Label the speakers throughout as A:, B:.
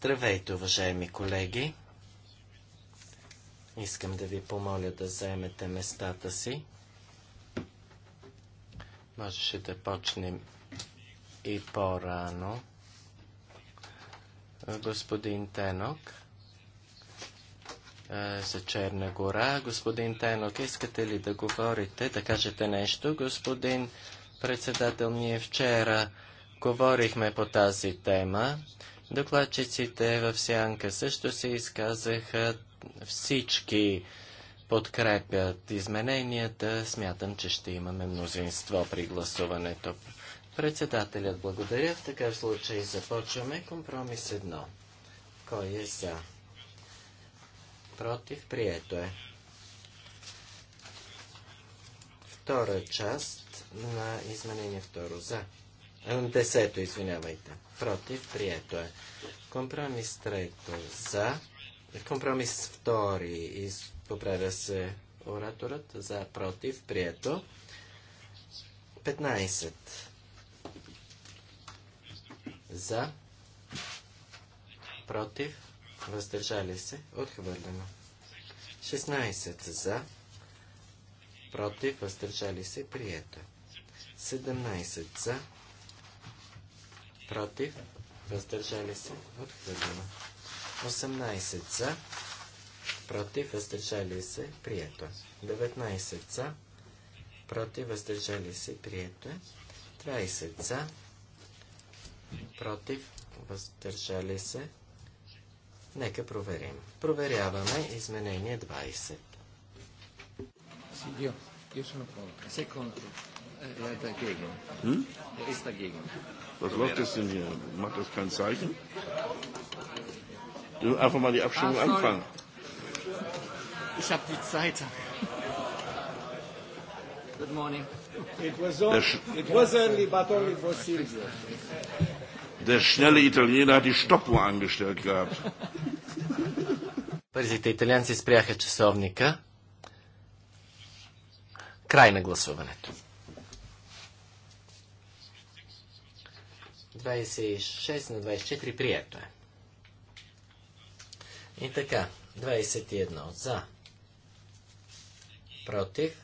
A: Здравейте, уважаеми колеги! Искам да ви помоля да заемете местата си. Можеше да почнем и по-рано. Господин Тенок е, за Черна гора. Господин Тенок, искате ли да говорите, да кажете нещо? Господин председател, ние вчера говорихме по тази тема. Докладчиците в Сянка също се изказаха. Всички подкрепят измененията. Смятам, че ще имаме мнозинство при гласуването. Председателят благодаря. В такъв случай започваме компромис едно. Кой е за? Против прието е. Втора част на изменение второ за. Десето, извинявайте. Против, прието е. Компромис трето за. Компромис втори. И поправя се ораторът. За, против, прието. 15. За. Против. Въздържали се. Отхвърлено. 16. За. Против. Въздържали се. Прието. 17. За против, въздържали се, отхвърлено. 18 за, против, въздържали се, прието. 19 е. за, против, въздържали се, прието. 20 е. за, против, въздържали се. Нека проверим. Проверяваме изменение 20. Сидио, io Er ist dagegen. Hm? Er ist dagegen. Was läuft das
B: denn hier? Macht das kein Zeichen?
C: Du Einfach mal die Abstimmung anfangen.
A: Ich habe die Zeit. Good morning. It was, on,
C: it was early, but only for Silvio. Der schnelle Italiener hat die
A: Stoppuhr angestellt gehabt. Първите италианци спряха часовника. Край на гласуването. 26 на 24 прието е. И така, 21 за, против,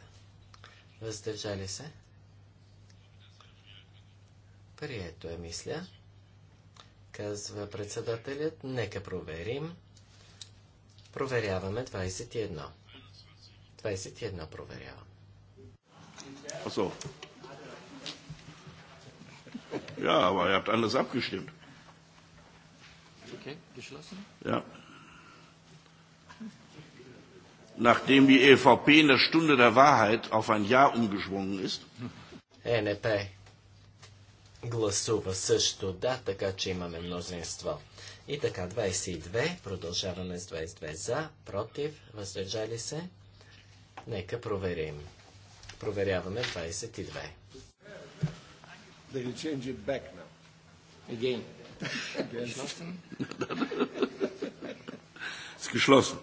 A: въздържали се. Прието е, мисля. Казва председателят, нека проверим. Проверяваме 21. 21 проверявам.
C: Ja, aber ihr habt anders abgestimmt.
A: Okay, geschlossen?
C: Ja.
B: Nachdem die EVP in der Stunde der Wahrheit auf ein Ja umgeschwungen ist.
A: ЕНП гласува също да, така че имаме мнозинство. И така, 22, продължаваме с 22 за, против, въздържали се. Нека проверим. Проверяваме 22. They will
C: change it back now.
A: Again. Geschlossen. С geschlossen.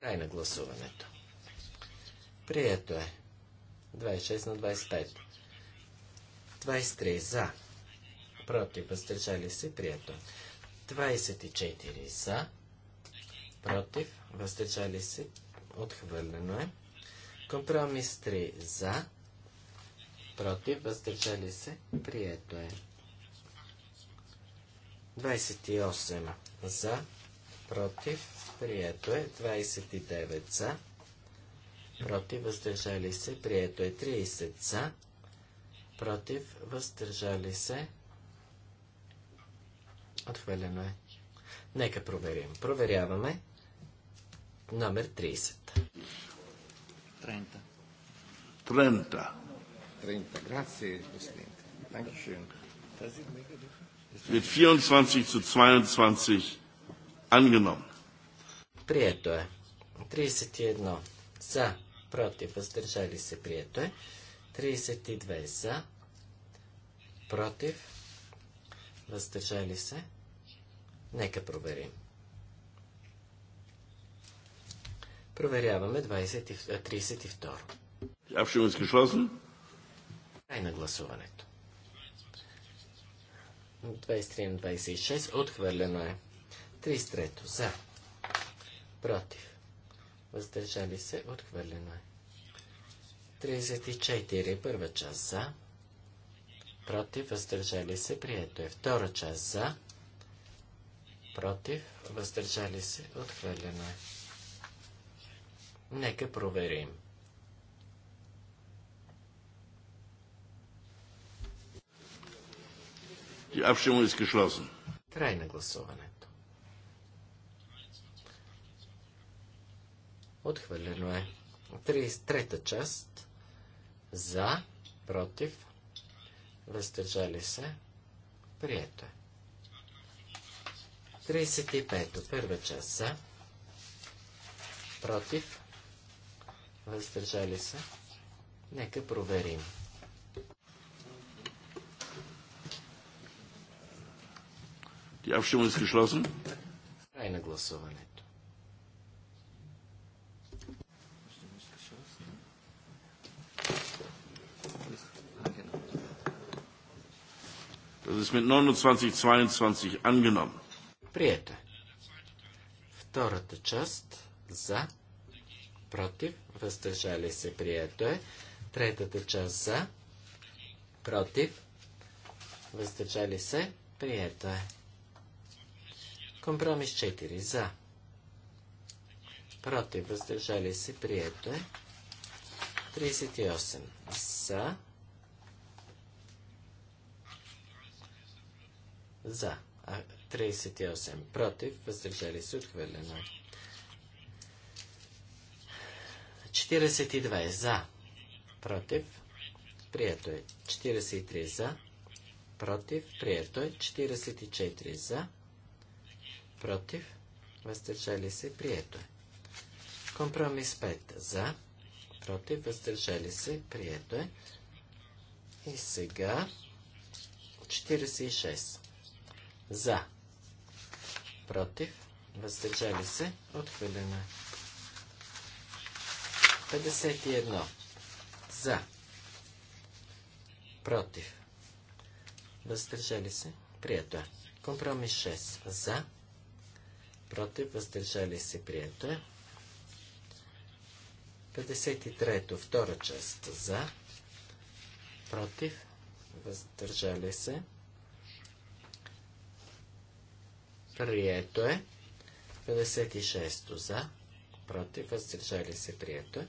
A: Край на гласуването. Прието е. 26 на 25. 23 за. Против. Въздържали се. Прието. 24 за. Против. Въздържали се. Отхвърлено е. Компромис 3 за против, въздържали се, прието е. 28 за, против, прието е. 29 за, против, въздържали се, прието е. 30 за, против, въздържали се, отхвелено е. Нека проверим. Проверяваме номер 30. 30. 30. 30. Grazie, Presidente. Dankeschön. Es wird
C: 24 zu 22 angenommen.
A: Prieto е. 31 za, protiv, vzdržali se prieto je. 32 za, protiv, vzdržali se. Нека проверим. Проверяваме 20, 32. Abstimmung ist geschlossen. Край на гласуването. 23 на 26. Отхвърлено е. 33. За. Против. Въздържали се. Отхвърлено е. 34. Първа част за. Против. Въздържали се. Прието е. Втора част за. Против. Въздържали се. Отхвърлено е. Нека проверим.
C: Die Abstimmung ist
A: Край на гласуването. Отхвърлено е. 33-та част. За, против, въздържали се, прието е. 35-то, първа част. За, против, въздържали се. Нека проверим.
C: Die Abstimmung ist geschlossen.
A: Край на гласуването.
B: Das ist mit 29-22 angenommen.
A: Прието е. Втората част за, против, въздържали се, прието е. Третата част за, против, въздържали се, прието е. Компромис 4. За. Против. Въздържали се. Прието е. 38. За. За. 38. Против. Въздържали се. Отхвърлено. 42. За. Против. Прието е. 43. За. Против. Прието е. 44. За против, въздържали се, прието е. Компромис 5 за, против, въздържали се, прието е. И сега 46 за, против, въздържали се, отхвилено е. 51 за, против, въздържали се, прието е. Компромис 6 за, против, въздържали се, прието е. 53-то, втора част за, против, въздържали се, прието е. 56-то за, против, въздържали се, прието е.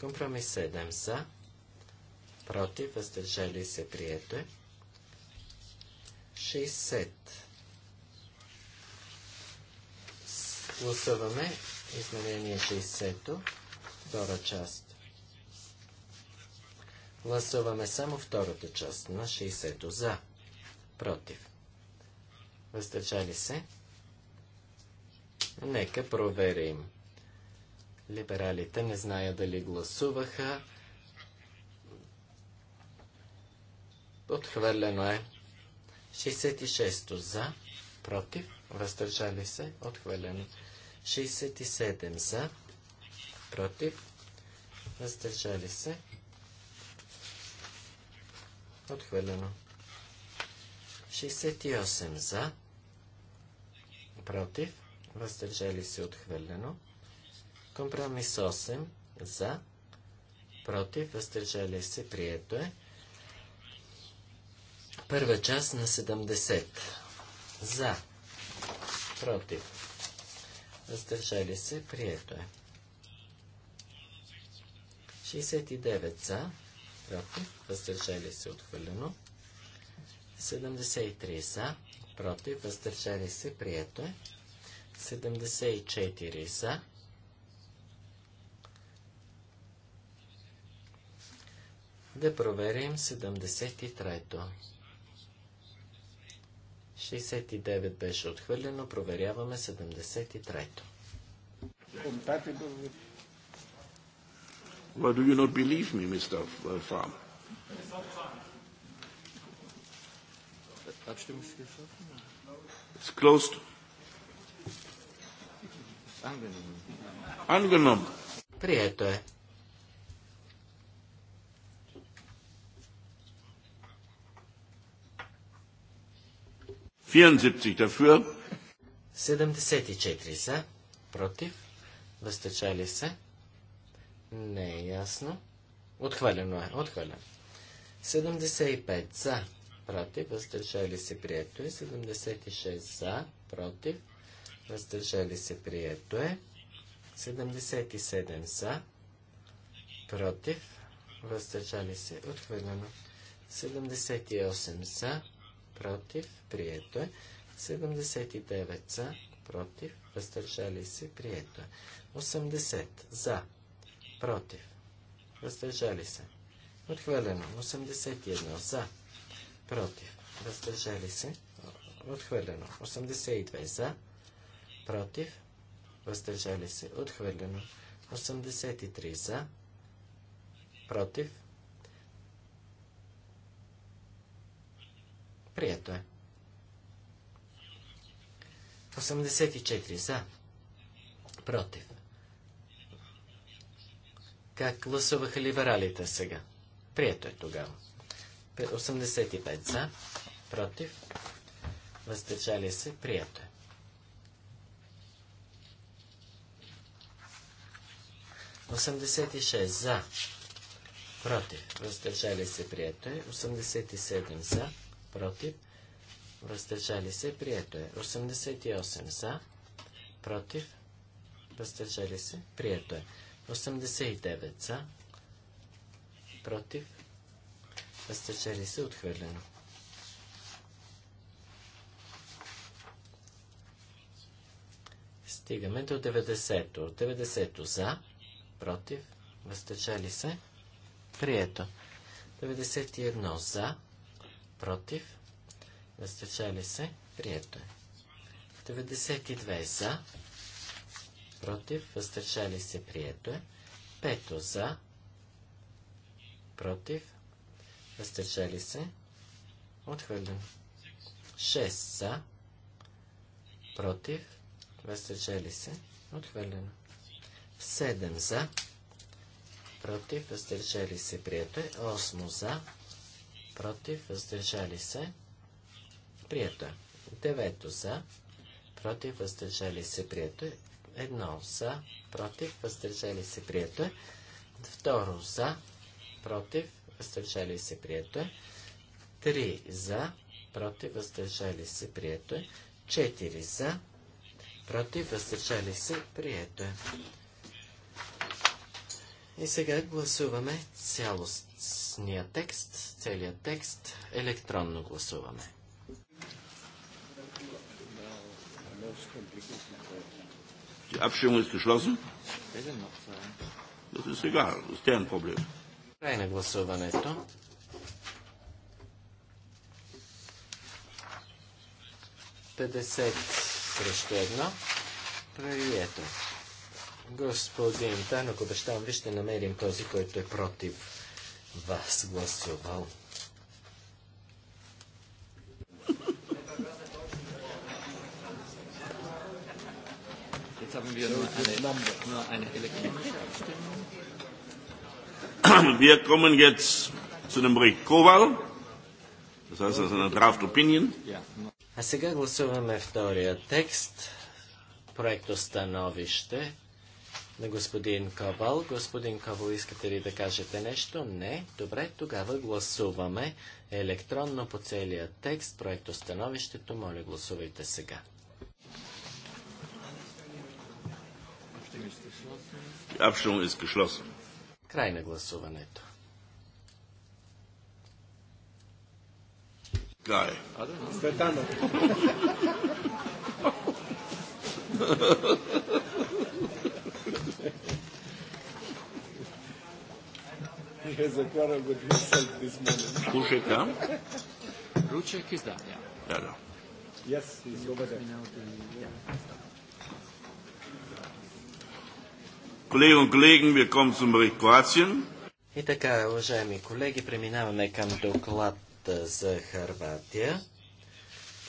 A: Компромис 7 за, против, въздържали се, прието е. 60 Гласуваме изменение 60-то, втора част. Гласуваме само втората част на 60-то за, против. Въздържали се? Нека проверим. Либералите не зная дали гласуваха. Отхвърлено е. 66 за, против, въздържали се, отхвърлено. 67 за, против, въздържали се, отхвърлено. 68 за, против, въздържали се, отхвърлено. Компромис 8 за, против, въздържали се, прието е. Първа част на 70 за, против, въздържали се, прието е. 69 за, против, въздържали се, отхвърлено. 73 за, против, въздържали се, прието е. 74 за. Да проверим 73-то. 69 беше отхвърлено. Проверяваме 73-то.
C: Why do you not believe me, Mr. Farm?
A: It's closed. Angenommen. Прието е. 74 dafür. 74 за, против, въздържали се. Не е ясно. Отхвалено е, отхвалено. 75 за, против, въздържали се, прието е. 76 за, против, въздържали се, прието е. 77 за, против, въздържали се, отхвърлено. 78 за, против, прието е. 79 за, против, въздържали се, прието е. 80 за, против, въздържали се. Отхвърлено. 81 за, против, въздържали се. Отхвърлено. 82 за, против, въздържали се. Отхвърлено. 83 за, против, Прието е. 84 за. Против. Как гласуваха либералите сега? Прието е тогава. 85 за. Против. Въздържали се. Прието е. 86 за. Против. Въздържали се. Прието е. 87 за против, въздържали се, прието е. 88 за, против, въздържали се, прието е. 89 за, против, въздържали се, отхвърлено. Стигаме до 90-то. 90-то за, против, въздържали се, прието. 91 за, против, въздържали се, прието е. 92 за, против, въздържали се, прието е. 5 за, против, въздържали се, отхвърлен. 6 за, против, въздържали се, отхвърлено. 7 за, против, въздържали се, прието е. 8 за, против, въздържали се, прието е. Девето за, против, въздържали се, прието е. Едно за, против, въздържали се, прието е. Второ за, против, въздържали се, прието е. Три за, против, въздържали се, прието е. Четири за, против, въздържали се, прието е. И сега гласуваме цялост цялостния текст, целият текст, електронно гласуваме. Die Abstimmung ist geschlossen. Das ist egal, das ist deren Problem. Край на гласуването. Петдесет срещу едно. Прието. Господин Тайнок, обещавам ви ще намерим този, който е против Два съгласи обал.
C: wir kommen jetzt zu dem Bericht Kowal. Das heißt, das ist eine Draft Opinion.
A: А сега гласуваме втория текст, проектостановище на господин Кабал. Господин Кабал, искате ли да кажете нещо? Не. Добре, тогава гласуваме електронно по целия текст. Проекто становището, моля гласувайте сега.
C: Е
A: Край на гласуването. guy. Светана. Слушайте, Ручек издава. Да, да. Yes,
C: Колеги, колеги, ми към Кроатия.
A: И така, уважаеми колеги, преминаваме към доклад за Харватия.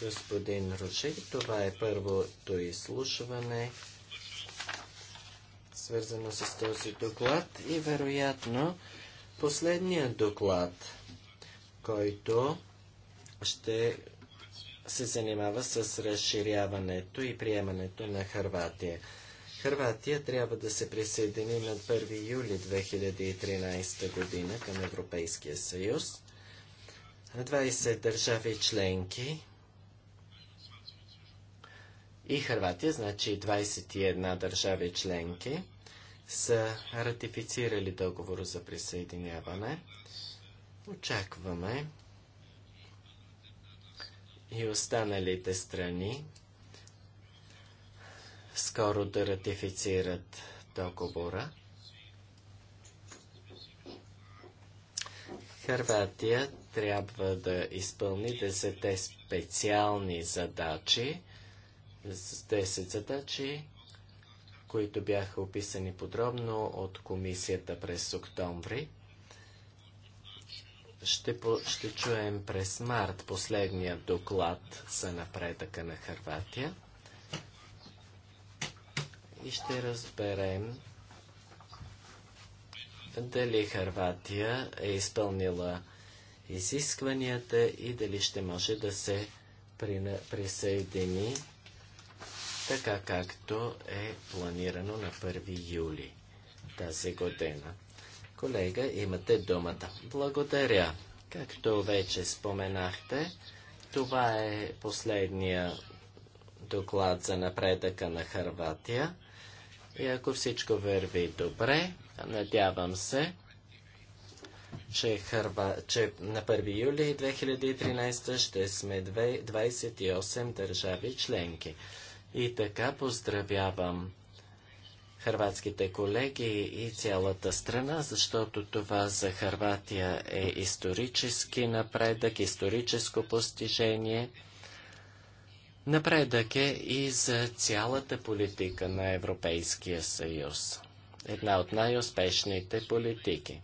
A: Господин Ручек, това е първото изслушване, свързано с този доклад и вероятно Последният доклад, който ще се занимава с разширяването и приемането на Харватия. Харватия трябва да се присъедини на 1 юли 2013 година към Европейския съюз. 20 държави членки и Харватия, значи 21 държави членки, са ратифицирали договора за присъединяване. Очакваме и останалите страни скоро да ратифицират договора. Харватия трябва да изпълни 10 специални задачи, 10 задачи, които бяха описани подробно от комисията през октомври. Ще, по, ще чуем през март последния доклад за напредъка на Харватия и ще разберем дали Харватия е изпълнила изискванията и дали ще може да се присъедини така както е планирано на 1 юли тази година. Колега, имате думата. Благодаря. Както вече споменахте, това е последния доклад за напредъка на Харватия. И ако всичко върви добре, надявам се, че, Харва... че на 1 юли 2013 ще сме 28 държави членки. И така поздравявам хърватските колеги и цялата страна, защото това за Хърватия е исторически напредък, историческо постижение. Напредък е и за цялата политика на Европейския съюз. Една от най-успешните политики.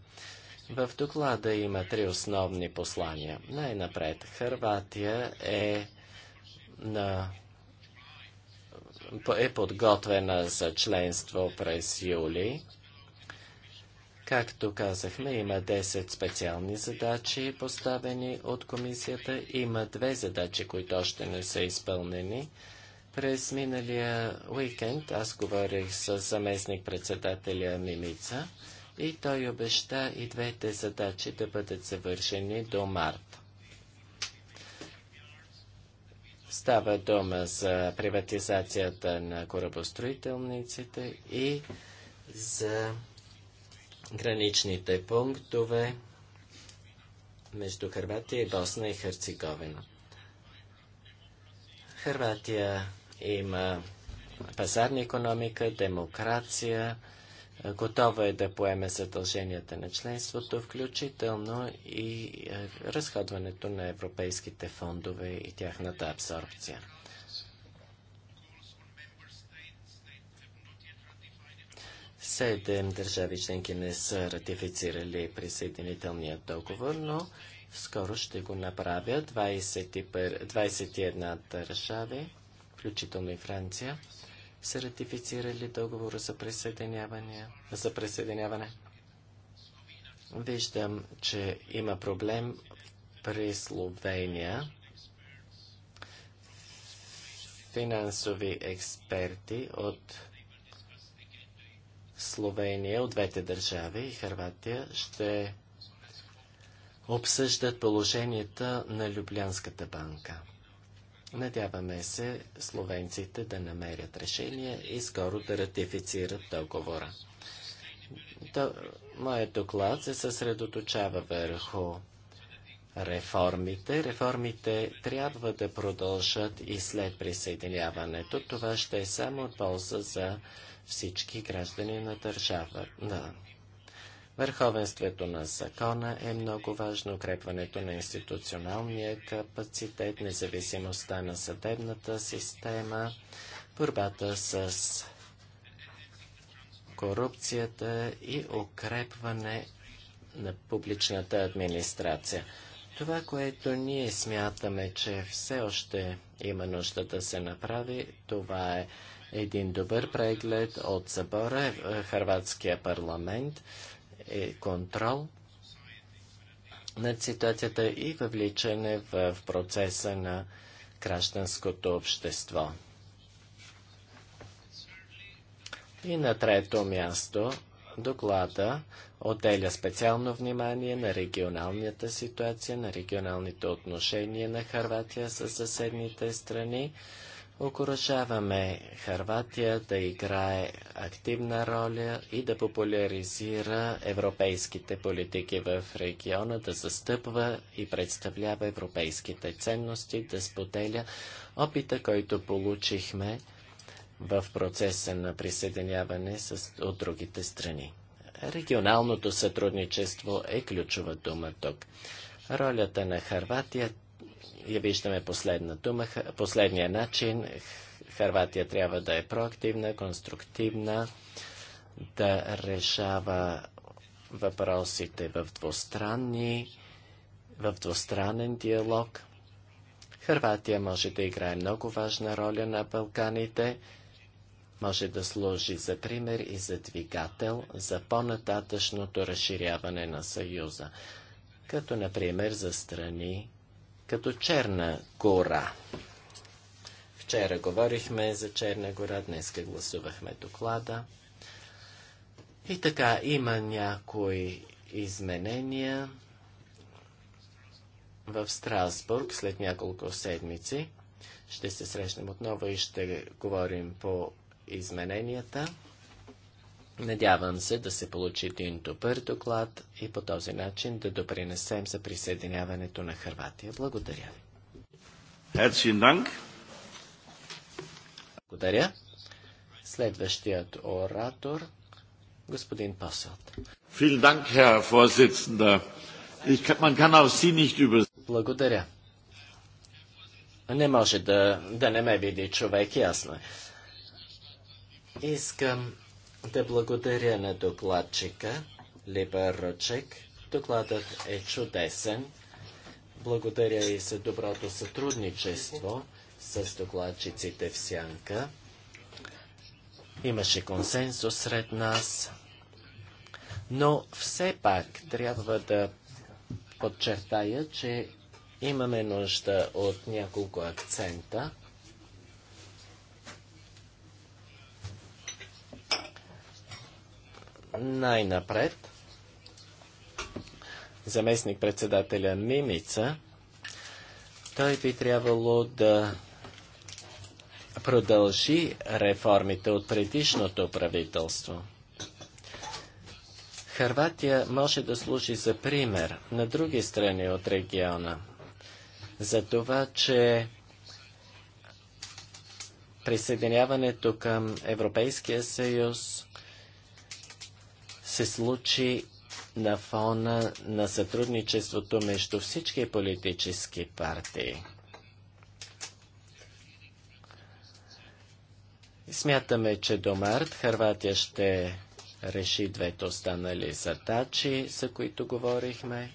A: В доклада има три основни послания. Най-напред Хърватия е на е подготвена за членство през юли. Както казахме, има 10 специални задачи, поставени от комисията. Има две задачи, които още не са изпълнени. През миналия уикенд аз говорих с заместник-председателя Мимица и той обеща и двете задачи да бъдат завършени до март. Става дума за приватизацията на корабостроителниците и за граничните пунктове между Харватия и Босна и Херцеговина. Харватия има пазарна економика, демокрация, готова е да поеме задълженията на членството, включително и е, разходването на европейските фондове и тяхната абсорбция. Седем държави членки не са ратифицирали присъединителния договор, но скоро ще го направят 21 държави, включително и Франция са ратифицирали договора за присъединяване. За присъединяване. Виждам, че има проблем при Словения. Финансови експерти от Словения, от двете държави и Харватия ще обсъждат положенията на Люблянската банка. Надяваме се словенците да намерят решение и скоро да ратифицират договора. Моят доклад се съсредоточава върху реформите. Реформите трябва да продължат и след присъединяването. Това ще е само от полза за всички граждани на държава, на Върховенството на закона е много важно, укрепването на институционалния капацитет, независимостта на съдебната система, борбата с корупцията и укрепване на публичната администрация. Това, което ние смятаме, че все още има нужда да се направи, това е един добър преглед от събора, е, е, Харватския парламент, е контрол над ситуацията и въвличане в процеса на гражданското общество. И на трето място доклада отделя специално внимание на регионалната ситуация, на регионалните отношения на Харватия с съседните страни. Окоръжаваме Харватия да играе активна роля и да популяризира европейските политики в региона, да застъпва и представлява европейските ценности, да споделя опита, който получихме в процеса на присъединяване с, от другите страни. Регионалното сътрудничество е ключова дума тук. Ролята на Харватия я виждаме последна дума, последния начин. Харватия трябва да е проактивна, конструктивна, да решава въпросите в двустранни, в двустранен диалог. Харватия може да играе много важна роля на Балканите, може да служи за пример и за двигател за по-нататъчното разширяване на Съюза, като например за страни като Черна гора. Вчера говорихме за Черна гора, днес гласувахме доклада. И така, има някои изменения в Страсбург след няколко седмици. Ще се срещнем отново и ще говорим по измененията. Надявам се да се получи един добър доклад и по този начин да допринесем за присъединяването на Харватия. Благодаря. Благодаря. Следващият оратор, господин Посълт. Благодаря. Не може да, да не ме види човек, ясно. Е. Искам да благодаря на докладчика Либа Ръчек. Докладът е чудесен. Благодаря и за доброто сътрудничество с докладчиците в Сянка. Имаше консенсус сред нас, но все пак трябва да подчертая, че имаме нужда от няколко акцента. Най-напред заместник председателя Мимица, той би трябвало да продължи реформите от предишното правителство. Харватия може да служи за пример на други страни от региона за това, че присъединяването към Европейския съюз се случи на фона на сътрудничеството между всички политически партии. Смятаме, че до март Харватия ще реши двете останали задачи, за които говорихме.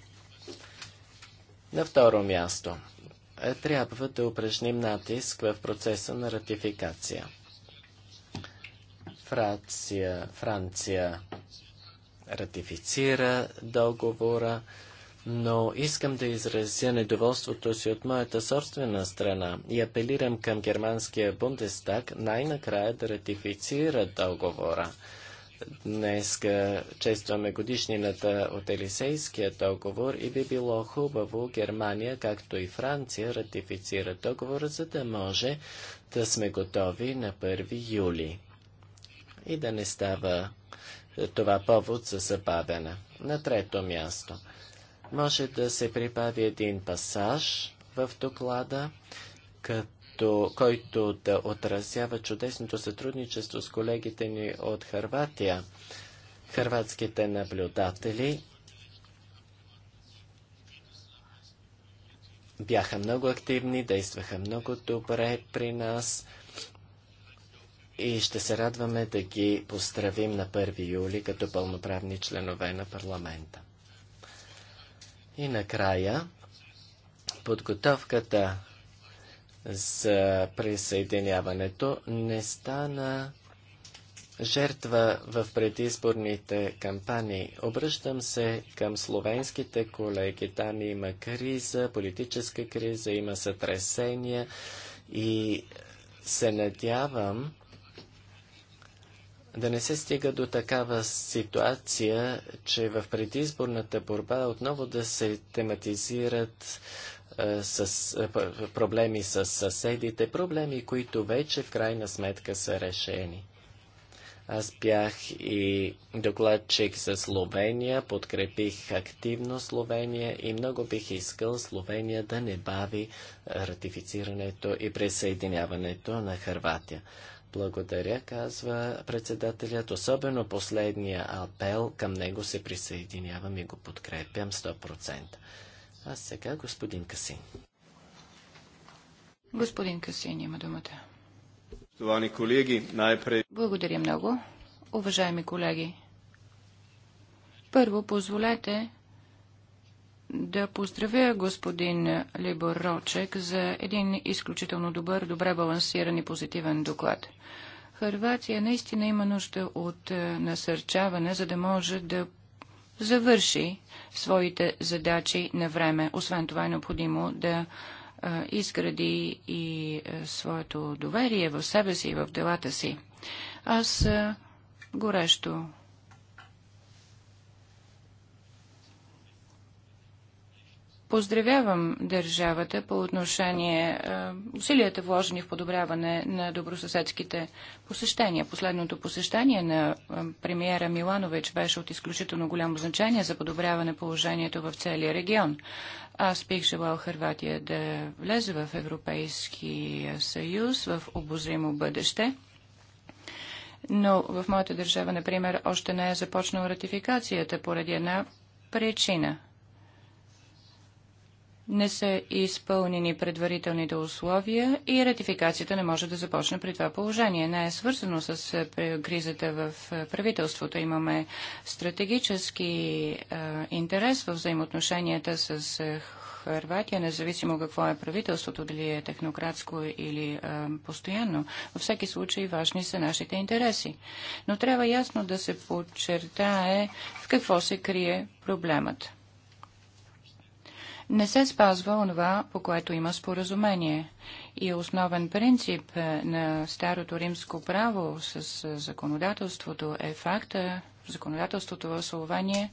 A: На второ място, е, трябва да упражним натиск в процеса на ратификация. Франция, Франция ратифицира договора, но искам да изразя недоволството си от моята собствена страна и апелирам към германския Бундестаг най-накрая да ратифицира договора. Днес честваме годишнината от Елисейския договор и би било хубаво Германия, както и Франция, ратифицира договора, за да може да сме готови на 1 юли и да не става това повод за забавяне. На трето място може да се прибави един пасаж в доклада, като, който да отразява чудесното сътрудничество с колегите ни от Харватия, харватските наблюдатели бяха много активни, действаха много добре при нас и ще се радваме да ги поздравим на 1 юли като пълноправни членове на парламента. И накрая, подготовката за присъединяването не стана жертва в предизборните кампании. Обръщам се към словенските колеги. Там има криза, политическа криза, има сътресения и се надявам, да не се стига до такава ситуация, че в предизборната борба отново да се тематизират а, е, с, а, е, проблеми с съседите, проблеми, които вече в крайна сметка са решени. Аз бях и докладчик за Словения, подкрепих активно Словения и много бих искал Словения да не бави ратифицирането и присъединяването на Харватия. Благодаря, казва председателят. Особено последния апел към него се присъединявам и го подкрепям 100%. А сега господин Касин.
B: Господин Касин има думата.
A: Стовани колеги, най-пред...
B: Благодаря много, уважаеми колеги. Първо, позволете да поздравя господин Либор Рочек за един изключително добър, добре балансиран и позитивен доклад. Харватия наистина има нужда от е, насърчаване, за да може да завърши своите задачи на време. Освен това е необходимо да е, изгради и е, своето доверие в себе си и в делата си. Аз горещо Поздравявам държавата по отношение усилията вложени в подобряване на добросъседските посещения. Последното посещение на премиера Миланович беше от изключително голямо значение за подобряване положението в целия регион. Аз бих желал Харватия да влезе в Европейския съюз в обозримо бъдеще но в моята държава, например, още не е започнала ратификацията поради една причина не са изпълнени предварителните условия и ратификацията не може да започне при това положение. Не е свързано с е, кризата в е, правителството. Имаме стратегически е, интерес в взаимоотношенията с Харватия, независимо какво е правителството, дали е технократско или постоянно. Във всеки случай важни са нашите интереси. Но трябва ясно да се подчертае в какво се крие проблемът не се спазва онова, по което има споразумение. И основен принцип на старото римско право с законодателството е факта, законодателството в Словения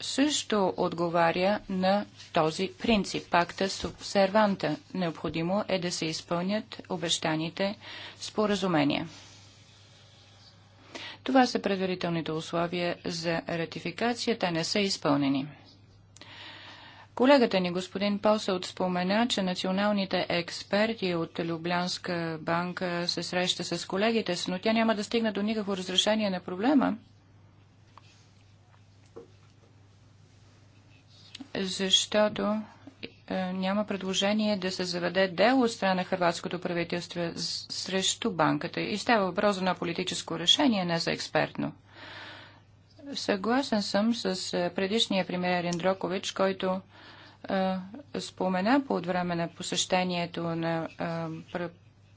B: също отговаря на този принцип, пакта с обсерванта. Необходимо е да се изпълнят обещаните споразумения. Това са предварителните условия за ратификация, те не са изпълнени. Колегата ни, господин Посълт, спомена, че националните експерти от Люблянска банка се среща с колегите си, но тя няма да стигне до никакво разрешение на проблема, защото е, няма предложение да се заведе дело от страна на хрватското правителство срещу банката. И става въпрос за едно политическо решение, не за експертно. Съгласен съм с е, предишния премьер Ендрокович, който е, спомена по време на посещението на е,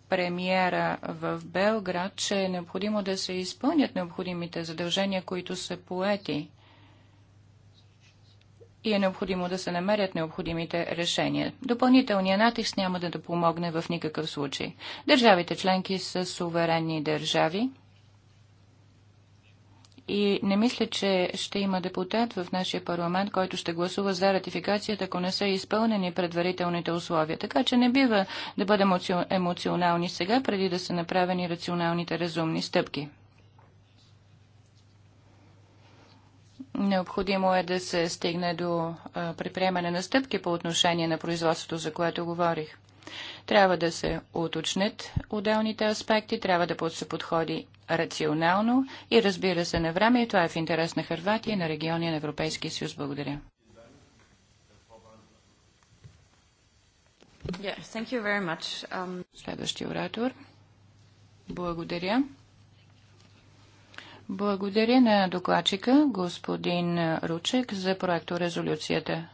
B: премиера в Белград, че е необходимо да се изпълнят необходимите задължения, които са поети и е необходимо да се намерят необходимите решения. Допълнителният натиск няма да, да помогне в никакъв случай. Държавите членки са суверенни държави и не мисля, че ще има депутат в нашия парламент, който ще гласува за ратификацията, ако не са изпълнени предварителните условия. Така че не бива да бъдем емоционални сега, преди да са направени рационалните разумни стъпки. Необходимо е да се стигне до приприемане на стъпки по отношение на производството, за което говорих. Трябва да се уточнят отделните аспекти, трябва да се подходи рационално и разбира се на време и това е в интерес на Харватия и на региони на Европейския съюз. Благодаря. Yeah, um... Следващия оратор. Благодаря. Благодаря на докладчика господин Ручек за проекто резолюцията.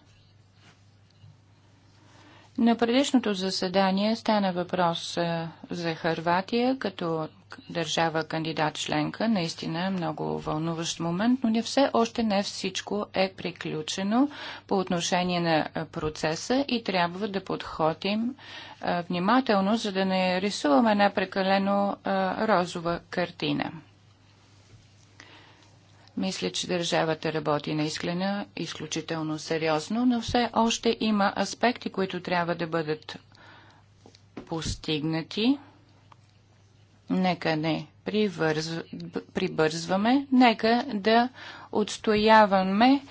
B: На предишното заседание стана въпрос е, за Харватия като държава кандидат членка. Наистина е много вълнуващ момент, но не все още не всичко е приключено по отношение на е, процеса и трябва да подходим е, внимателно, за да не рисуваме една прекалено розова картина. Мисля, че държавата работи наисклена изключително сериозно, но все още има аспекти, които трябва да бъдат постигнати. Нека не прибързваме, нека да отстояваме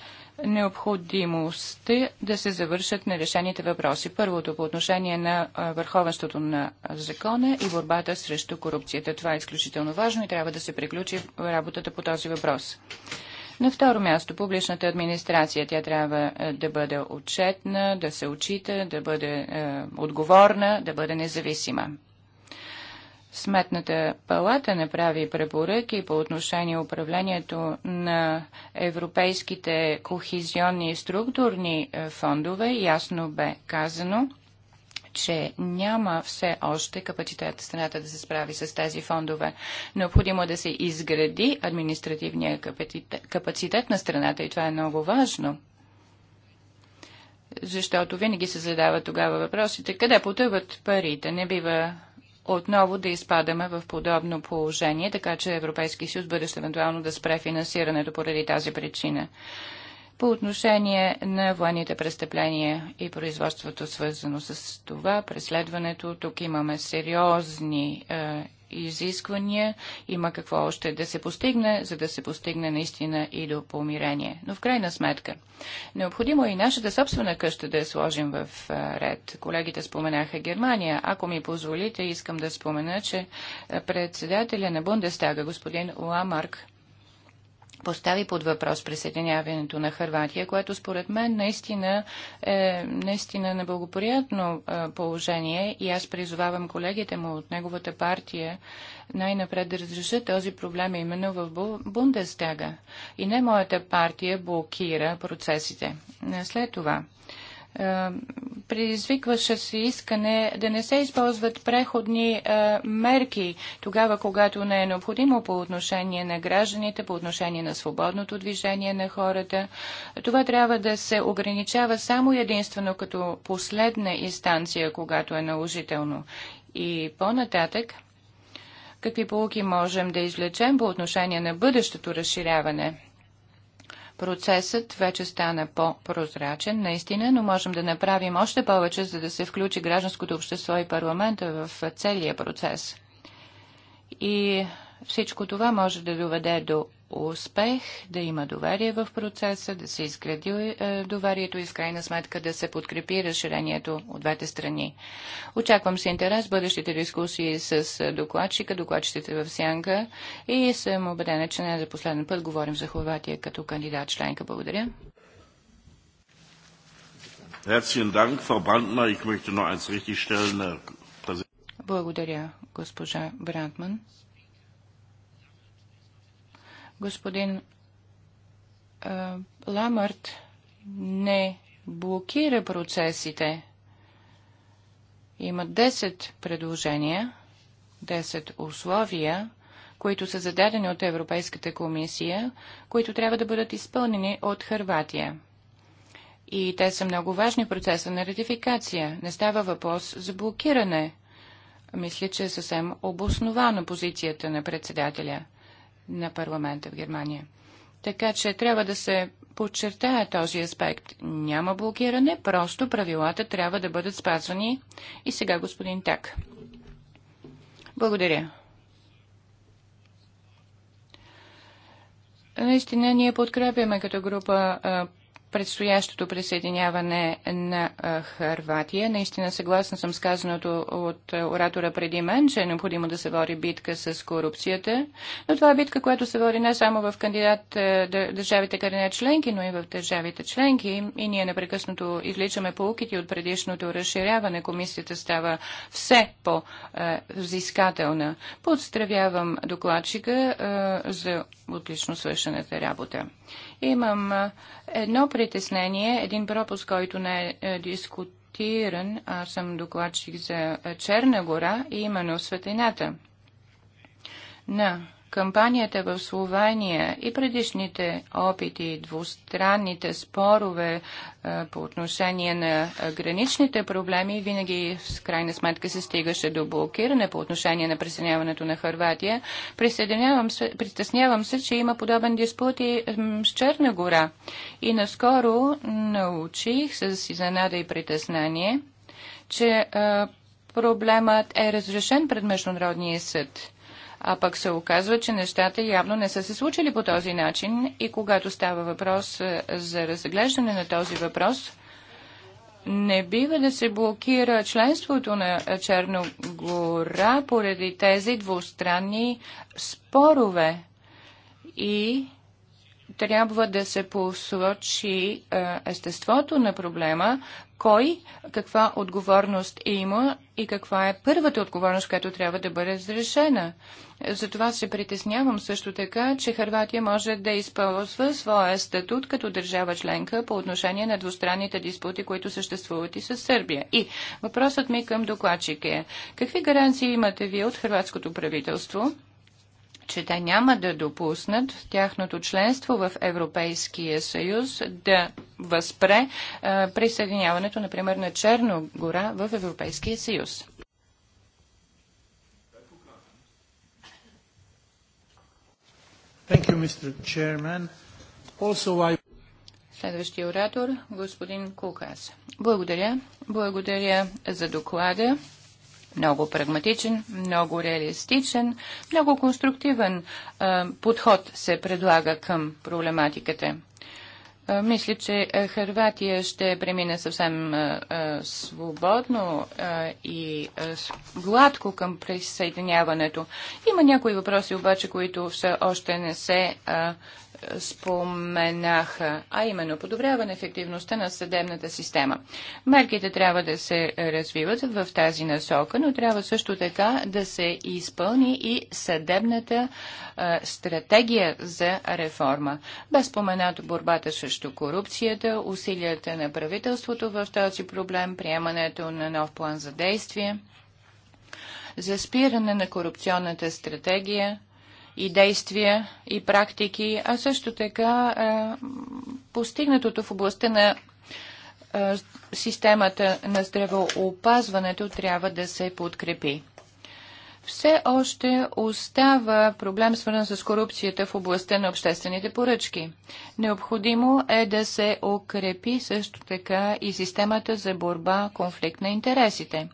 B: необходимост да се завършат нерешените въпроси. Първото по отношение на върховенството на закона и борбата срещу корупцията. Това е изключително важно и трябва да се приключи работата по този въпрос. На второ място, публичната администрация. Тя трябва да бъде отчетна, да се очита, да бъде е, отговорна, да бъде независима. Сметната палата направи препоръки по отношение управлението на европейските кохизионни и структурни е, фондове. Ясно бе казано, че няма все още капацитет страната да се справи с тези фондове. Необходимо е да се изгради административния капацитет на страната и това е много важно. Защото винаги се задава тогава въпросите, къде потъват парите. Не бива отново да изпадаме в подобно положение, така че Европейски съюз бъде евентуално да спре финансирането поради тази причина. По отношение на военните престъпления и производството свързано с това, преследването, тук имаме сериозни е, изисквания, има какво още да се постигне, за да се постигне наистина и до помирение. Но в крайна сметка, необходимо е и нашата собствена къща да я сложим в ред. Колегите споменаха Германия. Ако ми позволите, искам да спомена, че председателя на Бундестага, господин Уамарк, постави под въпрос присъединяването на Харватия, което според мен наистина е наистина неблагоприятно е, положение и аз призовавам колегите му от неговата партия най-напред да разрешат този проблем именно в Бундестага. И не моята партия блокира процесите. След това е, предизвикваше се искане да не се използват преходни е, мерки тогава, когато не е необходимо по отношение на гражданите, по отношение на свободното движение на хората. Това трябва да се ограничава само единствено като последна инстанция, когато е наложително. И по-нататък, какви полуки можем да извлечем по отношение на бъдещото разширяване – Процесът вече стана по-прозрачен, наистина, но можем да направим още повече, за да се включи гражданското общество и парламента в целия процес. И всичко това може да доведе до успех, да има доверие в процеса, да се изгради е, доверието и в крайна сметка да се подкрепи разширението от двете страни. Очаквам с интерес бъдещите дискусии с е, докладчика, докладчиците в Сянка и съм убедена, че не за последен път говорим за Хорватия като кандидат членка. Благодаря. Благодаря, госпожа Брантман господин а, Ламърт не блокира процесите. Има 10 предложения, 10 условия, които са зададени от Европейската комисия, които трябва да бъдат изпълнени от Харватия. И те са много важни в процеса на ратификация. Не става въпрос за блокиране. Мисля, че е съвсем обоснована позицията на председателя на парламента в Германия. Така че трябва да се подчертая този аспект. Няма блокиране, просто правилата трябва да бъдат спазвани. И сега господин Так. Благодаря. Наистина ние подкрепяме като група предстоящото присъединяване на Харватия. Наистина съгласна съм с казаното от оратора преди мен, че е необходимо да се води битка с корупцията, но това е битка, която се води не само в кандидат държавите кандидат членки, но и в държавите членки. И ние непрекъснато изличаме полуките от предишното разширяване. Комисията става все по-взискателна. Подстравявам докладчика за отлично свършената работа. Имам едно притеснение, един пропуск, който не е, е дискутиран. Аз съм докладчик за Черна гора и именно светлината на кампанията в Словения и предишните опити, двустранните спорове е, по отношение на граничните проблеми, винаги в крайна сметка се стигаше до блокиране по отношение на присъединяването на Харватия. Присъединявам се, притеснявам се, че има подобен диспут и с Черна гора. И наскоро научих с изненада и притеснение, че е, проблемът е разрешен пред Международния съд а пък се оказва, че нещата явно не са се случили по този начин и когато става въпрос е, за разглеждане на този въпрос, не бива да се блокира членството на Черногора поради тези двустранни спорове и трябва да се посочи е, естеството на проблема, кой каква отговорност има и каква е първата отговорност, която трябва да бъде разрешена. Затова се притеснявам също така, че Харватия може да използва своя статут като държава членка по отношение на двустранните диспути, които съществуват и с Сърбия. И въпросът ми към докладчик е, какви гаранции имате вие от харватското правителство? че те няма да допуснат тяхното членство в Европейския съюз да възпре а, е, присъединяването, например, на Черногора в Европейския съюз. Thank you, Mr. Chairman. Also, I... Следващия оратор, господин Кукас. Благодаря. Благодаря за доклада. Много прагматичен, много реалистичен, много конструктивен подход се предлага към проблематиката. Мисля, че Харватия ще премине съвсем свободно и гладко към присъединяването. Има някои въпроси обаче, които все още не се споменаха, а именно подобряване ефективността на съдебната система. Мерките трябва да се развиват в тази насока, но трябва също така да се изпълни и съдебната а, стратегия за реформа. Без споменато борбата срещу корупцията, усилията на правителството в този проблем, приемането на нов план за действие за спиране на корупционната стратегия – и действия и практики, а също така е, постигнатото в областта на е, системата на здравеопазването трябва да се подкрепи. Все още остава проблем свързан с корупцията в областта на обществените поръчки. Необходимо е да се укрепи също така и системата за борба конфликт на интересите.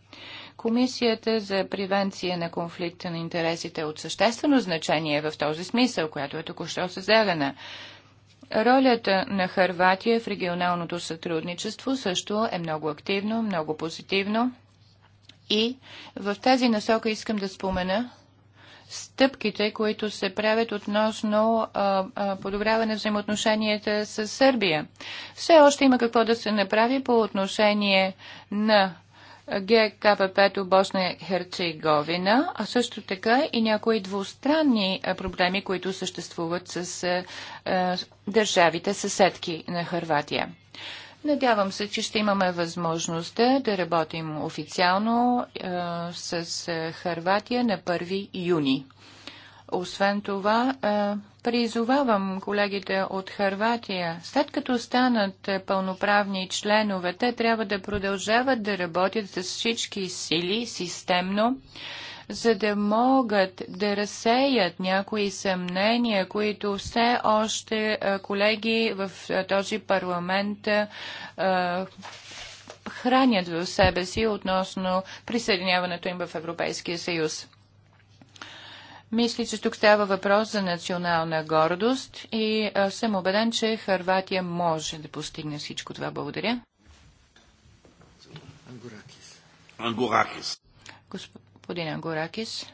B: Комисията за превенция на конфликта на интересите е от съществено значение в този смисъл, която е току-що създадена. Ролята на Харватия в регионалното сътрудничество също е много активно, много позитивно. И в тази насока искам да спомена стъпките, които се правят относно а, а, подобряване взаимоотношенията с Сърбия. Все още има какво да се направи по отношение на ГКПП-то Босна и Херцеговина, а също така и някои двустранни проблеми, които съществуват с държавите съседки на Харватия. Надявам се, че ще имаме възможността да работим официално с Харватия на 1 юни. Освен това, е, призовавам колегите от Харватия, след като станат пълноправни членове, те трябва да продължават да работят с всички сили системно, за да могат да разсеят някои съмнения, които все още е, колеги в е, този парламент хранят в себе си относно присъединяването им в Европейския съюз. Мисли, че тук става въпрос за национална гордост и съм убеден, че Харватия може да постигне всичко това. Благодаря.
C: Ангуракис.
B: Господин Ангуракис.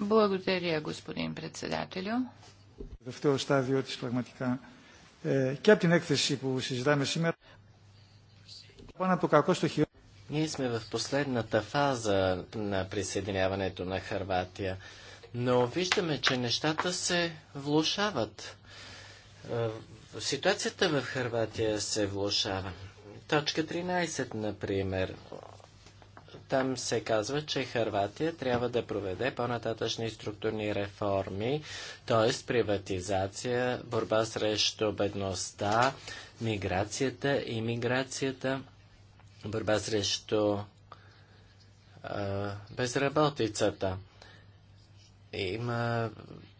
B: Благодаря, господин председателю.
A: В στάδιο της от изплагматика. Кептин από по έκθεση που συζητάμε Пана по какво, το хиро... Ние сме в последната фаза на присъединяването на Харватия, но виждаме, че нещата се влушават. Ситуацията в Харватия се влушава. Точка 13, например. Там се казва, че Харватия трябва да проведе по-нататъчни структурни реформи, т.е. приватизация, борба срещу бедността, миграцията и миграцията борба срещу а, безработицата. Има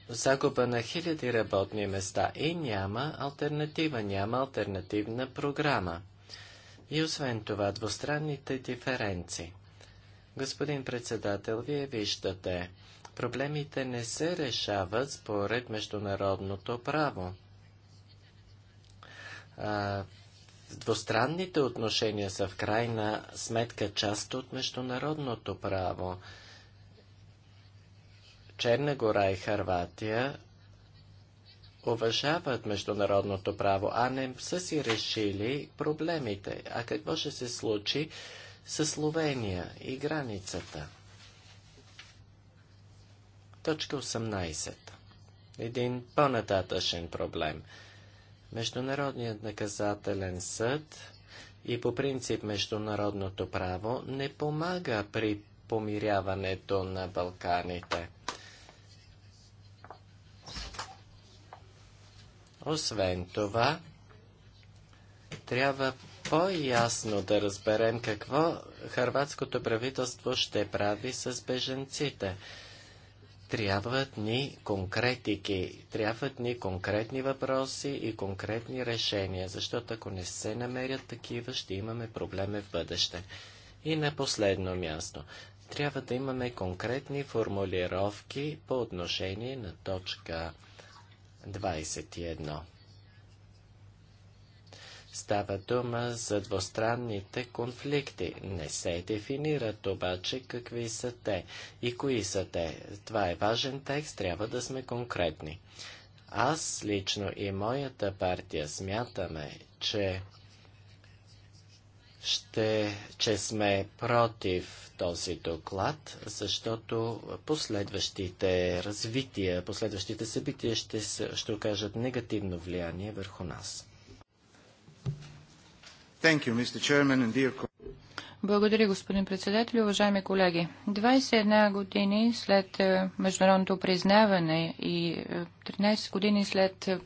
A: загуба на хиляди работни места и няма альтернатива, няма альтернативна програма. И освен това, двустранните диференци. Господин председател, вие виждате, проблемите не се решават според международното право. А, Двустранните отношения са в крайна сметка част от международното право. Черна гора и Харватия уважават международното право, а не са си решили проблемите. А какво ще се случи с Словения и границата? Точка 18. Един по-нататъчен проблем – Международният наказателен съд и по принцип международното право не помага при помиряването на Балканите. Освен това, трябва по-ясно да разберем какво хърватското правителство ще прави с беженците. Трябват ни конкретики, трябват ни конкретни въпроси и конкретни решения, защото ако не се намерят такива, ще имаме проблеми в бъдеще. И на последно място, трябва да имаме конкретни формулировки по отношение на точка 21. Става дума за двустранните конфликти. Не се дефинират обаче какви са те и кои са те. Това е важен текст, трябва да сме конкретни. Аз лично и моята партия смятаме, че ще, че сме против този доклад, защото последващите развития, последващите събития ще, ще окажат негативно влияние върху нас. Thank you, Mr. Chairman, and dear
B: благодаря, господин председател. Уважаеми колеги, 21 години след е, международното признаване и 13 е, години след е,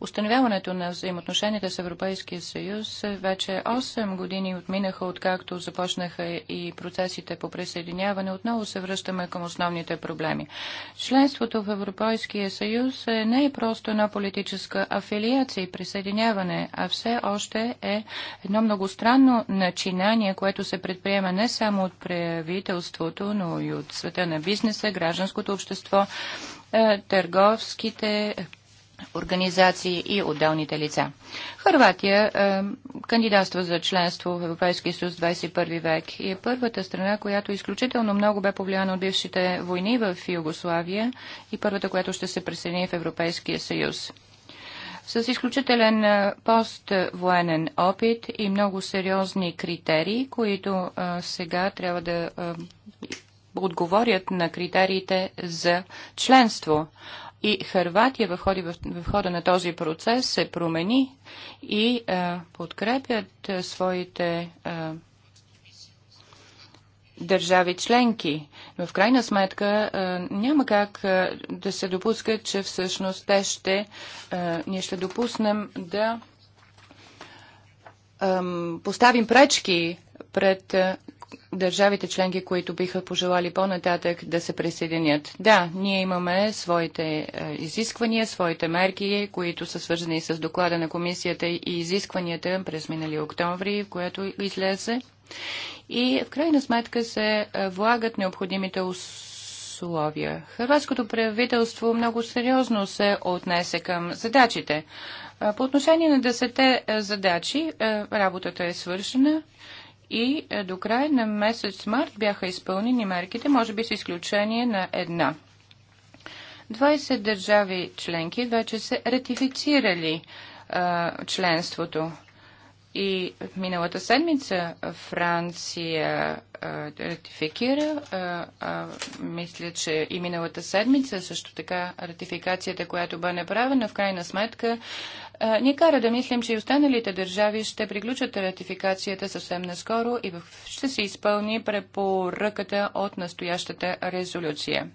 B: Установяването на взаимоотношенията с Европейския съюз вече 8 години отминаха, откакто започнаха и процесите по присъединяване. Отново се връщаме към основните проблеми. Членството в Европейския съюз не е просто една политическа афилиация и присъединяване, а все още е едно многостранно начинание, което се предприема не само от правителството, но и от света на бизнеса, гражданското общество, е, търговските организации и отделните лица. Харватия е, кандидатства за членство в Европейския съюз 21 век и е първата страна, която изключително много бе повлияна от бившите войни в Югославия и първата, която ще се присъедини в Европейския съюз. С изключителен е, поствоенен опит и много сериозни критерии, които е, сега трябва да е, отговорят на критериите за членство. И Харватия в, хода, в, в хода на този процес се промени и а, подкрепят а, своите а, държави членки. Но в крайна сметка а, няма как а, да се допуска, че всъщност те ще, а, ние ще допуснем да поставим пречки пред държавите членки, които биха пожелали по-нататък да се присъединят. Да, ние имаме своите е, изисквания, своите мерки, които са свързани с доклада на комисията и изискванията през минали октомври, в което излезе. И в крайна сметка се е, влагат необходимите условия. Хрватското правителство много сериозно се отнесе към задачите. Е, по отношение на десете задачи, работата е свършена и е, до края на месец март бяха изпълнени мерките, може би с изключение на една. 20 държави членки вече са ратифицирали а, е, членството. И миналата седмица Франция а, е, ратификира. А, а, мисля, че и миналата седмица също така ратификацията, която бе направена, в крайна сметка ни кара да мислим, че и останалите държави ще приключат ратификацията съвсем наскоро и ще се изпълни препоръката от настоящата резолюция.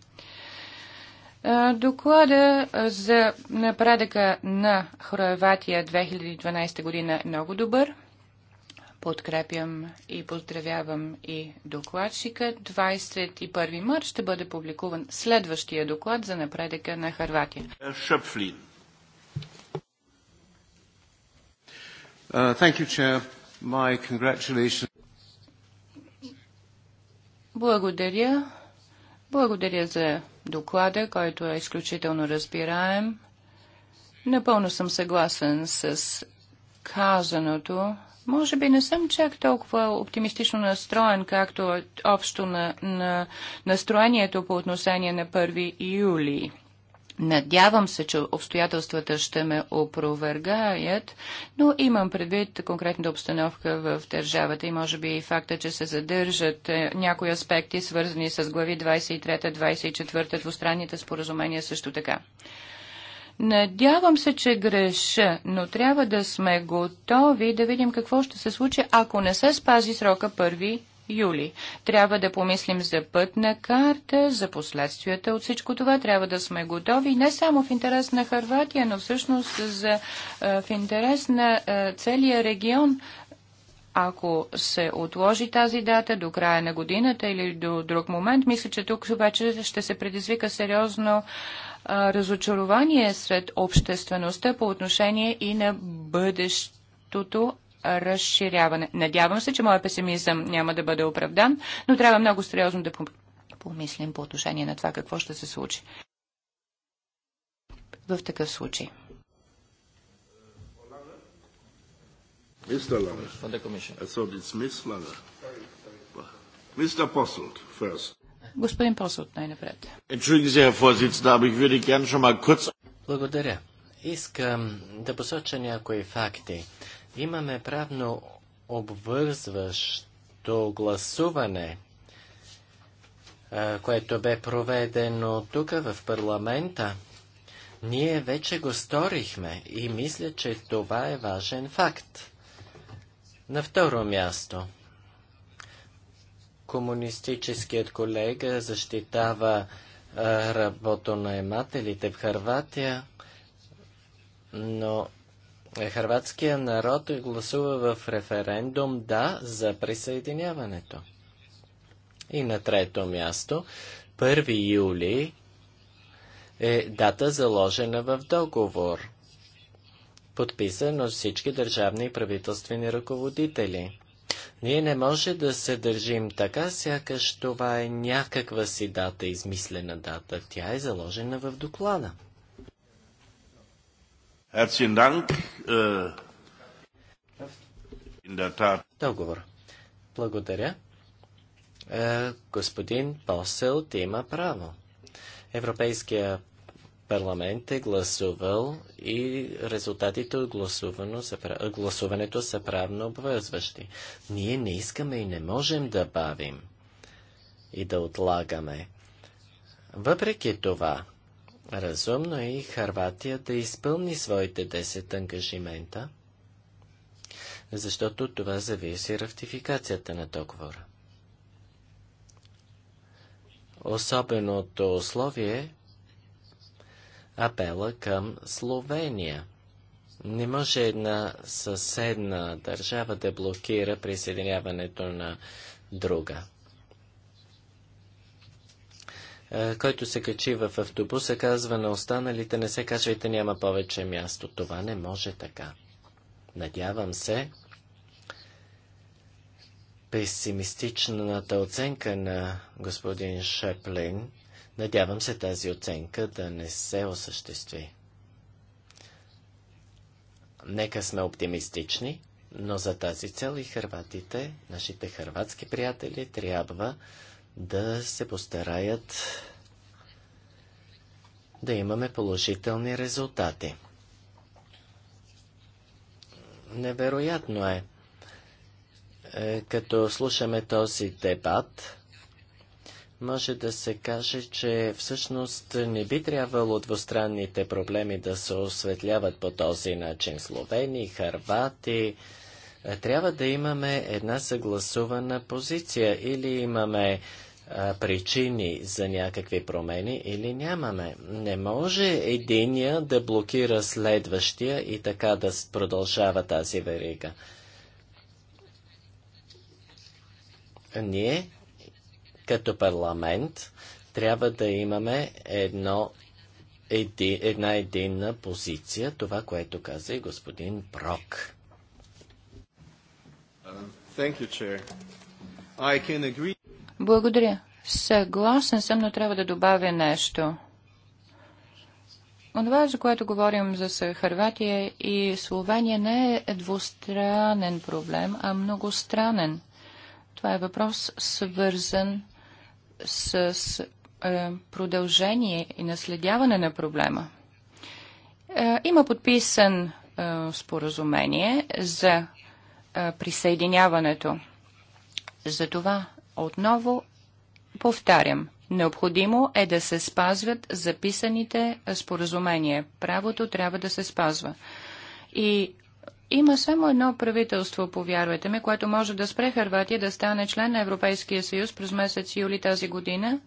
B: Доклада за напредъка на Хроеватия 2012 година е много добър. Подкрепям и поздравявам и докладчика. 21 март ще бъде публикуван следващия доклад за напредъка на Харватия.
C: Шъпфлин. Uh,
B: Благодаря. Благодаря за доклада, който е изключително разбираем. Напълно съм съгласен с казаното. Може би не съм чак толкова оптимистично настроен, както общо на, на настроението по отношение на 1 юли. Надявам се, че обстоятелствата ще ме опровергаят, но имам предвид конкретната обстановка в държавата и може би и факта, че се задържат е, някои аспекти, свързани с глави 23-24 двустранните споразумения също така. Надявам се, че греша, но трябва да сме готови да видим какво ще се случи, ако не се спази срока 1 юли. Трябва да помислим за пътна карта, за последствията от всичко това. Трябва да сме готови не само в интерес на Харватия, но всъщност за, е, в интерес на е, целия регион. Ако се отложи тази дата до края на годината или до друг момент, мисля, че тук обаче ще се предизвика сериозно е, разочарование сред обществеността по отношение и на бъдещето разширяване. Надявам се, че моят песимизъм няма да бъде оправдан, но трябва много сериозно да помислим по отношение на това какво ще се случи. В такъв случай.
A: Mr. Lange. For the Commission. I thought it's Miss Lange. Mr. Posselt, first. Господин Посълт, най-напред. Благодаря. Искам да посоча някои факти. Имаме правно обвързващо гласуване, което бе проведено тук в парламента. Ние вече го сторихме и мисля, че това е важен факт. На второ място. Комунистическият колега защитава работонаемателите в Харватия, но е, Хрватския народ гласува в референдум да за присъединяването. И на трето място, 1 юли е дата заложена в договор, подписан от всички държавни и правителствени ръководители. Ние не може да се държим така, сякаш това е някаква си дата, измислена дата. Тя е заложена в доклада.
C: Herzlichen Dank. Äh,
A: Договор. Благодаря. Е, господин Посел има право. Европейския парламент е гласувал и резултатите от гласуването са правно обвързващи. Ние не искаме и не можем да бавим и да отлагаме. Въпреки това, Разумно е и Харватия да изпълни своите 10 ангажимента, защото това зависи ратификацията на договора. Особеното условие апела към Словения. Не може една съседна държава да блокира присъединяването на друга. Е, който се качи в автобуса, казва на останалите, не се качвайте, няма повече място. Това не може така. Надявам се, песимистичната оценка на господин Шеплин, надявам се тази оценка да не се осъществи. Нека сме оптимистични, но за тази цел и хърватите, нашите хърватски приятели, трябва да се постараят да имаме положителни резултати. Невероятно е, е, като слушаме този дебат, може да се каже, че всъщност не би трябвало двустранните проблеми да се осветляват по този начин. Словени, Харвати, е, трябва да имаме една съгласувана позиция или имаме причини за някакви промени или нямаме. Не може единия да блокира следващия и така да продължава тази верига. Ние, като парламент, трябва да имаме едно, еди, една единна позиция, това, което каза и господин Брок. Uh, thank you, Chair. I can agree
B: благодаря. Съгласен съм, но трябва да добавя нещо. Онова, за което говорим за Харватия и Словения, не е двустранен проблем, а многостранен. Това е въпрос свързан с е, продължение и наследяване на проблема. Е, има подписан е, споразумение за е, присъединяването. това. Отново повтарям, необходимо е да се спазват записаните споразумения. Правото трябва да се спазва. И има само едно правителство, повярвайте ми, което може да спре Харватия да стане член на Европейския съюз през месец юли тази година.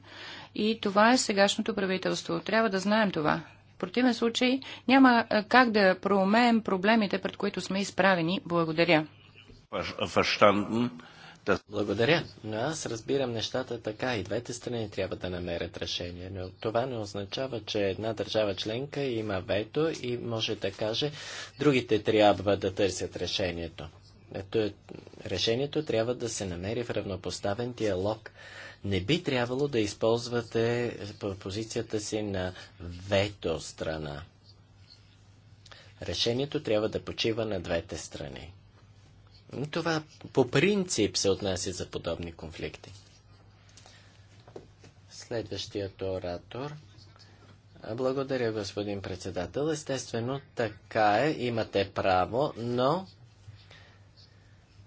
B: И това е сегашното правителство. Трябва да знаем това. В противен случай няма как да проумеем проблемите, пред които сме изправени. Благодаря.
A: Verstanden. Благодаря, но аз разбирам нещата така и двете страни трябва да намерят решение, но това не означава, че една държава членка има вето и може да каже, другите трябва да търсят решението. Ето, решението трябва да се намери в равнопоставен диалог. Не би трябвало да използвате позицията си на вето страна. Решението трябва да почива на двете страни. Това по принцип се отнася за подобни конфликти. Следващият оратор. Благодаря, господин председател. Естествено, така е, имате право, но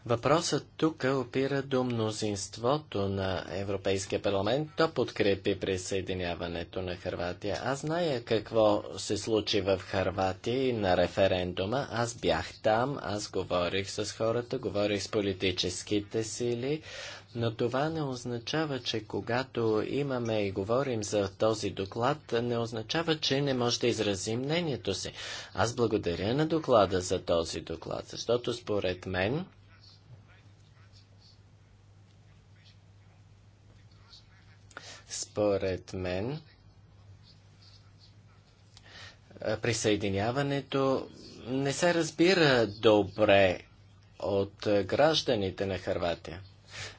A: Въпросът тук опира до мнозинството на Европейския парламент. То подкрепи присъединяването на Харватия. Аз зная какво се случи в Харватия на референдума. Аз бях там, аз говорих с хората, говорих с политическите сили. Но това не означава, че когато имаме и говорим за този доклад, не означава, че не може да изразим мнението си. Аз благодаря на доклада за този доклад, защото според мен Според мен, присъединяването не се разбира добре от гражданите на Харватия.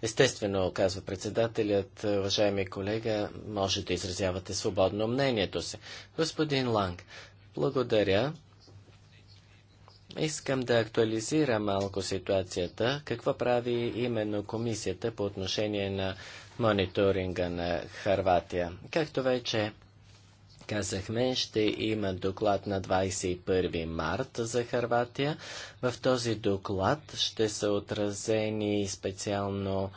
A: Естествено, казва председателят, уважаеми колега, може да изразявате свободно мнението си. Господин Ланг, благодаря. Искам да актуализира малко ситуацията. Какво прави именно комисията по отношение на мониторинга на Харватия? Както вече казахме, ще има доклад на 21 март за Харватия. В този доклад ще са отразени специално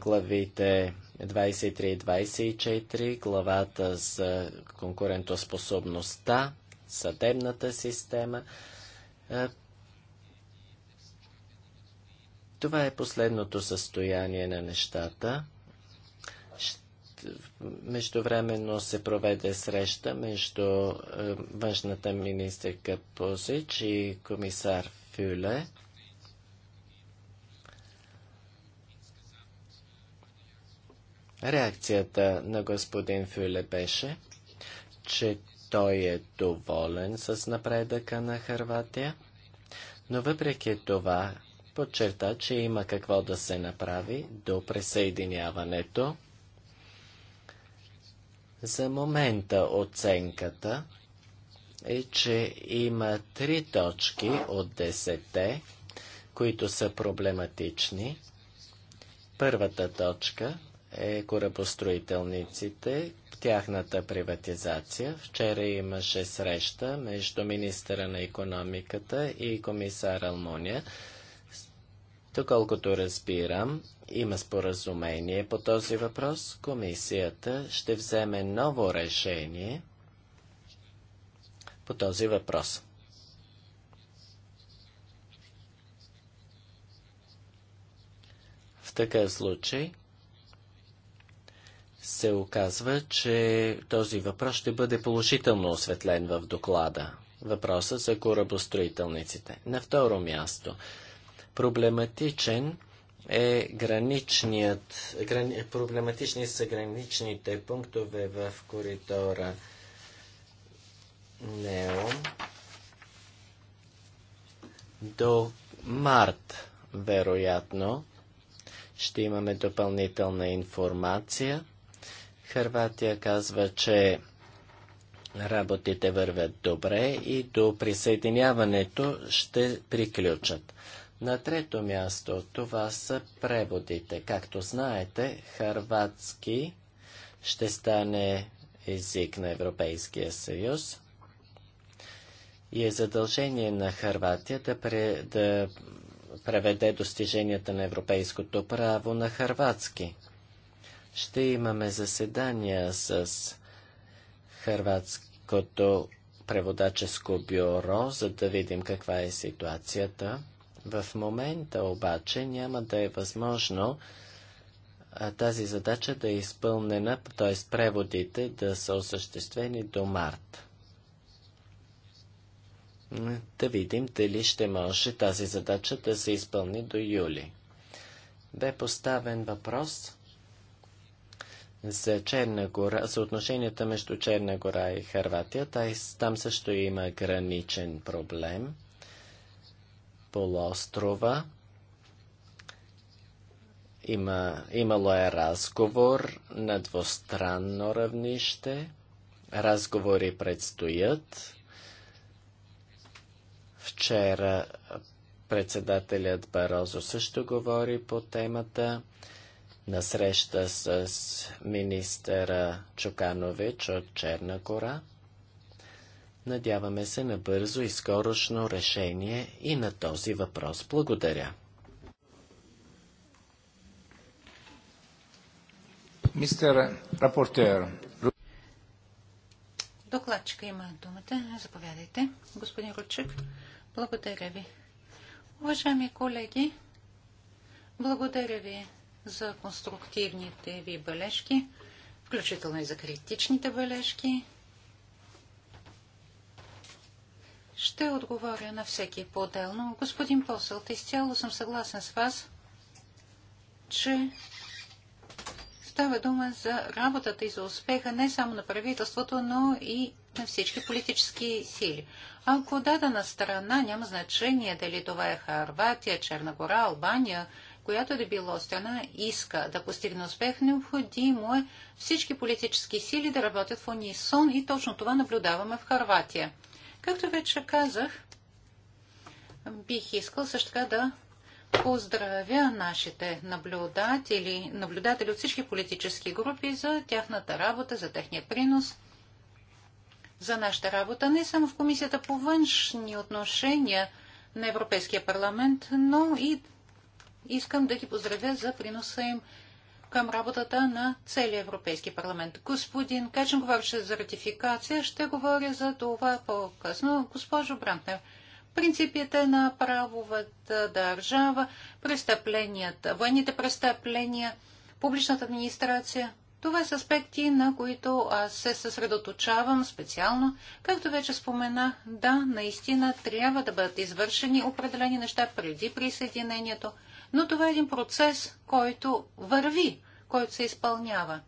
A: главите 23 и 24, главата за конкурентоспособността, съдебната система, е, това е последното състояние на нещата. Междувременно се проведе среща между е, външната министерка Позич и комисар Фюле. Реакцията на господин Фюле беше, че той е доволен с напредъка на Харватия, но въпреки това подчерта, че има какво да се направи до присъединяването. За момента оценката е, че има три точки от десете, които са проблематични. Първата точка е корабостроителниците, тяхната приватизация. Вчера имаше среща между министъра на економиката и комисар Алмония. Доколкото разбирам, има споразумение по този въпрос. Комисията ще вземе ново решение по този въпрос. В такъв случай се оказва, че този въпрос ще бъде положително осветлен в доклада. Въпросът за корабостроителниците. На второ място. Проблематичен е граничният, грани, проблематични са граничните пунктове в коридора Нео до март, вероятно. Ще имаме допълнителна информация. Харватия казва, че работите вървят добре и до присъединяването ще приключат. На трето място това са преводите. Както знаете, харватски ще стане език на Европейския съюз и е задължение на Харватия да, пре, да преведе достиженията на европейското право на харватски ще имаме заседания с Хрватското преводаческо бюро, за да видим каква е ситуацията. В момента обаче няма да е възможно а, тази задача да е изпълнена, т.е. преводите да са осъществени до март. Да видим дали ще може тази задача да се изпълни до юли. Бе поставен въпрос за Черна гора, за отношенията между Черна гора и Харватия. Там също има граничен проблем. Полуострова. Има, имало е разговор на двустранно равнище. Разговори предстоят. Вчера председателят Барозо също говори по темата на среща с министъра Чуканович от Черна гора. Надяваме се на бързо и скорошно решение и на този въпрос. Благодаря.
C: Мистер рапортер.
D: Докладчика има думата. Заповядайте, господин Ручек. Благодаря ви. Уважаеми колеги, благодаря ви за конструктивните ви бележки, включително и за критичните бележки. Ще отговоря на всеки по-отделно. Господин Посълт, изцяло съм съгласен с вас, че става дума за работата и за успеха не само на правителството, но и на всички политически сили. Ако дадена страна няма значение дали това е Харватия, Черна гора, Албания – която е да било страна иска да постигне успех, необходимо е всички политически сили да работят в унисон и точно това наблюдаваме в Харватия. Както вече казах, бих искал също така да поздравя нашите наблюдатели, наблюдатели от всички политически групи за тяхната работа, за техния принос – за нашата работа не само в Комисията по външни отношения на Европейския парламент, но и искам да ги поздравя за приноса им към работата на целия Европейски парламент. Господин Качен говореше за ратификация, ще говоря за това по-късно. Госпожо Брантнер, принципите на правовата държава, престъпленията, военните престъпления, публичната администрация. Това са аспекти, на които аз се съсредоточавам специално. Както вече споменах, да, наистина трябва да бъдат извършени определени неща преди присъединението – но това е един процес, който върви, който се изпълнява.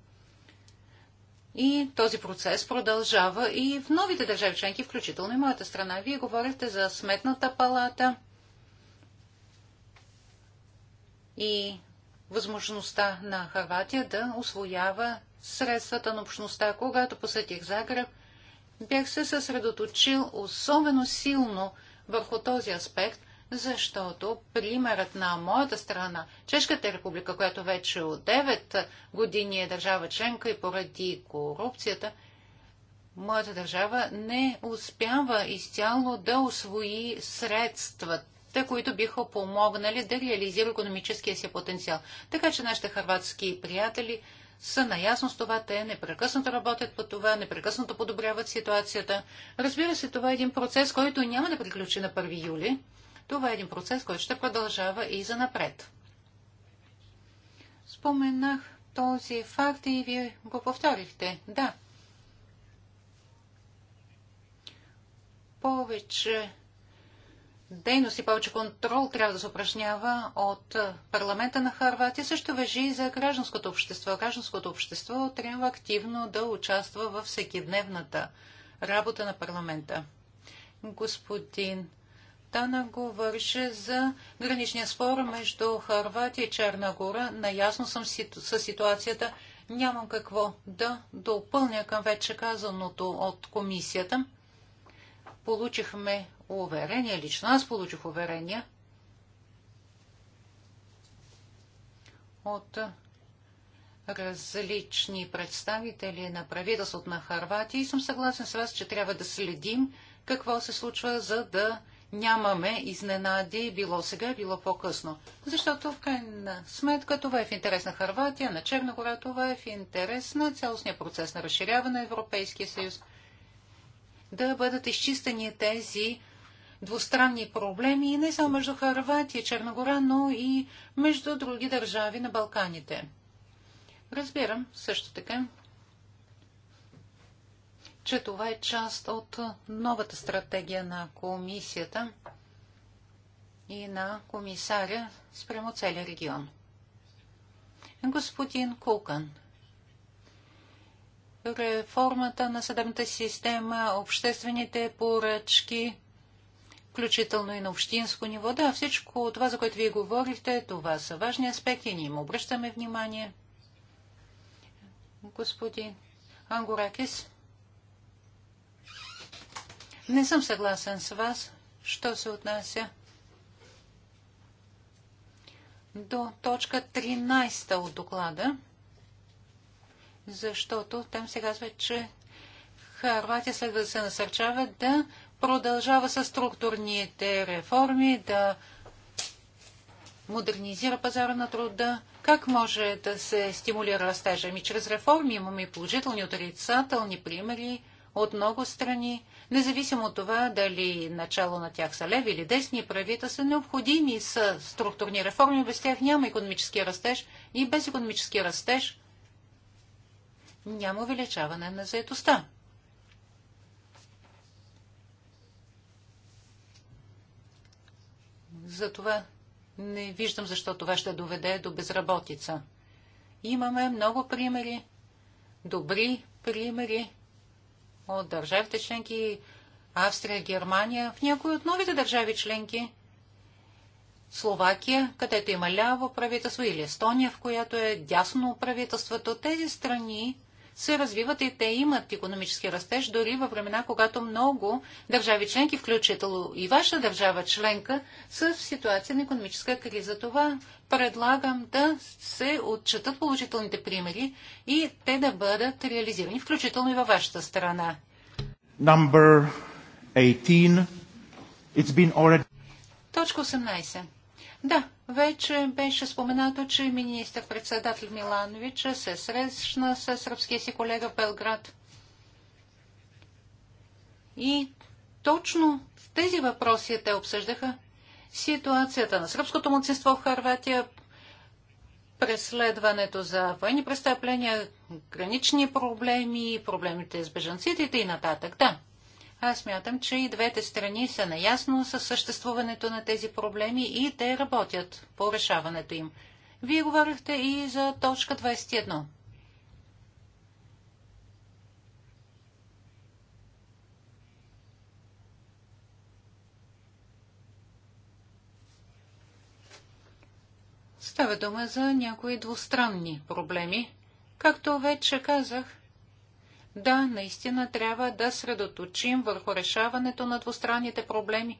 D: И този процес продължава и в новите държави членки, включително и моята страна. Вие говорихте за сметната палата и възможността на Харватия да освоява средствата на общността. Когато посетих Загреб, бях се съсредоточил особено силно върху този аспект, защото примерът на моята страна, Чешката република, която вече от 9 години е държава членка и поради корупцията, моята държава не успява изцяло да освои средствата, които биха помогнали да реализира економическия си потенциал. Така че нашите харватски приятели са наясно с това, те непрекъснато работят по това, непрекъснато подобряват ситуацията. Разбира се, това е един процес, който няма да приключи на 1 юли. Това е един процес, който ще продължава и за напред. Споменах този факт и вие го повторихте. Да. Повече дейност и повече контрол трябва да се упражнява от парламента на Харватия. Също въжи и за гражданското общество. Гражданското общество трябва активно да участва в всекидневната работа на парламента. Господин Тана говореше за граничния спор между Харватия и Черна гора. Наясно съм с ситуацията. Нямам какво да допълня към вече казаното от комисията. Получихме уверение, лично аз получих уверение от различни представители на правителството на Харватия и съм съгласен с вас, че трябва да следим какво се случва, за да нямаме изненади, било сега, било по-късно. Защото в крайна сметка това е в интерес на Харватия, на Черна гора, това е в интерес на цялостния процес на разширяване на Европейския съюз. Да бъдат изчистени тези двустранни проблеми и не само между Харватия и Черна гора, но и между други държави на Балканите. Разбирам също така, че това е част от новата стратегия на комисията и на комисаря спрямо целия регион. Господин Кукан, реформата на съдебната система, обществените поръчки, включително и на общинско ниво. Да, всичко това, за което вие говорихте, това са важни аспекти, ние им обръщаме внимание. Господин Ангоракис. Не съм съгласен с вас, що се отнася до точка 13 от доклада, защото там се казва, че Харватия следва да се насърчава да продължава с структурните реформи, да модернизира пазара на труда. Как може да се стимулира растежа? Ми чрез реформи имаме положителни, отрицателни примери от много страни, независимо от това дали начало на тях са леви или десни, правита са необходими с структурни реформи. Без тях няма економически растеж и без економически растеж няма увеличаване на заетостта. Затова не виждам защо това ще доведе до безработица. Имаме много примери, добри примери от държавите членки, Австрия, Германия, в някои от новите държави членки, Словакия, където има ляво правителство, или Естония, в която е дясно правителството, тези страни се развиват и те имат економически растеж, дори във времена, когато много държави членки, включително и ваша държава членка, са в ситуация на економическа криза. Това предлагам да се отчитат положителните примери и те да бъдат реализирани, включително и във вашата страна.
C: Number 18. It's been already...
D: Точка 18. Да, вече беше споменато, че министър-председател Миланович се срещна с сръбския си колега в Белград. И точно в тези въпроси те обсъждаха. Ситуацията на сръбското младсинство в Харватия, преследването за военни престъпления, гранични проблеми, проблемите с бежанците и нататък. Да, аз мятам, че и двете страни са наясно със съществуването на тези проблеми и те работят по решаването им. Вие говорихте и за точка 21. Става дума за някои двустранни проблеми. Както вече казах, да, наистина трябва да средоточим върху решаването на двустранните проблеми,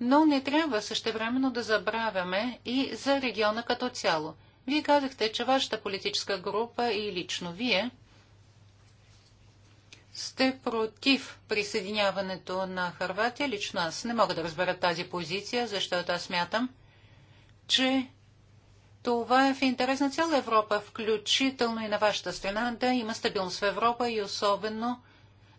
D: но не трябва същевременно да забравяме и за региона като цяло. Вие казахте, че вашата политическа група и лично вие сте против присъединяването на Харватия. Лично аз не мога да разбера тази позиция, защото аз смятам, че това е в интерес на цяла Европа, включително и на вашата страна, да има стабилност в Европа и особено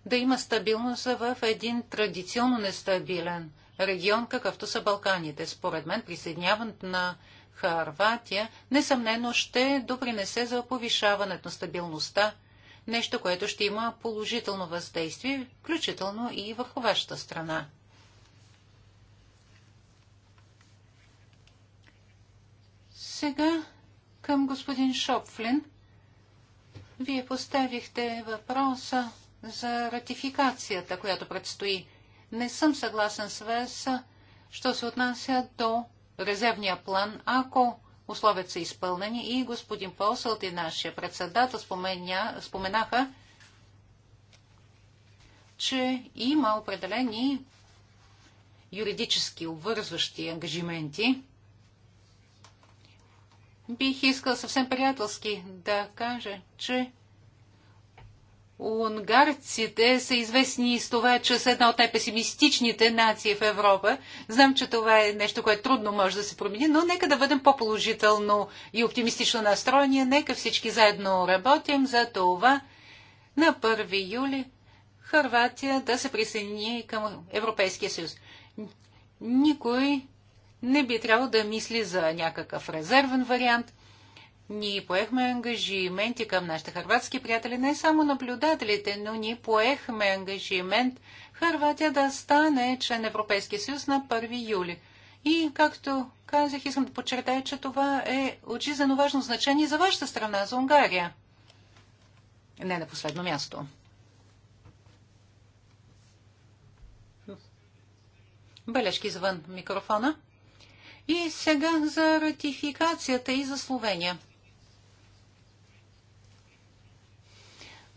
D: да има стабилност в един традиционно нестабилен регион, какъвто са Балканите. Според мен присъединяването на Харватия несъмнено ще допринесе за повишаването на стабилността, нещо, което ще има положително въздействие, включително и върху вашата страна. Сега към господин Шопфлин. Вие поставихте въпроса за ратификацията, която предстои. Не съм съгласен с вас, що се отнася до резервния план, ако условията са изпълнени и господин Посълт и нашия председател споменя, споменаха, че има определени юридически обвързващи ангажименти, бих искал съвсем приятелски да кажа, че унгарците са известни с това, че са една от най-песимистичните нации в Европа. Знам, че това е нещо, което трудно може да се промени, но нека да бъдем по-положително и оптимистично настроени. Нека всички заедно работим за това на 1 юли Харватия да се присъедини към Европейския съюз. Никой не би трябвало да мисли за някакъв резервен вариант. Ние поехме ангажименти към нашите харватски приятели, не само наблюдателите, но ние поехме ангажимент Харватия да стане член Европейския съюз на 1 юли. И, както казах, искам да подчертая, че това е от важно значение за вашата страна, за Унгария. Не на последно място. Бележки извън микрофона. И сега за ратификацията и за Словения.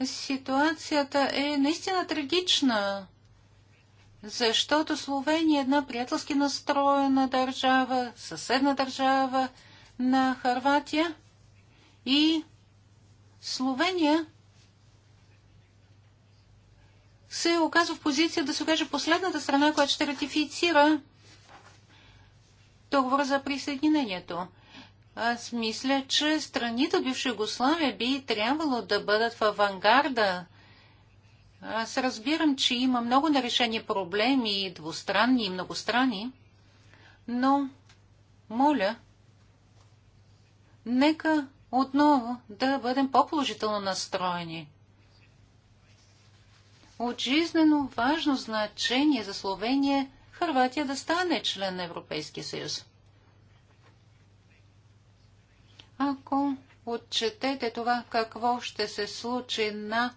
D: Ситуацията е наистина трагична, защото Словения е една приятелски настроена държава, съседна държава на Харватия и Словения се оказва в позиция да се окаже последната страна, която ще ратифицира договор за присъединението. Аз мисля, че страните от Югославия би трябвало да бъдат в авангарда. Аз разбирам, че има много нарешени проблеми, двустранни и многостранни, но моля, нека отново да бъдем по-положително настроени. От жизнено важно значение за Словения Харватия да стане член на Европейския съюз. Ако отчетете това какво ще се случи на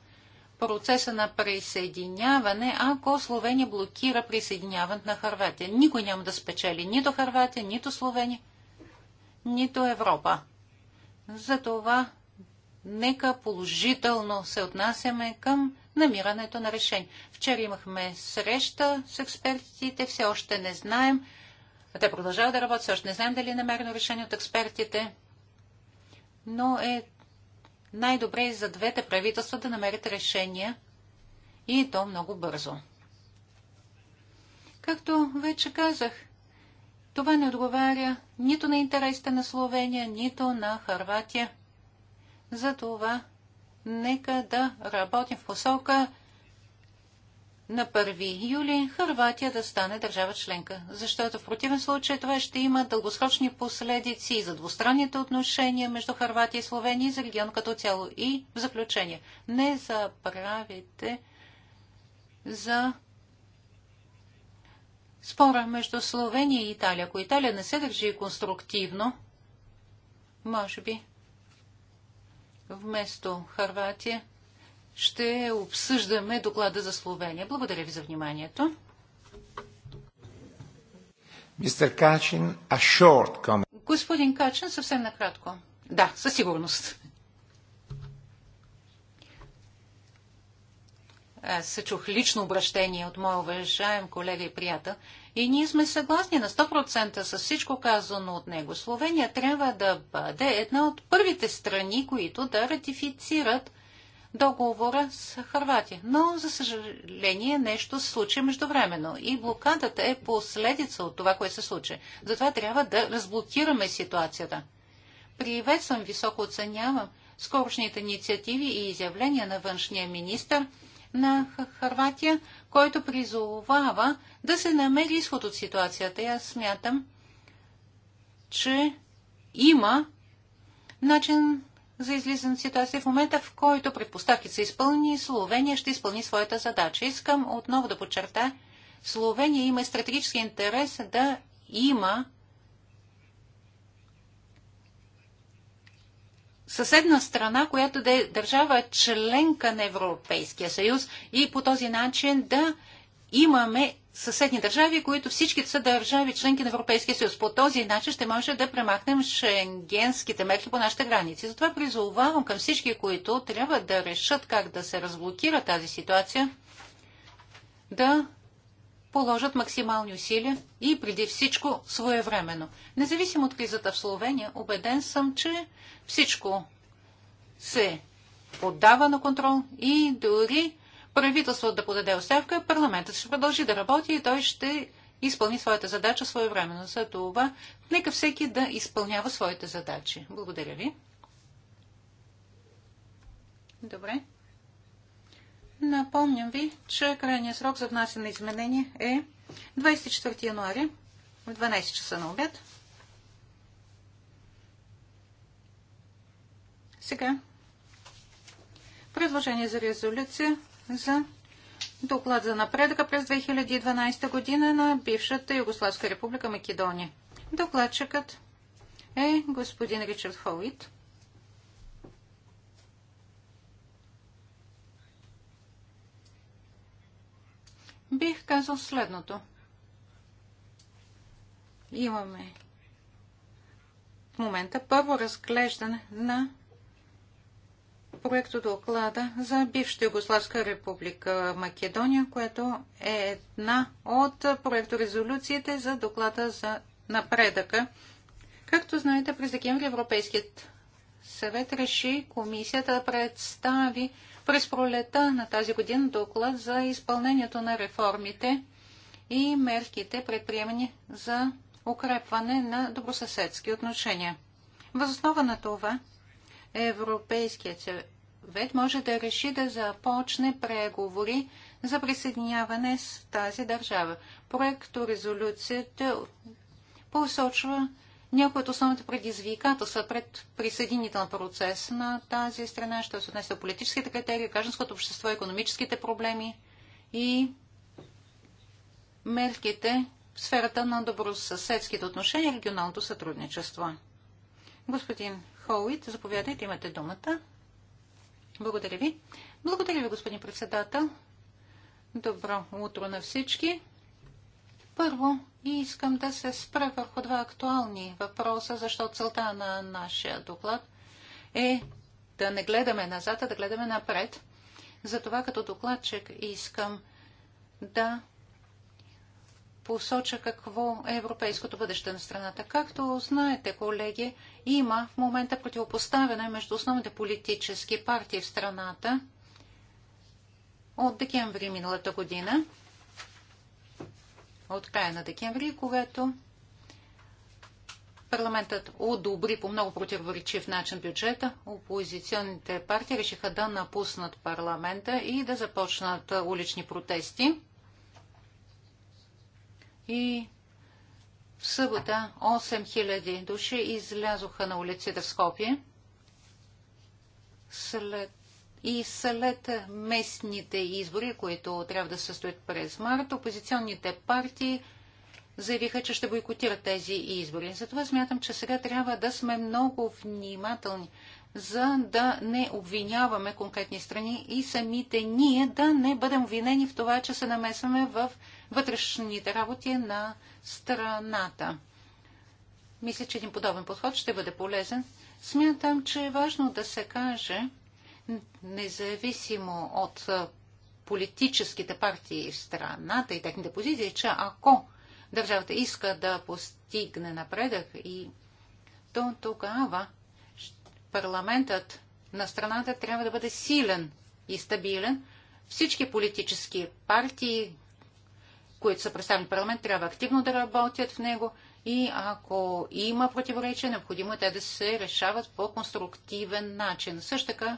D: процеса на присъединяване, ако Словения блокира присъединяването на Харватия. Никой няма да спечели нито Харватия, нито Словения, нито Европа. Затова нека положително се отнасяме към намирането на решение. Вчера имахме среща с експертите, все още не знаем. Те продължават да работят, все още не знаем дали е намерено решение от експертите. Но е най-добре и за двете правителства да намерят решение и то много бързо. Както вече казах, това не отговаря нито на интересите на Словения, нито на Харватия. Затова нека да работим в посока на 1 юли Хърватия да стане държава членка, защото в противен случай това ще има дългосрочни последици за двустранните отношения между Харватия и Словения и за регион като цяло. И в заключение, не забравяйте за спора между Словения и Италия. Ако Италия не се държи конструктивно, може би вместо Харватия ще обсъждаме доклада за Словения. Благодаря ви за вниманието.
A: Мистер Качин, a short
D: comment. Господин Качин, съвсем накратко. Да, със сигурност. Аз се чух лично обращение от моя уважаем колега и приятел и ние сме съгласни на 100% с всичко казано от него. Словения трябва да бъде една от първите страни, които да ратифицират договора с Харватия. Но, за съжаление, нещо се случи междувременно. И блокадата е последица от това, което се случи. Затова трябва да разблокираме ситуацията. Приветствам, високо оценявам скорочните инициативи и изявления на външния министр – на Харватия, който призовава да се намери изход от ситуацията. И аз смятам, че има начин за излизане от ситуация в момента, в който предпоставките са изпълнени, Словения ще изпълни своята задача. Искам отново да подчертая, Словения има стратегически интерес да има съседна страна, която да е държава членка на Европейския съюз и по този начин да имаме съседни държави, които всички са държави членки на Европейския съюз. По този начин ще може да премахнем шенгенските мерки по нашите граници. Затова призовавам към всички, които трябва да решат как да се разблокира тази ситуация, да положат максимални усилия и преди всичко своевременно. Независимо от кризата в Словения, убеден съм, че всичко се поддава на контрол и дори правителството да подаде оставка, парламентът ще продължи да работи и той ще изпълни своята задача своевременно. За това нека всеки да изпълнява своите задачи. Благодаря ви. Добре. Напомням ви, че крайният срок за внасяне на изменение е 24 януари в 12 часа на обед. Сега предложение за резолюция за доклад за напредъка през 2012 година на бившата Югославска република Македония. Докладчикът е господин Ричард Хоуит. бих казал следното. Имаме в момента първо разглеждане на проекто доклада за бившата Югославска република Македония, което е една от проекторезолюциите за доклада за напредъка. Както знаете, през декември Европейският съвет реши комисията да представи през пролета на тази година доклад за изпълнението на реформите и мерките предприемани за укрепване на добросъседски отношения. Възоснова на това Европейският съвет може да реши да започне преговори за присъединяване с тази държава. Проекто резолюцията посочва някои от основните предизвикателства пред присъединител процес на тази страна ще се отнесе до политическите критерии, гражданското общество, економическите проблеми и мерките в сферата на добросъседските отношения и регионалното сътрудничество. Господин Хоуит, заповядайте, имате думата. Благодаря ви. Благодаря ви, господин председател. Добро утро на всички. Първо, искам да се спра върху два актуални въпроса, защото целта на нашия доклад е да не гледаме назад, а да гледаме напред. Затова като докладчик искам да посоча какво е европейското бъдеще на страната. Както знаете, колеги, има в момента противопоставяне между основните политически партии в страната от декември миналата година от края на декември, когато парламентът одобри по много противоречив начин бюджета, опозиционните партии решиха да напуснат парламента и да започнат улични протести. И в събота 8000 души излязоха на улиците в Скопие след и след местните избори, които трябва да се състоят през март, опозиционните партии заявиха, че ще бойкотират тези избори. Затова смятам, че сега трябва да сме много внимателни, за да не обвиняваме конкретни страни и самите ние да не бъдем обвинени в това, че се намесваме в вътрешните работи на страната. Мисля, че един подобен подход ще бъде полезен. Смятам, че е важно да се каже, независимо от политическите партии в страната и техните позиции, че ако държавата иска да постигне напредък и то тогава парламентът на страната трябва да бъде силен и стабилен. Всички политически партии, които са представени в парламент, трябва активно да работят в него и ако има противоречия, необходимо е те да се решават по конструктивен начин. Също така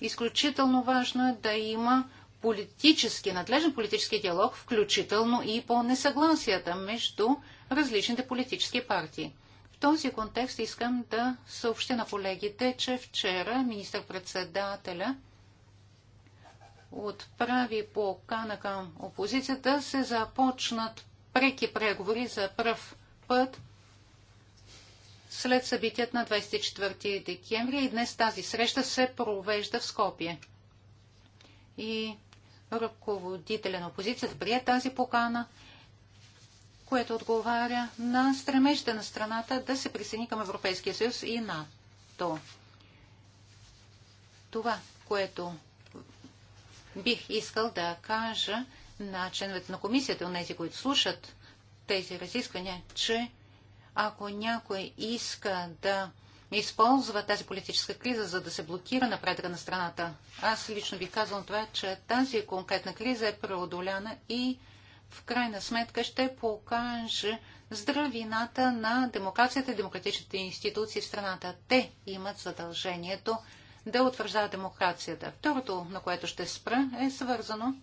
D: изключително важно е да има политически, надлежен политически диалог, включително и по несъгласията между различните политически партии. В този контекст искам да съобщя на колегите, че вчера министър-председателя отправи покана към опозицията да се започнат преки преговори за пръв път след събитият на 24 декември и днес тази среща се провежда в Скопие. И ръководителя на опозицията прие тази покана, което отговаря на стремежда на страната да се присъедини към Европейския съюз и НАТО. Това, което бих искал да кажа на членовете на комисията, от тези, които слушат тези разисквания, че ако някой иска да използва тази политическа криза, за да се блокира напредъка на страната. Аз лично ви казвам това, че тази конкретна криза е преодоляна и в крайна сметка ще покаже здравината на демокрацията и демократичните институции в страната. Те имат задължението да утвърждават демокрацията. Второто, на което ще спра, е свързано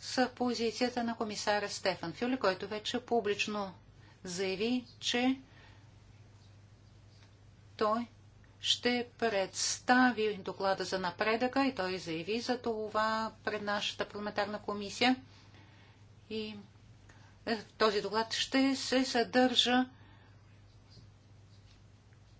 D: с позицията на комисара Стефан Фюли, който вече публично заяви, че той ще представи доклада за напредъка и той заяви за това пред нашата парламентарна комисия. И е, този доклад ще се съдържа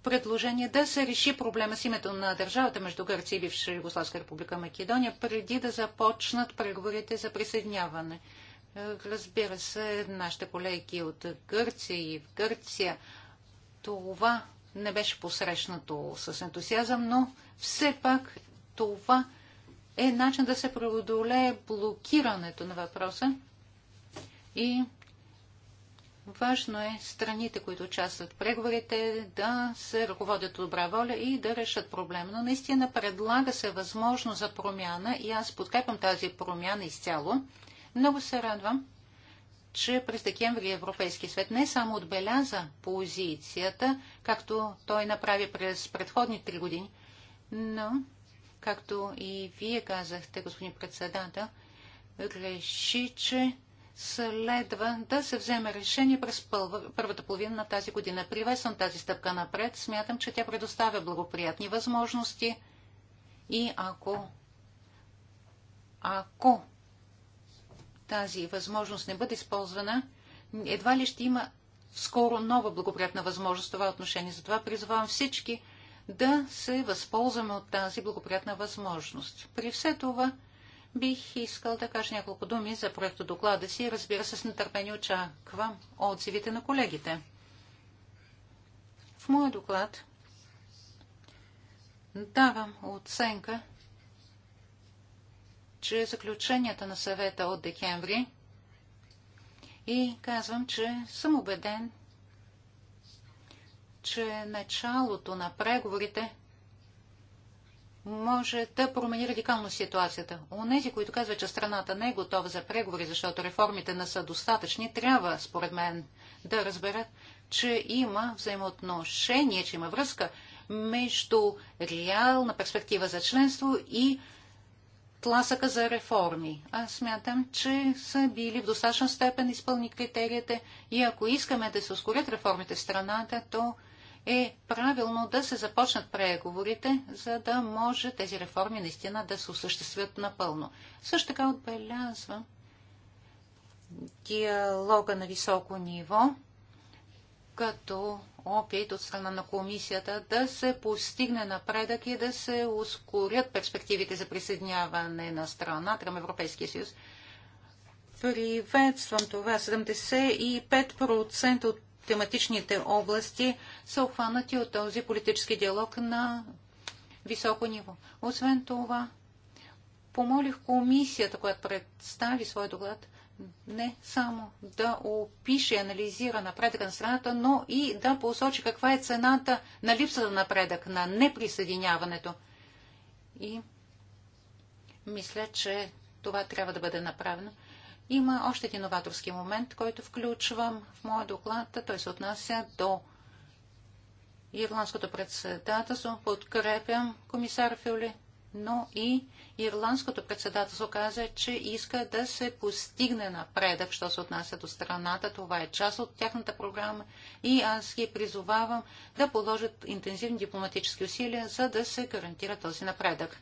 D: предложение да се реши проблема с името на държавата между Гърция и бивша Югославска република Македония преди да започнат преговорите за присъединяване. Е, разбира се, нашите колеги от Гърция и в Гърция това не беше посрещнато с ентусиазъм, но все пак това е начин да се преодолее блокирането на въпроса и важно е страните, които участват в преговорите, да се ръководят от добра воля и да решат проблема. Но наистина предлага се възможност за промяна и аз подкрепям тази промяна изцяло. Много се радвам, че през декември Европейски свет не само отбеляза позицията, както той направи през предходни три години, но, както и вие казахте, господин председател, реши, че следва да се вземе решение през първата половина на тази година. Привесвам тази стъпка напред. Смятам, че тя предоставя благоприятни възможности и ако ако тази възможност не бъде използвана, едва ли ще има скоро нова благоприятна възможност в това отношение. Затова призвавам всички да се възползваме от тази благоприятна възможност. При все това бих искал да кажа няколко думи за проекта доклада си и разбира се с нетърпение очаквам отзивите на колегите. В моя доклад давам оценка че заключенията на съвета от декември и казвам, че съм убеден, че началото на преговорите може да промени радикално ситуацията. Онези, които казват, че страната не е готова за преговори, защото реформите не са достатъчни, трябва, според мен, да разберат, че има взаимоотношение, че има връзка между реална перспектива за членство и тласъка за реформи. Аз смятам, че са били в достатъчна степен изпълни критериите и ако искаме да се ускорят реформите в страната, то е правилно да се започнат преговорите, за да може тези реформи наистина да се осъществят напълно. Също така отбелязвам диалога на високо ниво като опит от страна на комисията да се постигне напредък и да се ускорят перспективите за присъединяване на страна към Европейския съюз. Приветствам това. 75% от тематичните области са обхванати от този политически диалог на високо ниво. Освен това, помолих комисията, която представи своя доклад, не само да опише и анализира напредъка на страната, но и да посочи каква е цената на липсата на напредък, на неприсъединяването. И мисля, че това трябва да бъде направено. Има още един новаторски момент, който включвам в моя доклад. Той се отнася до Ирландското председателство. Подкрепям комисар Фюли но и ирландското председателство каза, че иска да се постигне напредък, що се отнася до страната. Това е част от тяхната програма и аз ги призовавам да положат интензивни дипломатически усилия, за да се гарантира този напредък.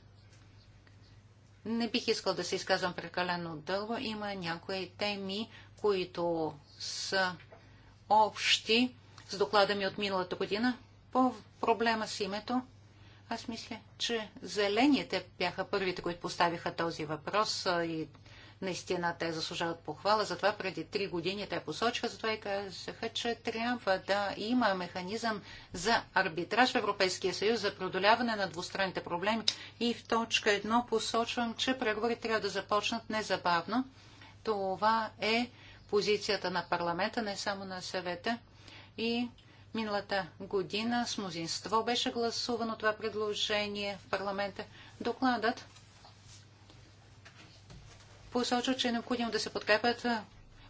D: Не бих искал да се изказвам прекалено дълго. Има някои теми, които са общи с доклада ми от миналата година по проблема с името. Аз мисля, че зелените бяха първите, които поставиха този въпрос и наистина те заслужават похвала. Затова преди три години те посочиха, затова и казаха, че трябва да има механизъм за арбитраж в Европейския съюз за преодоляване на двустранните проблеми. И в точка едно посочвам, че преговори трябва да започнат незабавно. Това е позицията на парламента, не само на съвета. И Миналата година с мнозинство беше гласувано това предложение в парламента. Докладът посочва, че е необходимо да се подкрепят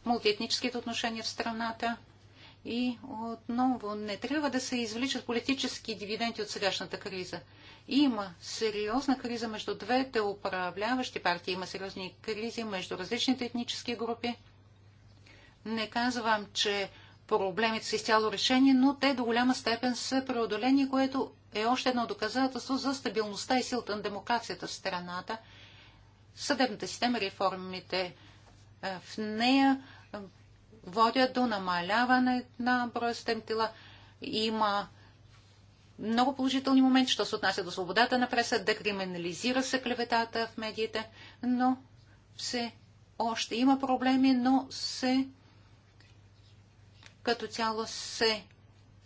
D: мултиетническите отношения в страната и отново не трябва да се извличат политически дивиденти от сегашната криза. Има сериозна криза между двете управляващи партии, има сериозни кризи между различните етнически групи. Не казвам, че проблемите са изцяло решени, но те до голяма степен са преодолени, което е още едно доказателство за стабилността и силата на демокрацията в страната. Съдебната система, реформите е, в нея е, водят до намаляване на броя стемтила. Има много положителни моменти, що се отнася до свободата на преса, да криминализира се клеветата в медиите, но все още има проблеми, но се като цяло се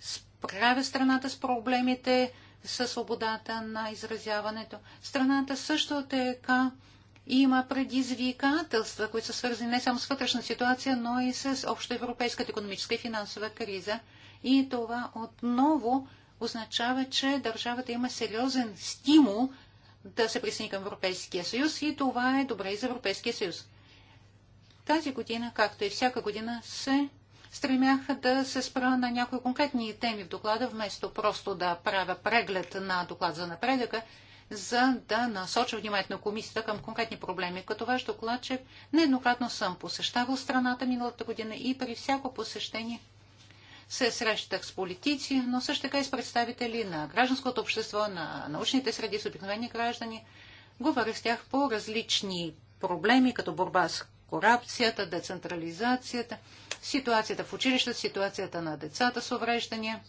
D: справя страната с проблемите със свободата на изразяването. Страната също така има предизвикателства, които са свързани не само с вътрешна ситуация, но и с общоевропейската економическа и финансова криза. И това отново означава, че държавата има сериозен стимул да се присъедини към Европейския съюз и това е добре и за Европейския съюз. Тази година, както и всяка година, се стремях да се спра на някои конкретни теми в доклада, вместо просто да правя преглед на доклад за напредъка, за да насоча вниманието на комисията към конкретни проблеми. Като ваш докладчик нееднократно съм посещавал страната миналата година и при всяко посещение се срещах с политици, но също така и с представители на гражданското общество, на научните среди, с обикновени граждани. Говорих с тях по различни проблеми, като борба с корупцията, децентрализацията, ситуацията в училище, ситуацията на децата с увреждания.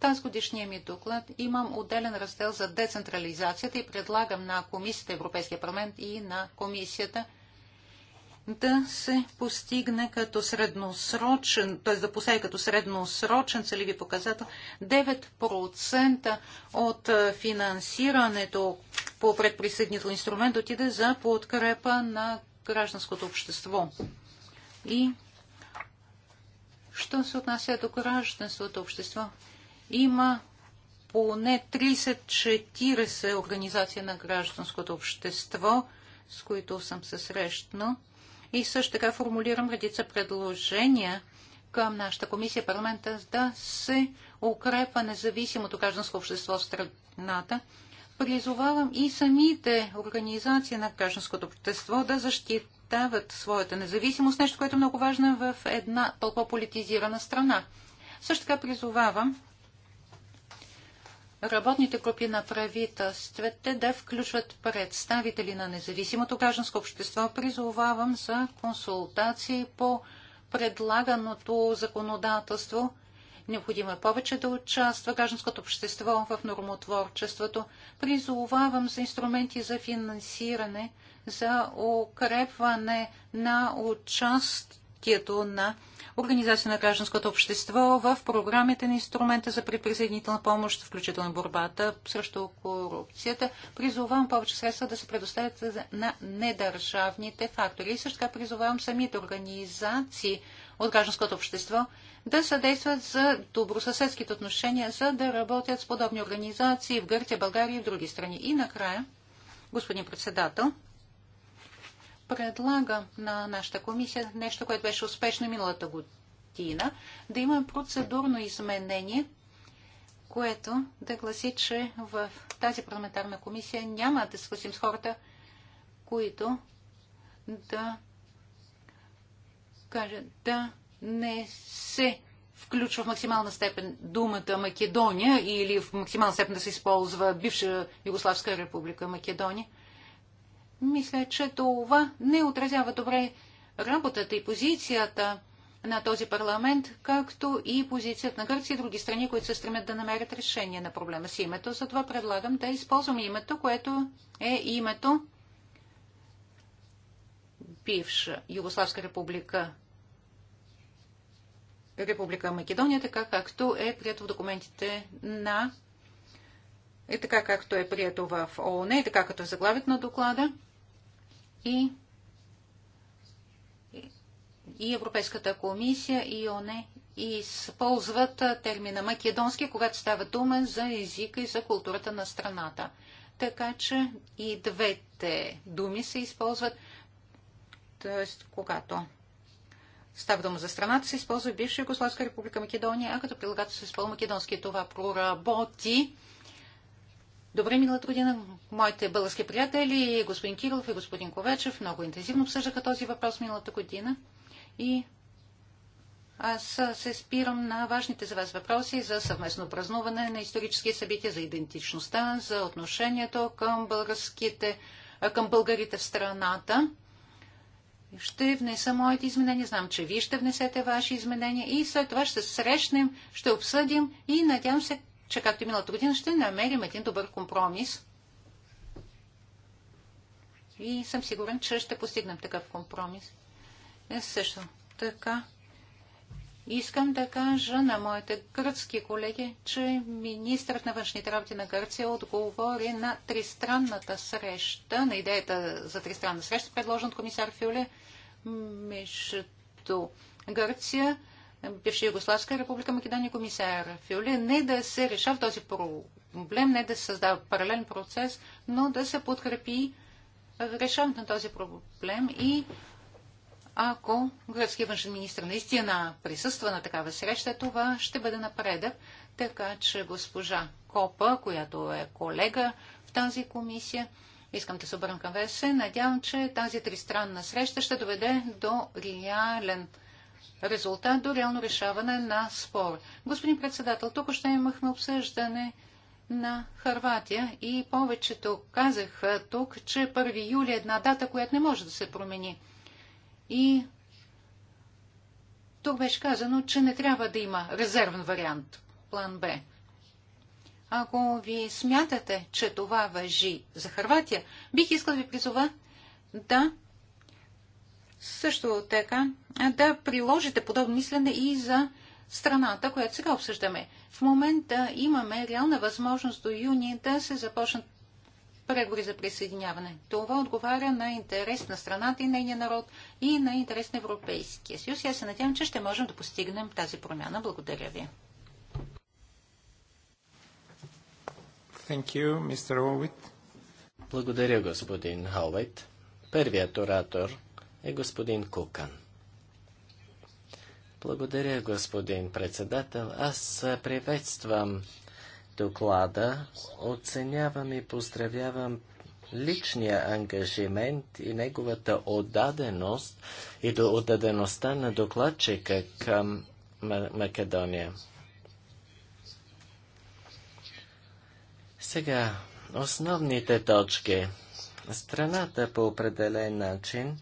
D: Тази годишния ми доклад имам отделен раздел за децентрализацията и предлагам на Комисията Европейския парламент и на Комисията да се постигне като средносрочен, т.е. да постави като средносрочен целеви показател 9% от финансирането по предприсъединител инструмент отиде за подкрепа на гражданското общество. И що се отнася до гражданството общество, има поне 30-40 организации на гражданското общество, с които съм се срещнал. И също така формулирам редица предложения към нашата комисия парламента да се укрепва независимото гражданско общество в страната призовавам и самите организации на гражданското общество да защитават своята независимост, нещо, което е много важно в една толкова политизирана страна. Също така призовавам работните групи на правителствете да включват представители на независимото гражданско общество. Призовавам за консултации по предлаганото законодателство – Необходимо е повече да участва гражданското общество в нормотворчеството. Призовавам за инструменти за финансиране, за укрепване на участието на Организация на гражданското общество в програмите на инструмента за предприсъединителна помощ, включително борбата срещу корупцията. Призовавам повече средства да се предоставят на недържавните фактори. И също така призовавам самите организации от гражданското общество да съдействат за добросъседските отношения, за да работят с подобни организации в Гърция, България и в други страни. И накрая, господин председател, предлага на нашата комисия нещо, което беше успешно миналата година, да имаме процедурно изменение, което да гласи, че в тази парламентарна комисия няма да свършим с хората, които да кажат да не се включва в максимална степен думата Македония или в максимална степен да се използва бивша Югославска република Македония. Мисля, че това не отразява добре работата и позицията на този парламент, както и позицията на Гърция и други страни, които се стремят да намерят решение на проблема с името. Затова предлагам да използвам името, което е името бивша Югославска република Република Македония, така както е прието в документите на и е така както е прието в ООН, и е така като е заглавят на доклада и, и Европейската комисия и ООН използват термина македонски, когато става дума за езика и за културата на страната. Така че и двете думи се използват, т.е. когато става дума за страната, се използва бивша Югославска република Македония, а като прилагател се използва македонски. Това проработи. Добре, миналата година моите български приятели, господин Кирилов и господин Ковечев, много интензивно обсъждаха този въпрос миналата година. И аз се спирам на важните за вас въпроси за съвместно празнуване на исторически събития, за идентичността, за отношението към, българските, към българите в страната ще внеса моите изменения, знам, че вие ще внесете ваши изменения и след това ще се срещнем, ще обсъдим и надявам се, че както и миналата година ще намерим един добър компромис. И съм сигурен, че ще постигнем такъв компромис. Е, също така. Искам да кажа на моите гръцки колеги, че министрът на външните работи на Гърция отговори на тристранната среща, на идеята за тристранна среща, предложен от комисар Фюле, между Гърция, бивша Югославска република Македония комисар Фюли, не да се решава този проблем, не да се създава паралелен процес, но да се подкрепи решаването на този проблем и ако гръцкият външен министр наистина присъства на такава среща, това ще бъде напредък. Така че госпожа Копа, която е колега в тази комисия, Искам да се обърна към ВСС. надявам, че тази тристранна среща ще доведе до реален резултат, до реално решаване на спор. Господин председател, тук още имахме обсъждане на Харватия и повечето казаха тук, че 1 юли е една дата, която не може да се промени. И тук беше казано, че не трябва да има резервен вариант, план Б. Ако ви смятате, че това въжи за Харватия, бих искал да ви призова да също така да приложите подобно мислене и за страната, която сега обсъждаме. В момента имаме реална възможност до юни да се започнат преговори за присъединяване. Това отговаря на интерес на страната и нейния народ и на интерес на Европейския съюз. Аз се надявам, че ще можем да постигнем тази промяна. Благодаря ви.
A: Thank you, Mr. Howitt. Благодаря, господин Ховайт. Първият оратор е господин Кукан. Благодаря, господин председател. Аз приветствам доклада. Оценявам и поздравявам личния ангажимент и неговата отдаденост и до отдадеността на докладчика към Македония. Сега, основните точки. Страната по определен начин,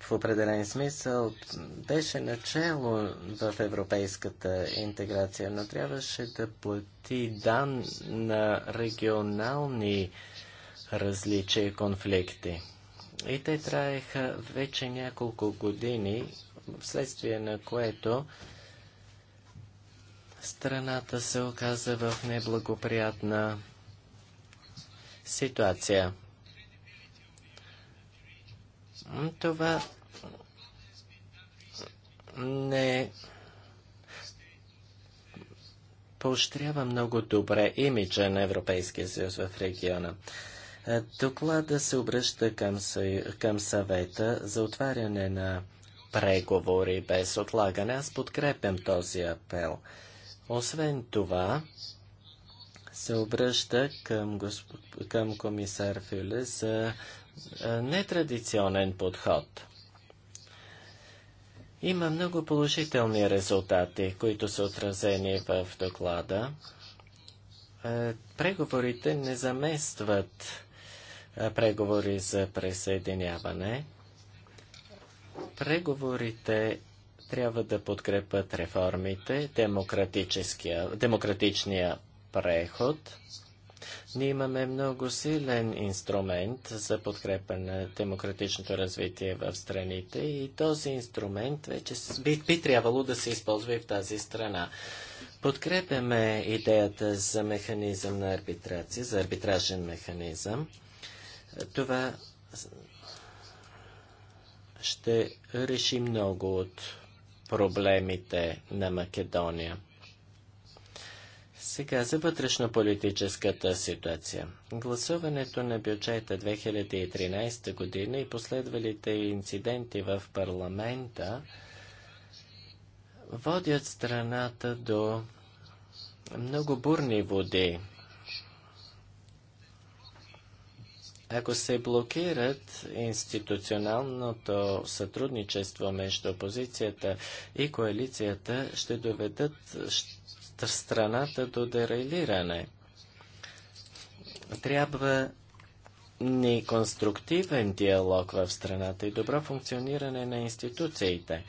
A: в определен смисъл, беше начало в европейската интеграция, но трябваше да плати дан на регионални различия и конфликти. И те траеха вече няколко години, вследствие на което страната се оказа в неблагоприятна ситуация. Това не поощрява много добре имиджа на Европейския съюз в региона. Е, доклада се обръща към, съю... към съвета за отваряне на преговори без отлагане. Аз подкрепям този апел. Освен това, се обръща към, госп... към комисар Фюле за нетрадиционен подход. Има много положителни резултати, които са отразени в доклада. Преговорите не заместват преговори за присъединяване. Преговорите трябва да подкрепят реформите, демократичния преход ние имаме много силен инструмент за подкрепа на демократичното развитие в страните и този инструмент вече би, би трябвало да се използва и в тази страна. Подкрепяме идеята за механизъм на арбитрация, за арбитражен механизъм. Това ще реши много от проблемите на Македония. Сега за вътрешно-политическата ситуация. Гласуването на бюджета 2013 година и последвалите инциденти в парламента водят страната до много бурни води. Ако се блокират институционалното сътрудничество между опозицията и коалицията, ще доведат, ще страната до дерелиране. Трябва ни конструктивен диалог в страната и добро функциониране на институциите.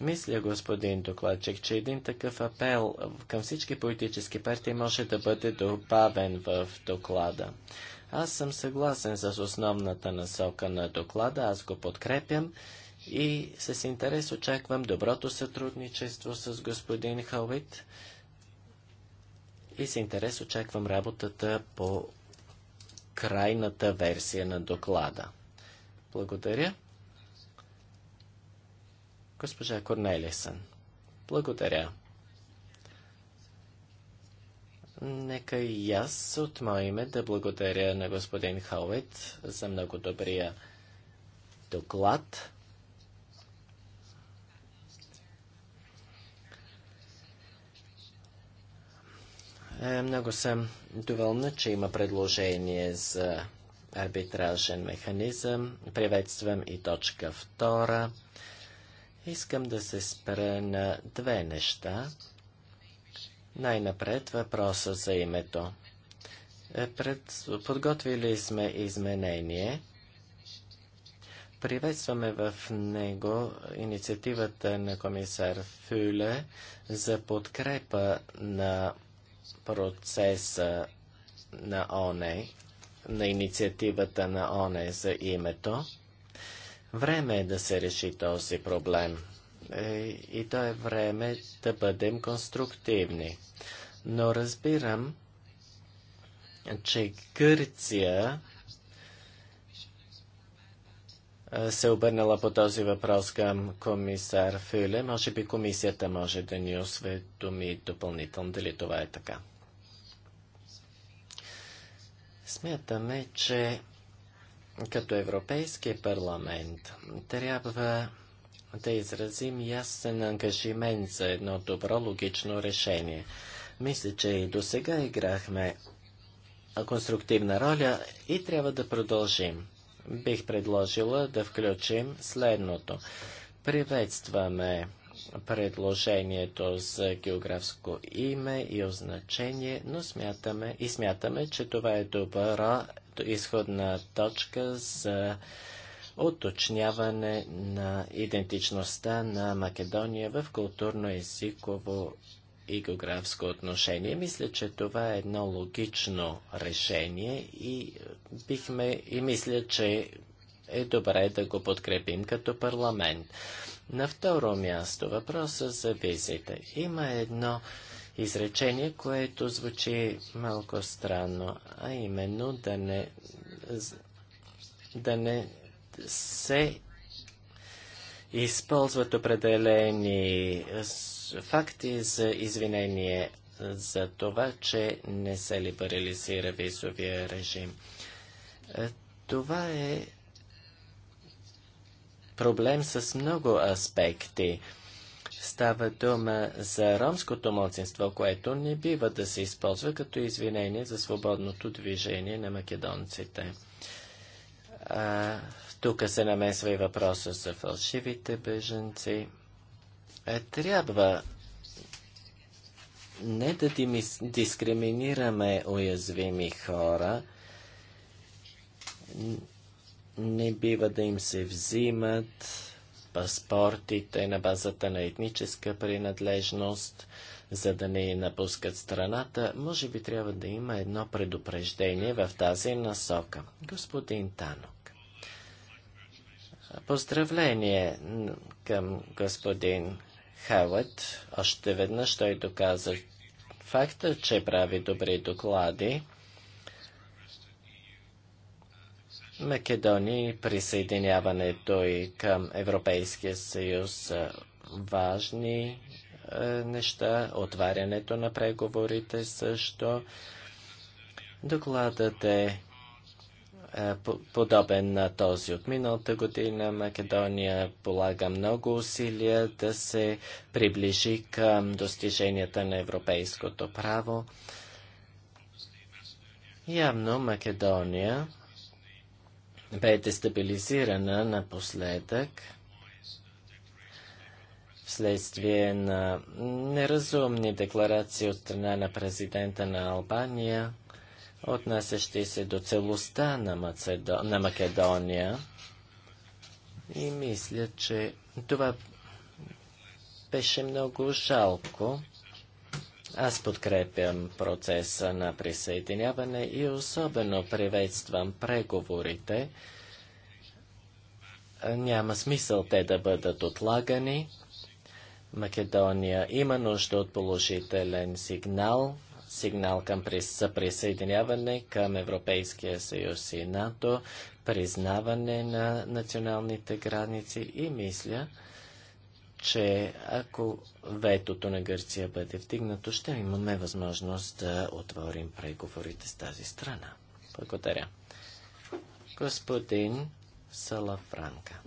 A: Мисля, господин докладчик, че един такъв апел към всички политически партии може да бъде добавен в доклада. Аз съм съгласен с основната насока на доклада, аз го подкрепям и с интерес очаквам доброто сътрудничество с господин Хауит и с интерес очаквам работата по крайната версия на доклада. Благодаря. Госпожа Корнелисън. Благодаря. Нека и аз от мое име да благодаря на господин Хауит за много добрия доклад. Е, много съм доволна, че има предложение за арбитражен механизъм. Приветствам и точка втора. Искам да се спра на две неща. Най-напред въпроса за името. Е, пред... Подготвили сме изменение. Приветстваме в него инициативата на комисар Фюле за подкрепа на процеса на ОНЕ, на инициативата на ОНЕ за името. Време е да се реши този проблем. Е, и то е време да бъдем конструктивни. Но разбирам, че Гърция се обърнала по този въпрос към комисар Фюле. Може би комисията може да ни осведоми допълнително дали това е така. Смятаме, че като Европейски парламент трябва да изразим ясен ангажимент за едно добро логично решение. Мисля, че и до сега играхме конструктивна роля и трябва да продължим бих предложила да включим следното. Приветстваме предложението за географско име и означение, но смятаме и смятаме, че това е добра изходна точка за уточняване на идентичността на Македония в културно-езиково и географско отношение. Мисля, че това е едно логично решение и е, бихме и мисля, че е добре да го подкрепим като парламент. На второ място въпроса за визите. Има едно изречение, което звучи малко странно, а именно да не, да не се използват определени факти за извинение за това, че не се либерализира визовия режим. Е, това е проблем с много аспекти. Става дума за ромското младсинство, което не бива да се използва като извинение за свободното движение на македонците. тук се намесва и въпроса за фалшивите беженци. Е, трябва не да дискриминираме уязвими хора, не бива да им се взимат паспортите на базата на етническа принадлежност, за да не напускат страната, може би трябва да има едно предупреждение в тази насока. Господин Танок. Поздравление към господин Хелет. Още веднъж той доказа факта, че прави добри доклади. Македония и присъединяването и към Европейския съюз са важни е, неща. Отварянето на преговорите също. Докладът е е, подобен на този от миналата година. Македония полага много усилия да се приближи към достиженията на европейското право. Явно Македония бе дестабилизирана напоследък вследствие на неразумни декларации от страна на президента на Албания – отнасящи се до целостта на, Мацедо... на Македония. И мисля, че това беше много жалко. Аз подкрепям процеса на присъединяване и особено приветствам преговорите. Няма смисъл те да бъдат отлагани. Македония има нужда от положителен сигнал сигнал към присъединяване към Европейския съюз и НАТО, признаване на националните граници и мисля, че ако ветото на Гърция бъде вдигнато, ще имаме възможност да отворим преговорите с тази страна. Благодаря. Господин Салафранка.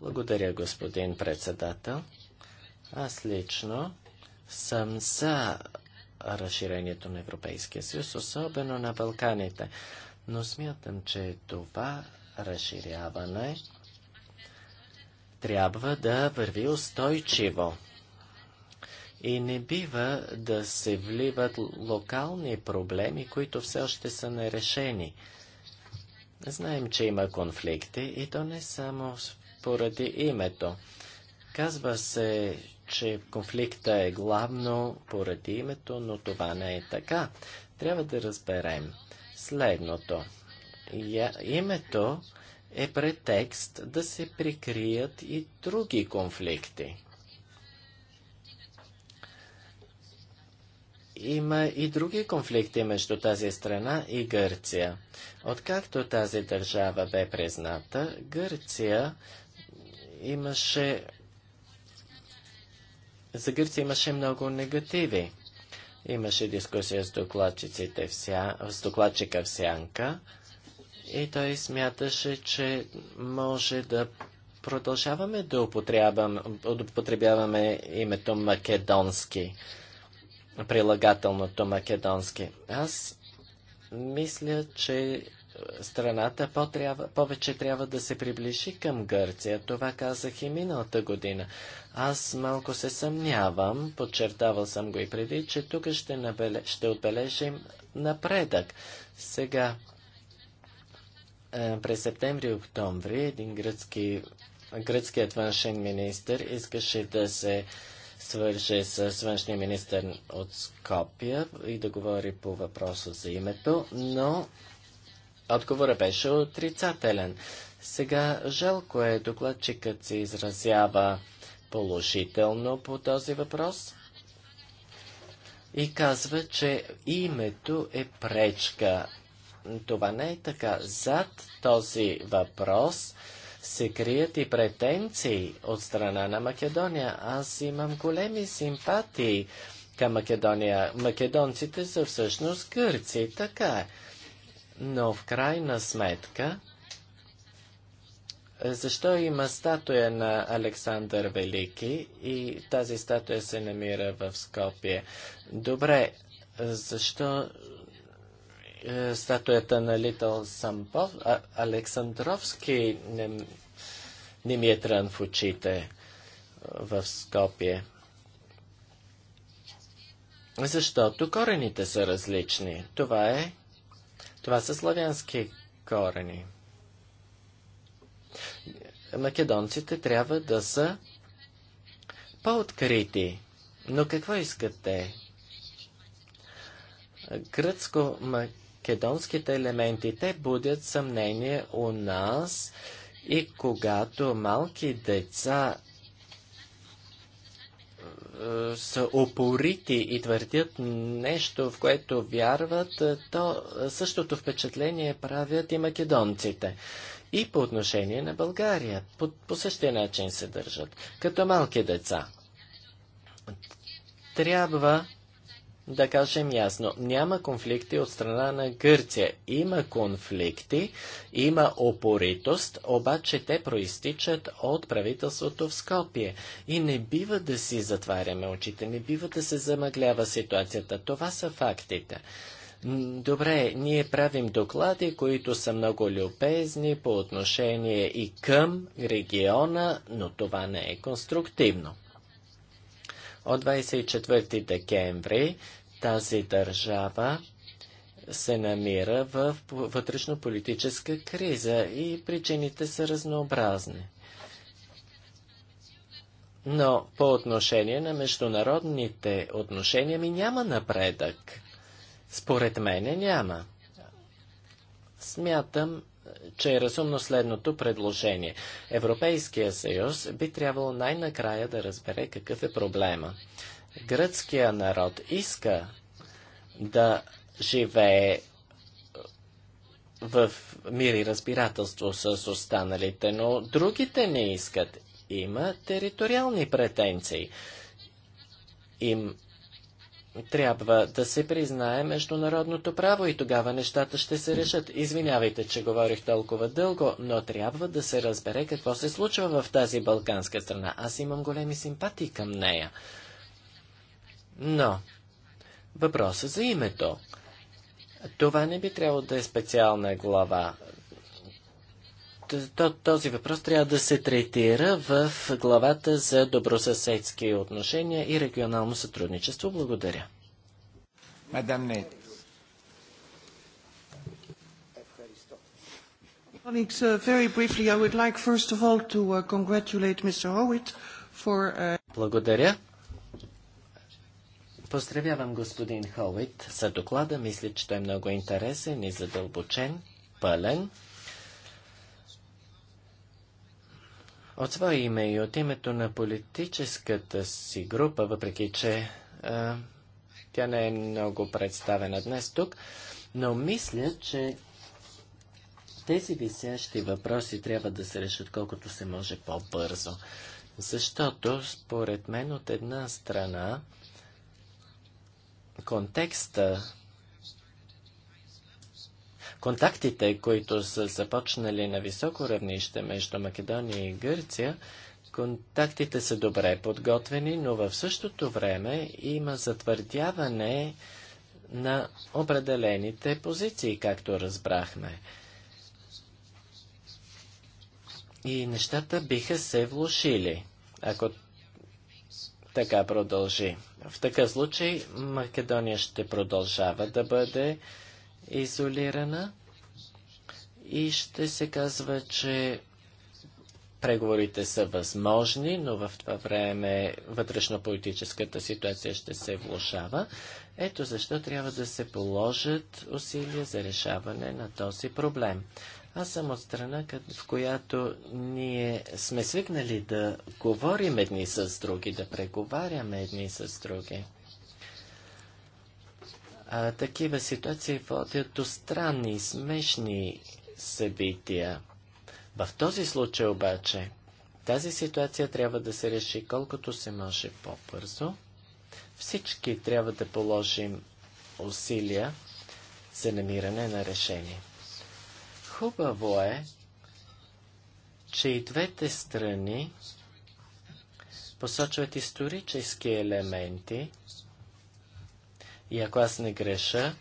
A: Благодаря, господин председател. Аз лично съм за разширението на Европейския съюз, особено на Балканите. Но смятам, че това разширяване трябва да върви устойчиво. И не бива да се вливат локални проблеми, които все още са нерешени. Знаем, че има конфликти и то не само поради името. Казва се, че конфликта е главно поради името, но това не е така. Трябва да разберем следното. Я, името е претекст да се прикрият и други конфликти. Има и други конфликти между тази страна и Гърция. Откакто тази държава бе призната, Гърция имаше за Гърция имаше много негативи. Имаше дискусия с, докладчиците в ся... с докладчика в Сянка и той смяташе, че може да продължаваме да употребяваме името македонски, прилагателното македонски. Аз мисля, че страната по -трябва, повече трябва да се приближи към Гърция. Това казах и миналата година. Аз малко се съмнявам, подчертавал съм го и преди, че тук ще, набеле... ще отбележим напредък. Сега, е, през септември-октомври, един гръцки, гръцкият външен министр искаше да се свърже с външния министр от Скопия и да говори по въпроса за името, но Отговорът беше отрицателен. Сега жалко е докладчикът се изразява положително по този въпрос и казва, че името е пречка. Това не е така. Зад този въпрос се крият и претенции от страна на Македония. Аз имам големи симпатии към Македония. Македонците са всъщност гърци, така е. Но в крайна сметка, е, защо има статуя на Александър Велики и тази статуя се намира в Скопие? Добре, защо е, статуята на Литъл Сампов, а, Александровски не, не ми е трън в очите е, в Скопие? Защото корените са различни. Това е това са славянски корени. Македонците трябва да са по-открити. Но какво искат те? Гръцко-македонските елементи, те будят съмнение у нас и когато малки деца е, са опорити и твърдят нещо, в което вярват, е, то същото впечатление правят и македонците. И по отношение на България. По, по същия начин се държат. Като малки деца. Трябва да кажем ясно, няма конфликти от страна на Гърция. Има конфликти, има опоритост, обаче те проистичат от правителството в Скопие. И не бива да си затваряме очите, не бива да се замъглява ситуацията. Това са фактите. Добре, ние правим доклади, които са много любезни по отношение и към региона, но това не е конструктивно. От 24 декември тази държава се намира в вътрешно-политическа криза и причините са разнообразни. Но по отношение на международните отношения ми няма напредък. Според мене няма. Смятам, че е разумно следното предложение. Европейския съюз би трябвало най-накрая да разбере какъв е проблема. Гръцкия народ иска да живее в мир и разбирателство с останалите, но другите не искат. Има териториални претенции. Им трябва да се признае международното право и тогава нещата ще се решат. Извинявайте, че говорих толкова дълго, но трябва да се разбере какво се случва в тази балканска страна. Аз имам големи симпатии към нея. Но, въпросът за името. Това не би трябвало да е специална глава този въпрос трябва да се третира в главата за добросъседски отношения и регионално сътрудничество. Благодаря. Мадам Нейт. Colleagues, uh, very briefly,
B: I would like first of all to uh, congratulate Mr. Howitt for... Uh... Благодаря.
A: Поздравявам господин Холит за доклада. Мисля, че той е много интересен и задълбочен, пълен. От свое име и от името на политическата си група, въпреки че а, тя не е много представена днес тук, но мисля, че тези висящи въпроси трябва да се решат колкото се може по-бързо. Защото, според мен, от една страна, контекста Контактите, които са започнали на високо равнище между Македония и Гърция, контактите са добре подготвени, но в същото време има затвърдяване на определените позиции, както разбрахме. И нещата биха се влушили, ако така продължи. В такъв случай Македония ще продължава да бъде изолирана и ще се казва, че преговорите са възможни, но в това време вътрешно-политическата ситуация ще се влушава. Ето защо трябва да се положат усилия за решаване на този проблем. Аз съм от страна, в която ние сме свикнали да говорим едни с други, да преговаряме едни с други. А, такива ситуации водят до странни и смешни събития. В този случай обаче, тази ситуация трябва да се реши колкото се може по-бързо. Всички трябва да положим усилия за намиране на решение. Хубаво е, че и двете страни посочват исторически елементи и ако аз не греша,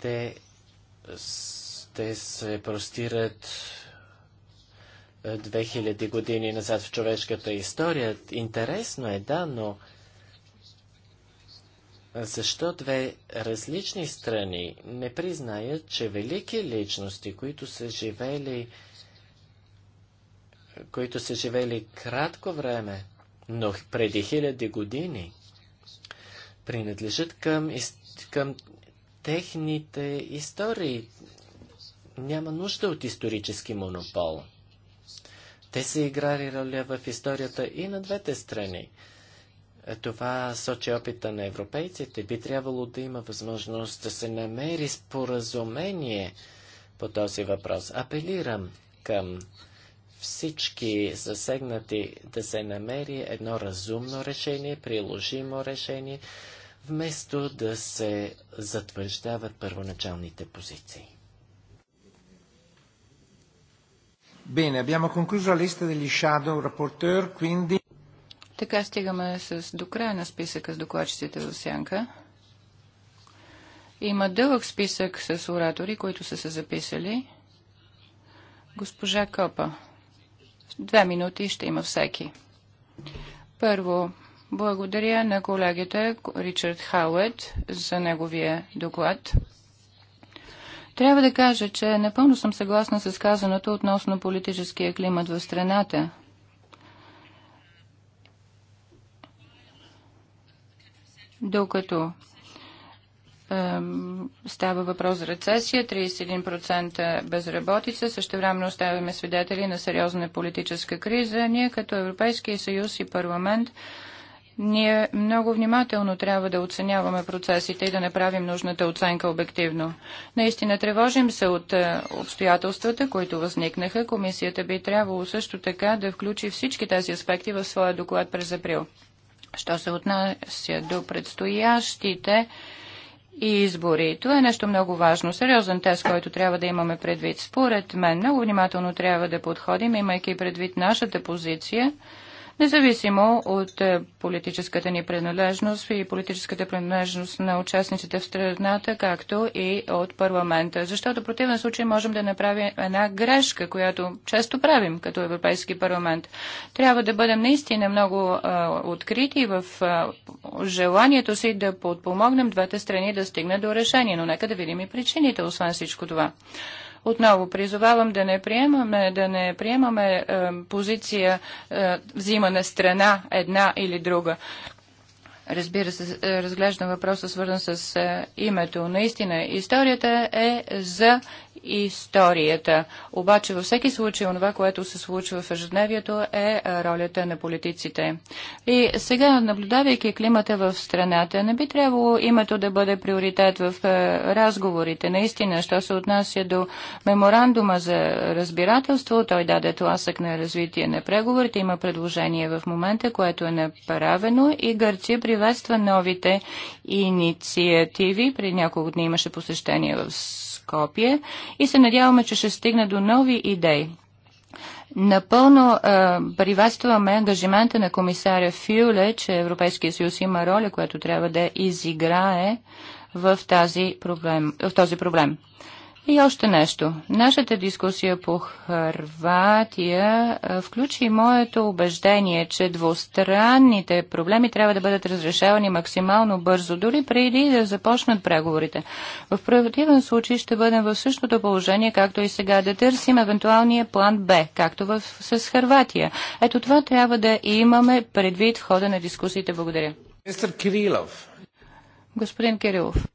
A: те, те се простират 2000 е, години назад в човешката история. Интересно е, да, но защо две различни страни не признаят, че велики личности, които са живели които са живели кратко време, но преди хиляди години, принадлежат към, към техните истории. Няма нужда от исторически монопол. Те са играли роля в историята и на двете страни. Е, това сочи опита на европейците. Би трябвало да има възможност да се намери споразумение по този въпрос. Апелирам към всички засегнати да се намери едно разумно решение, приложимо решение, вместо да се затвърждават първоначалните позиции. Bene,
C: abbiamo concluso la lista degli shadow rapporteur, quindi... Така
B: стигаме с, до края на списъка с докладчиците в сянка. Има дълъг списък с оратори, които са се записали. Госпожа Копа. Две минути ще има всеки. Първо, благодаря на колегите Ричард Хаует за неговия доклад. Трябва да кажа, че напълно съм съгласна с казаното относно политическия климат в страната. Докато става въпрос за рецесия, 31% безработица, също време оставяме свидетели на сериозна политическа криза. Ние като Европейския съюз и парламент ние много внимателно трябва да оценяваме процесите и да направим нужната оценка обективно. Наистина тревожим се от е, обстоятелствата, които възникнаха. Комисията би трябвало също така да включи всички тези аспекти в своя доклад през април. Що се отнася до предстоящите и избори. Това е нещо много важно, сериозен тест, който трябва да имаме предвид. Според мен много внимателно трябва да подходим, имайки предвид нашата позиция Независимо от е, политическата ни принадлежност и политическата принадлежност на участниците в страната, както и от парламента. Защото в противен случай можем да направим една грешка, която често правим като Европейски парламент. Трябва да бъдем наистина много а, е, открити в а, е, желанието си да подпомогнем двете страни да стигнат до решение. Но нека да видим и причините, освен всичко това. Отново призовавам да не приемаме, да не приемаме е, позиция е, взимане страна една или друга. Разбира се, е, разглеждам въпроса свързан с е, името. Наистина, историята е за историята. Обаче във всеки случай онова, което се случва в ежедневието е ролята на политиците. И сега, наблюдавайки климата в страната, не би трябвало името да бъде приоритет в разговорите. Наистина, що се отнася до меморандума за разбирателство, той даде тласък на развитие на преговорите. Има предложение в момента, което е направено и Гърция приветства новите инициативи. При няколко дни имаше посещение в Скопие и се надяваме, че ще стигне до нови идеи. Напълно е, приветстваме ангажимента на комисаря Фюле, че Европейския съюз има роля, която трябва да изиграе в, тази проблем, в този проблем. И още нещо. Нашата дискусия по Харватия включи моето убеждение, че двустранните проблеми трябва да бъдат разрешавани максимално бързо, дори преди да започнат преговорите. В противен случай ще бъдем в същото положение, както и сега, да търсим евентуалния план Б, както в, с Харватия. Ето това трябва да имаме предвид в хода на дискусиите. Благодаря. Господин Кирилов.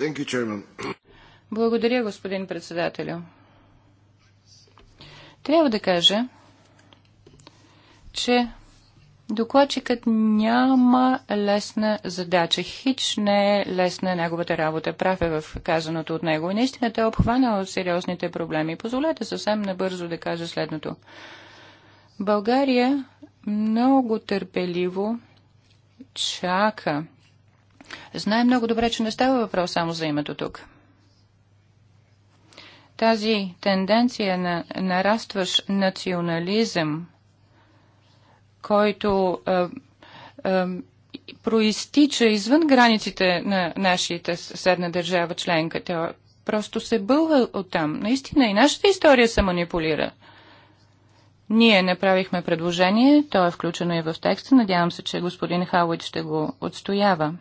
B: You, Благодаря, господин председателю. Трябва да кажа, че докладчикът няма лесна задача. Хич не е лесна неговата работа. Прав е в казаното от него. И наистина той е обхванал сериозните проблеми. Позволете съвсем набързо да кажа следното. България много търпеливо чака Знаем много добре, че не става въпрос само за името тук. Тази тенденция на нарастващ национализъм, който а, а, проистича извън границите на нашите съседна държава членка, тя просто се бълва оттам. Наистина и нашата история се манипулира. Ние направихме предложение, то е включено и в текста. Надявам се, че господин Хауит ще го отстоява.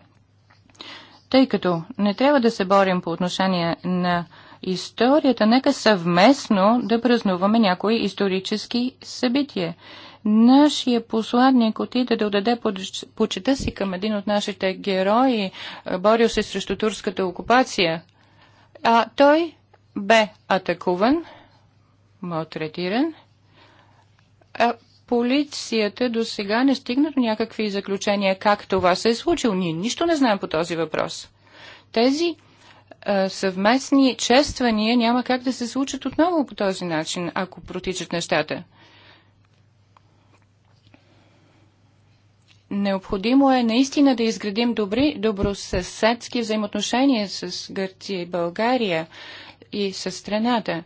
B: Тъй като не трябва да се борим по отношение на историята, нека съвместно да празнуваме някои исторически събития. Нашия посладник отиде да отдаде почета си към един от нашите герои, е, борил се срещу турската окупация. А той бе атакуван, малтретиран, полицията до сега не стигна до някакви заключения как това се е случило. Ние нищо не знаем по този въпрос. Тези а, съвместни чествания няма как да се случат отново по този начин, ако протичат нещата. Необходимо е наистина да изградим добри, добросъседски взаимоотношения с Гърция и България и с страната.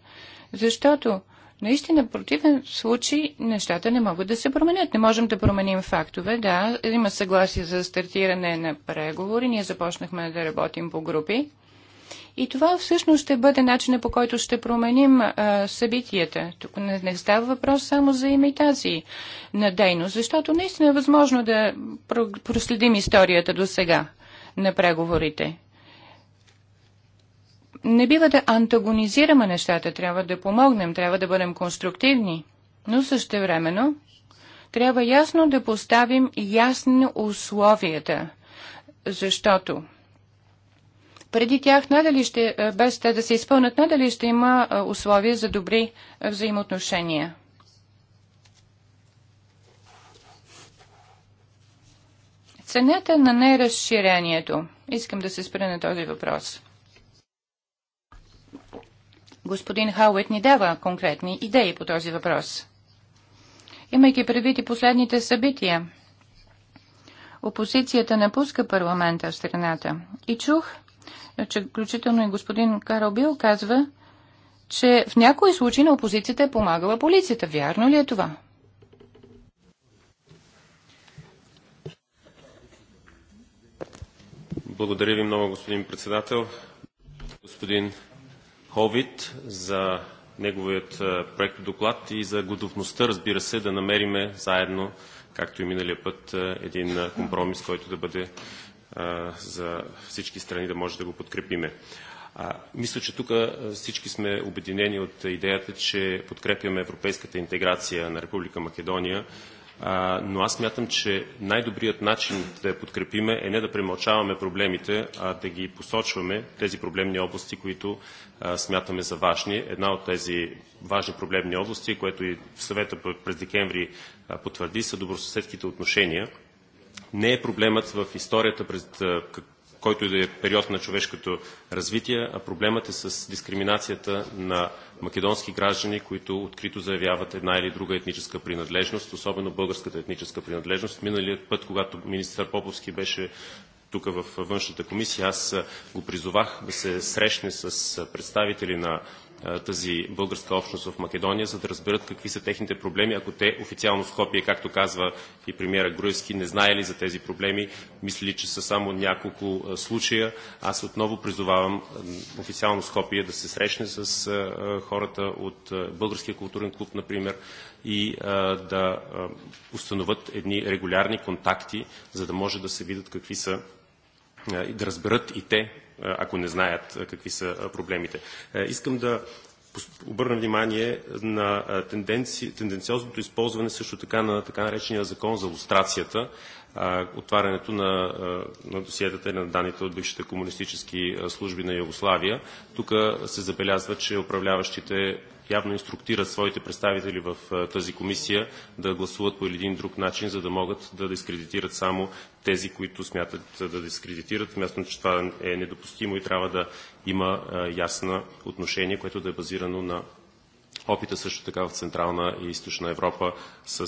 B: Защото Наистина, в противен случай нещата не могат да се променят. Не можем да променим фактове. Да, има съгласие за стартиране на преговори. Ние започнахме да работим по групи. И това всъщност ще бъде начинът по който ще променим а, събитията. Тук не, не става въпрос само за имитации на дейност, защото наистина е възможно да проследим историята до сега на преговорите не бива да антагонизираме нещата, трябва да помогнем, трябва да бъдем конструктивни, но времено трябва ясно да поставим ясни условията, защото преди тях надали ще, е, без те да се изпълнят, надали ще има е, условия за добри е, взаимоотношения. Цената на неразширението. Искам да се спра на този въпрос. Господин Хаует ни дава конкретни идеи по този въпрос. Имайки предвид и последните събития, опозицията напуска парламента в страната. И чух, че включително и господин Карл Бил казва, че в някои случаи на опозицията е помагала полицията. Вярно ли е това?
C: Благодаря ви много, господин председател. Господин COVID, за неговият проект доклад и за готовността, разбира се, да намериме заедно, както и миналия път, един компромис, който да бъде за всички страни да може да го подкрепиме. А, мисля, че тук всички сме обединени от идеята, че подкрепяме европейската интеграция на Република Македония но аз мятам, че най-добрият начин да я подкрепиме е не да премълчаваме проблемите, а да ги посочваме тези проблемни области, които смятаме за важни. Една от тези важни проблемни области, което и съвета през декември потвърди, са добросъседските отношения. Не е проблемът в историята през който и да е период на човешкото развитие, а проблемът е с дискриминацията на македонски граждани, които открито заявяват една или друга етническа принадлежност, особено българската етническа принадлежност. Миналият път, когато министър Поповски беше тук във Външната комисия, аз го призовах да се срещне с представители на тази българска общност в Македония, за да разберат какви са техните проблеми, ако те официално Скопие, както казва и премиера Груевски, не знае ли за тези проблеми, мислили, че са само няколко случая. Аз отново призовавам официално Скопие да се срещне с хората от Българския културен клуб, например, и да установят едни регулярни контакти, за да може да се видят какви са и да разберат и те е, ако не знаят е, какви са е, проблемите. Искам да обърна внимание на тенденци... тенденциозното използване също така на така наречения закон за лустрацията, отварянето на, на досиетата и на данните от бившите комунистически служби на Югославия. Тук се забелязва, че управляващите явно инструктират своите представители в тази комисия да гласуват по един друг начин, за да могат да дискредитират само тези, които смятат да дискредитират. Мясно, че това е недопустимо и трябва да има ясно отношение, което да е базирано на опита също така в Централна и Източна Европа с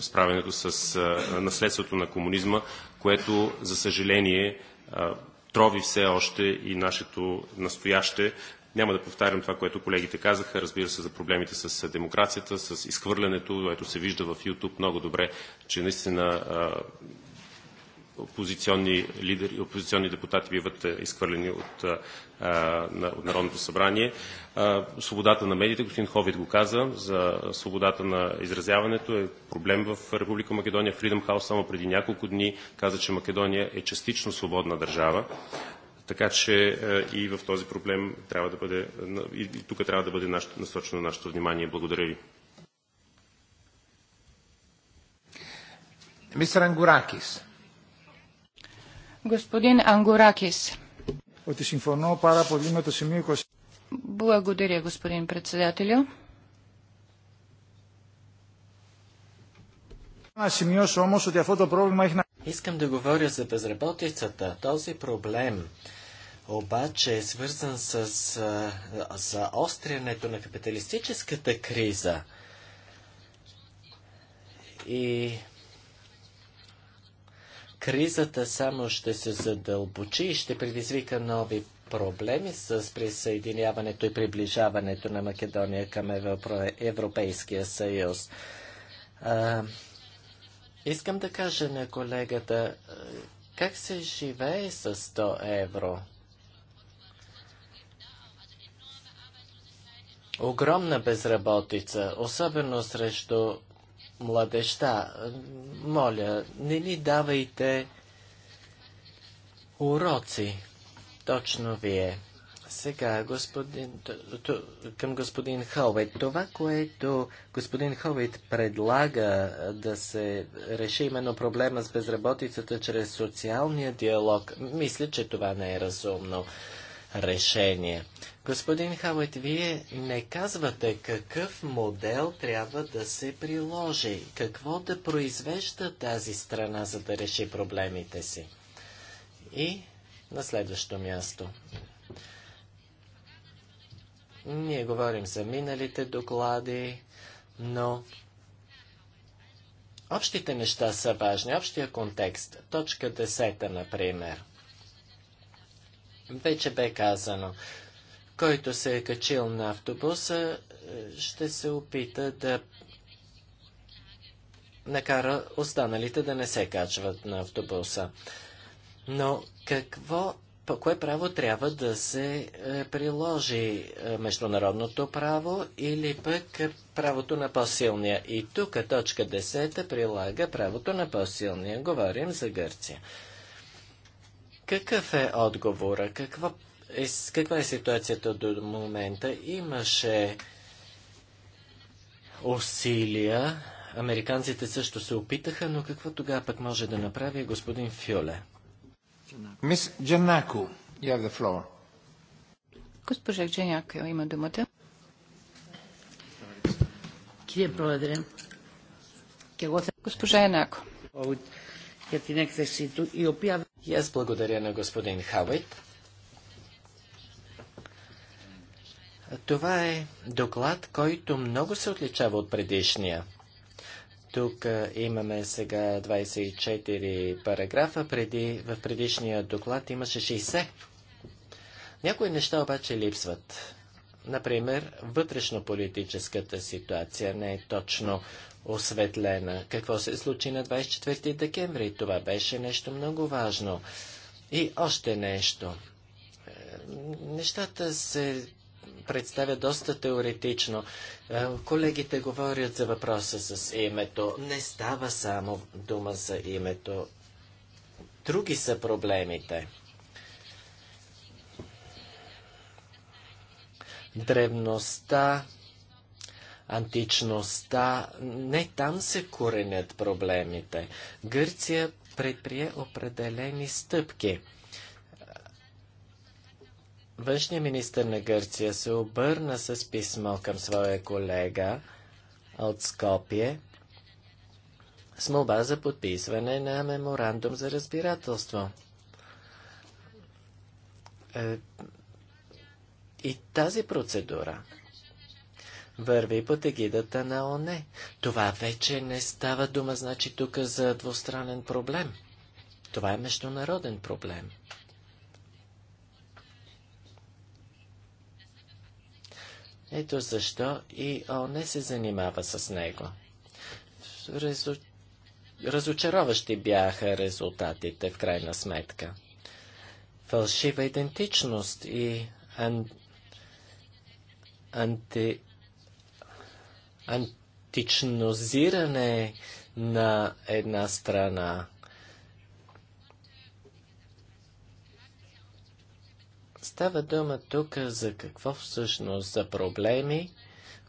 C: справянето с наследството на комунизма, което, за съжаление, трови все още и нашето настояще. Няма да повтарям това, което колегите казаха, разбира се, за проблемите с демокрацията, с изхвърлянето, което се вижда в YouTube много добре, че наистина опозиционни лидери, опозиционни депутати биват е, изхвърлени от, е, е, от Народното събрание. Свободата на медиите, господин Ховид го каза, за свободата на изразяването е проблем в Република Македония. Freedom House само преди няколко дни каза, че Македония е частично свободна държава. Така че и в този проблем трябва да бъде, и тук трябва да бъде насочено нашето внимание. Благодаря ви. Мистер Ангуракис.
B: Господин Ангуракис.
C: Ότι συμφωνώ πάρα πολύ με το σημείο 20.
B: Благодаря, господин председателю.
A: Искам да говоря за безработицата. Този проблем обаче е свързан с заострянето на капиталистическата криза. И кризата само ще се задълбочи и ще предизвика нови проблеми с присъединяването и приближаването на Македония към Европейския съюз. А, искам да кажа на колегата, как се живее с 100 евро? Огромна безработица, особено срещу младеща, моля, не ни давайте уроци. Точно вие. Сега, господин, към господин Ховет. Това, което господин Ховет предлага да се реши именно проблема с безработицата чрез социалния диалог, мисля, че това не е разумно решение. Господин Хаует, вие не казвате какъв модел трябва да се приложи, какво да произвежда тази страна, за да реши проблемите си. И на следващо място. Ние говорим за миналите доклади, но общите неща са важни, общия контекст. Точка 10, например – вече бе казано, който се е качил на автобуса, е, ще се опита да накара останалите да не се качват на автобуса. Но какво, по кое право трябва да се е, приложи е, международното право или пък правото на по-силния? И тук точка 10 прилага правото на по-силния. Говорим за Гърция. Какъв е отговора? Каква е, каква е ситуацията до момента? Имаше усилия. Американците също се опитаха, но какво тогава пък може да направи господин Фюле? Мис Джанако, you have the floor.
B: Госпожа Джанако има думата. Кирия е Проведре.
A: Госпожа Янако για την έκθεσή του, η οποία... аз благодаря на господин Хауит. Това е доклад, който много се отличава от предишния. Тук имаме сега 24 параграфа, преди, в предишния доклад имаше 60. Някои неща обаче липсват. Например, вътрешнополитическата ситуация не е точно осветлена. Какво се случи на 24 декември? Това беше нещо много важно. И още нещо. Е, нещата се представя доста теоретично. Е, колегите говорят за въпроса с името. Не става само дума за името. Други са проблемите. древността, античността. Не там се коренят проблемите. Гърция предприе определени стъпки. Външният министр на Гърция се обърна с писмо към своя колега от Скопие с молба за подписване на меморандум за разбирателство. Е, и тази процедура върви под егидата на ОНЕ. Това вече не става дума, значи, тук за двустранен проблем. Това е международен проблем. Ето защо и ОНЕ се занимава с него. Резу... Разочароващи бяха резултатите в крайна сметка. Фалшива идентичност и ан анти, античнозиране на една страна. Става дума тук за какво всъщност, за проблеми,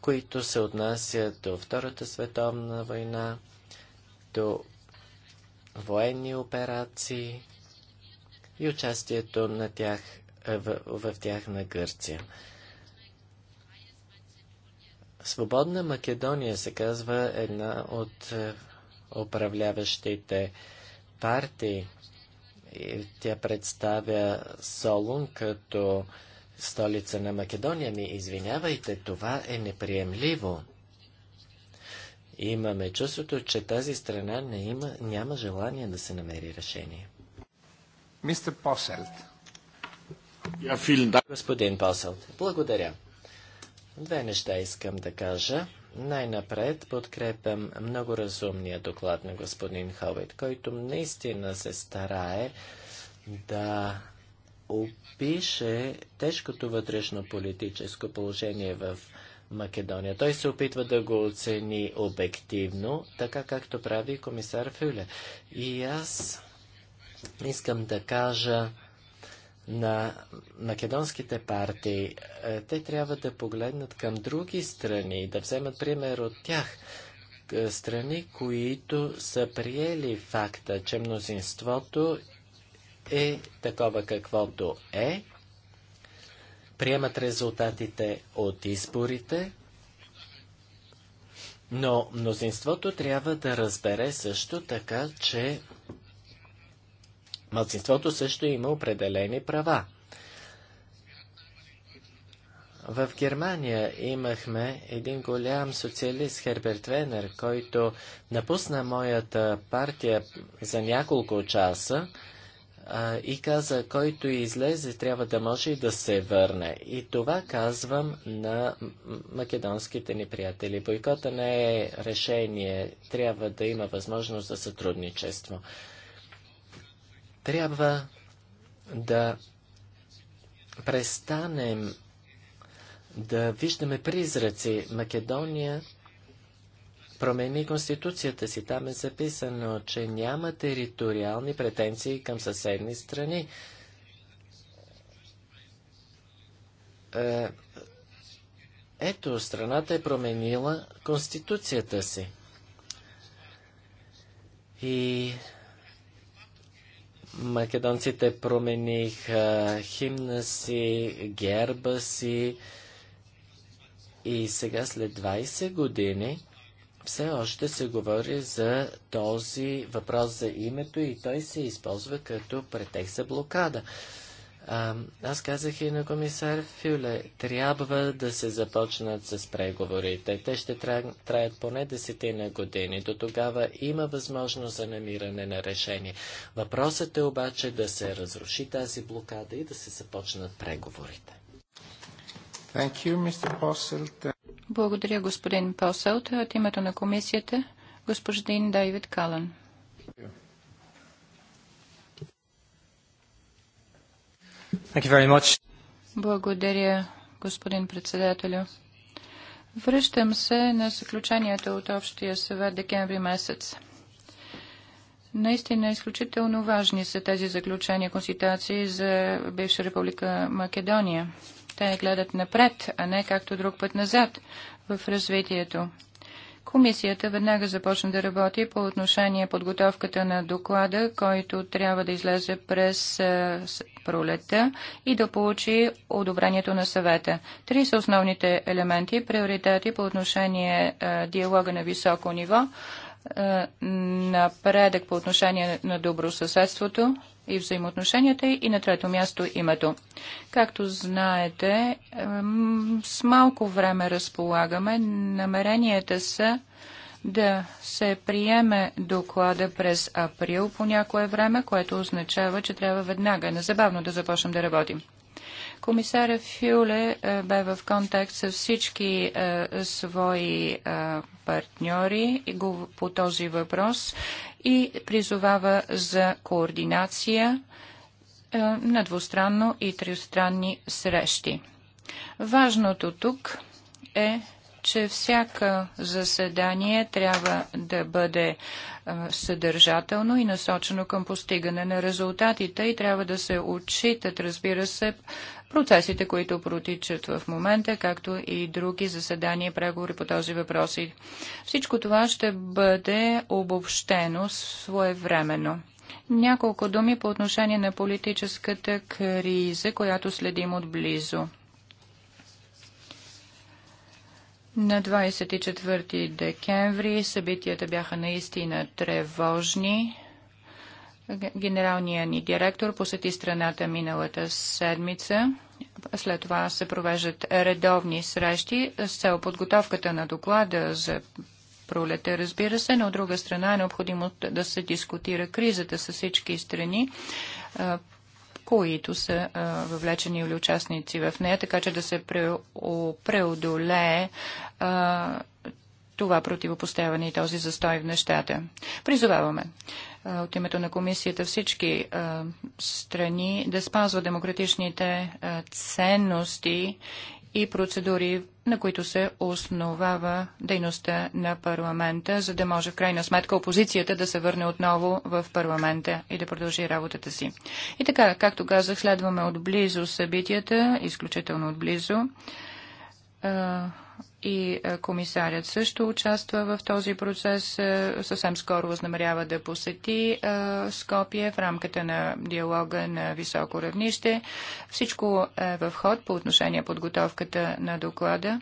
A: които се отнасят до Втората световна война, до военни операции и участието на тях, в, в тях на Гърция. Свободна Македония се казва една от е, управляващите партии. Тя представя Солун като столица на Македония. Ми извинявайте, това е неприемливо. Имаме чувството, че тази страна не има, няма желание да се намери решение. Мистер Поселт. Господин Поселт, благодаря. Две неща искам да кажа. Най-напред подкрепям много разумния доклад на господин Ховит, който наистина се старае да опише тежкото вътрешно политическо положение в Македония. Той се опитва да го оцени обективно, така както прави комисар Фюле. И аз искам да кажа на македонските партии. Е, те трябва да погледнат към други страни, да вземат пример от тях. Е, страни, които са приели факта, че мнозинството е такова каквото е, приемат резултатите от изборите, но мнозинството трябва да разбере също така, че Малцинството също има определени права. В Германия имахме един голям социалист, Херберт Венер, който напусна моята партия за няколко часа а, и каза, който излезе, трябва да може и да се върне. И това казвам на македонските ни приятели. Бойкота не е решение, трябва да има възможност за сътрудничество. Трябва да престанем да виждаме призраци. Македония промени конституцията си. Там е записано, че няма териториални претенции към съседни страни. Е, ето, страната е променила конституцията си. И Македонците промениха химна си, герба си и сега след 20 години все още се говори за този въпрос за името и той се използва като претекст за блокада аз казах и на комисар Фюле, трябва да се започнат с преговорите. Те ще траят поне десетина години. До тогава има възможност за намиране на решение. Въпросът е обаче да се разруши тази блокада и да се започнат преговорите. You,
B: Благодаря, господин Поселт. От името на комисията, господин Дайвид Калан. Благодаря, господин председателю. Връщам се на заключенията от Общия съвет декември месец. Наистина изключително важни са тези заключения, консултации за бивша република Македония. Те гледат напред, а не както друг път назад в развитието. Комисията веднага започна да работи по отношение подготовката на доклада, който трябва да излезе през е, пролета и да получи одобрението на съвета. Три са основните елементи, приоритети по отношение е, диалога на високо ниво, е, напредък по отношение на добросъседството и взаимоотношенията и на трето място името. Както знаете, с малко време разполагаме. Намеренията са да се приеме доклада през април по някое време, което означава, че трябва веднага, незабавно да започнем да работим. Комисаря Фюле е, бе в контакт с всички е, свои партньори по този въпрос и призовава за координация е, на двустранно и тристранни срещи. Важното тук е, че всяка заседание трябва да бъде е, съдържателно и насочено към постигане на резултатите и трябва да се отчитат, разбира се, процесите, които протичат в момента, както и други заседания и преговори по този въпрос. всичко това ще бъде обобщено своевременно. Няколко думи по отношение на политическата криза, която следим отблизо. На 24 декември събитията бяха наистина тревожни. Генералният ни директор посети страната миналата седмица. След това се провеждат редовни срещи с цел подготовката на доклада за пролета, разбира се, но от друга страна е необходимо да се дискутира кризата с всички страни, които са въвлечени или участници в нея, така че да се преодолее това противопоставяне и този застой в нещата. Призоваваме е, от името на комисията всички е, страни да спазват демократичните е, ценности и процедури, на които се основава дейността на парламента, за да може в крайна сметка опозицията да се върне отново в парламента и да продължи работата си. И така, както казах, следваме отблизо събитията, изключително отблизо и е, комисарят също участва в този процес. Е, съвсем скоро възнамерява да посети е, Скопие в рамката на диалога на високо равнище. Всичко е в ход по отношение подготовката на доклада.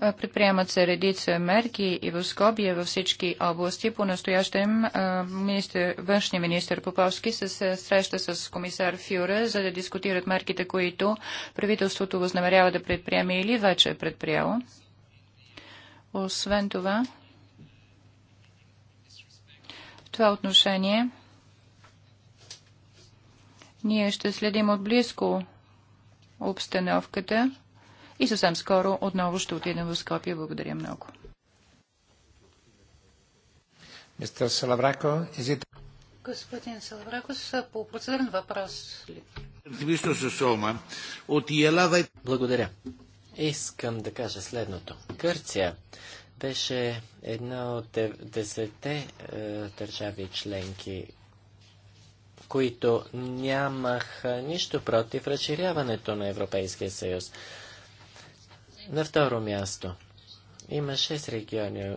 B: Предприемат се редица мерки и в Скобия във всички области. По-настоящем министр, външния министр Поповски се среща с комисар Фюре, за да дискутират мерките, които правителството възнамерява да предприеме или вече е предприело. Освен това, в това отношение ние ще следим отблизко обстановката и съвсем скоро отново ще отидем в Скопия. Благодаря много.
A: Мистер Салабрако, it...
D: Господин Салавракос, по процедурен въпрос ли?
A: Благодаря. Искам да кажа следното. Гърция беше една от десете е, държави членки, които нямаха нищо против разширяването на Европейския съюз. На второ място има 6 региони,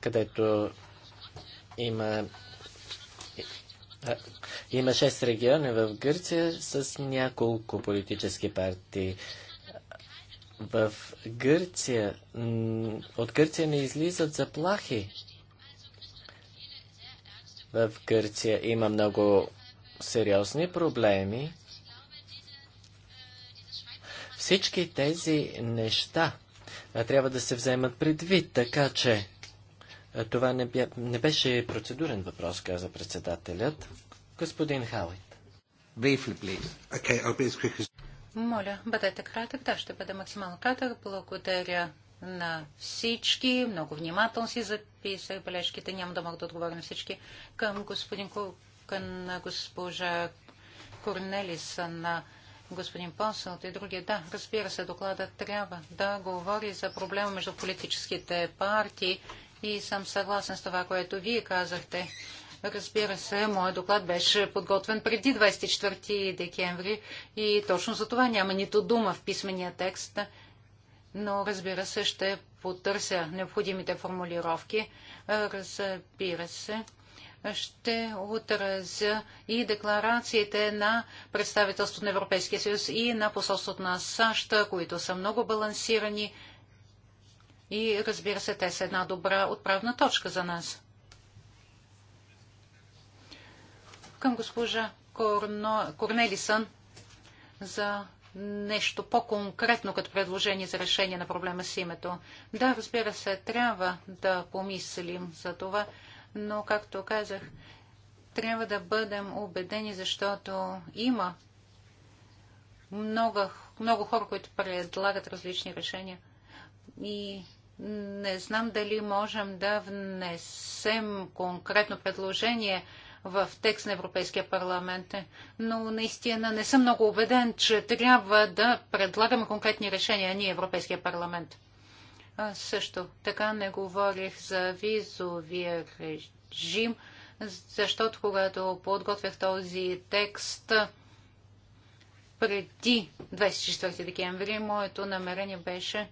A: където има има 6 региона в Гърция с няколко политически партии. В Гърция, от Гърция не излизат заплахи. В Гърция има много сериозни проблеми всички тези неща трябва да се вземат предвид, така че това не, бе, не беше процедурен въпрос, каза председателят. Господин Хауит.
D: Моля, бъдете кратък. Да, ще бъда максимално кратък. Благодаря на всички. Много внимателно си записах бележките. Няма да мога да отговоря на всички. Към господин Куркан, госпожа Корнелиса на господин Посълт и други. Да, разбира се, докладът трябва да говори за проблема между политическите партии и съм съгласен с това, което вие казахте. Разбира се, моят доклад беше подготвен преди 24 декември и точно за това няма нито дума в писмения текст, но разбира се, ще потърся необходимите формулировки. Разбира се, ще отразя и декларациите на представителството на Европейския съюз и на посолството на САЩ, които са много балансирани и разбира се, те са една добра отправна точка за нас. Към госпожа Корно... Корнелисън за нещо по-конкретно като предложение за решение на проблема с името. Да, разбира се, трябва да помислим за това но, както казах, трябва да бъдем убедени, защото има много, много хора, които предлагат различни решения. И не знам дали можем да внесем конкретно предложение в текст на Европейския парламент, но наистина не съм много убеден, че трябва да предлагаме конкретни решения ние, Европейския парламент. Аз също така не говорих за визовия режим, защото когато подготвях този текст преди 24 декември, моето намерение беше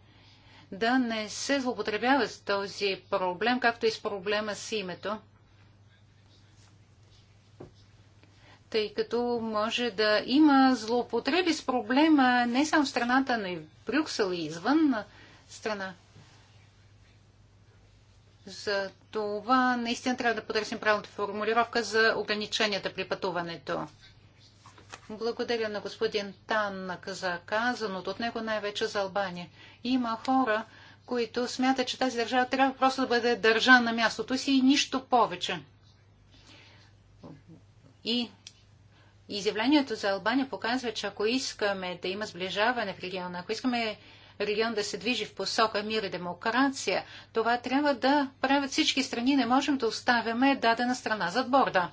D: да не се злоупотребява с този проблем, както и с проблема с името. тъй като може да има злоупотреби с проблема не само в страната, но и в Брюксел и извън страна. За това наистина трябва да потърсим правилната формулировка за ограниченията при пътуването. Благодаря на господин Таннак за казаното от него най-вече за Албания. Има хора, които смятат, че тази държава трябва просто да бъде държа на мястото си и нищо повече. И изявлението за Албания показва, че ако искаме да има сближаване в региона, ако искаме регион да се движи в посока мир и демокрация, това трябва да правят всички страни. Не можем да оставяме дадена страна зад борда.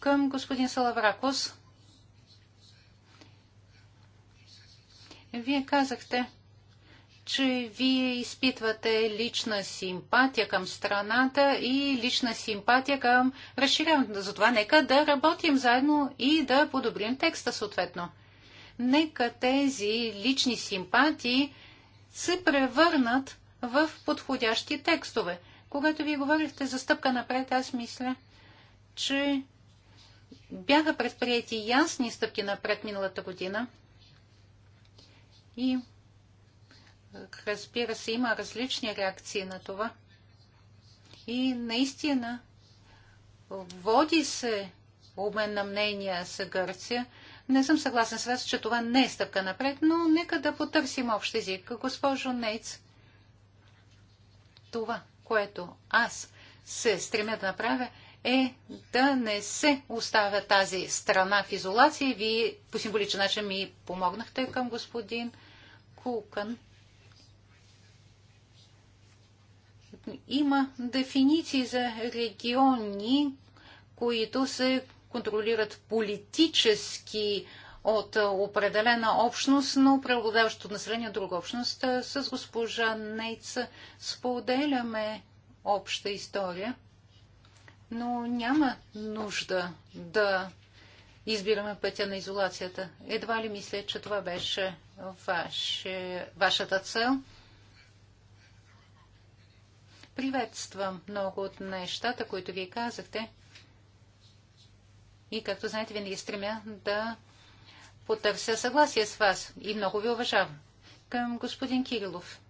D: Към господин Салавракос. Вие казахте, че вие изпитвате лична симпатия към страната и лична симпатия към разширяването. Затова нека да работим заедно и да подобрим текста съответно нека тези лични симпатии се превърнат в подходящи текстове. Когато ви говорихте за стъпка напред, аз мисля, че бяха предприяти ясни стъпки напред миналата година. И разбира се, има различни реакции на това. И наистина води се обмен на мнения с Гърция. Не съм съгласен с вас, че това не е стъпка напред, но нека да потърсим общ език. Госпожо Нейц, това, което аз се стремя да направя, е да не се оставя тази страна в изолация. Вие по символичен начин ми помогнахте към господин Кукън. Има дефиниции за региони, които се контролират политически от е, определена общност, но преобладаващото население от друга общност. Е, с госпожа Нейца. споделяме обща история, но няма нужда да избираме пътя на изолацията. Едва ли мисля, че това беше ваше, вашата цел. Приветствам много от нещата, които вие казахте. И, както знаете, винаги стремя да потърся съгласие с вас и много ви уважавам. Към господин Кирилов.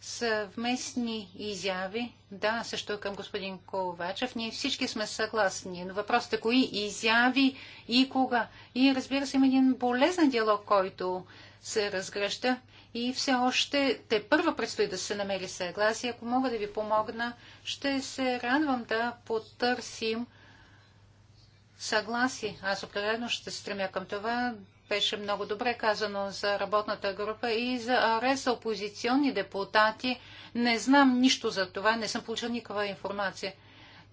D: Съвместни изяви, да, също към господин Ковачев. Ние всички сме съгласни, но въпросът е кои изяви и кога. И разбира се, има един болезнен диалог, който се разгръща и все още те първо предстои да се намери съгласие. Ако мога да ви помогна, ще се радвам да потърсим съгласие. Аз определено ще стремя към това. Беше много добре казано за работната група и за арест опозиционни депутати. Не знам нищо за това, не съм получил никаква информация.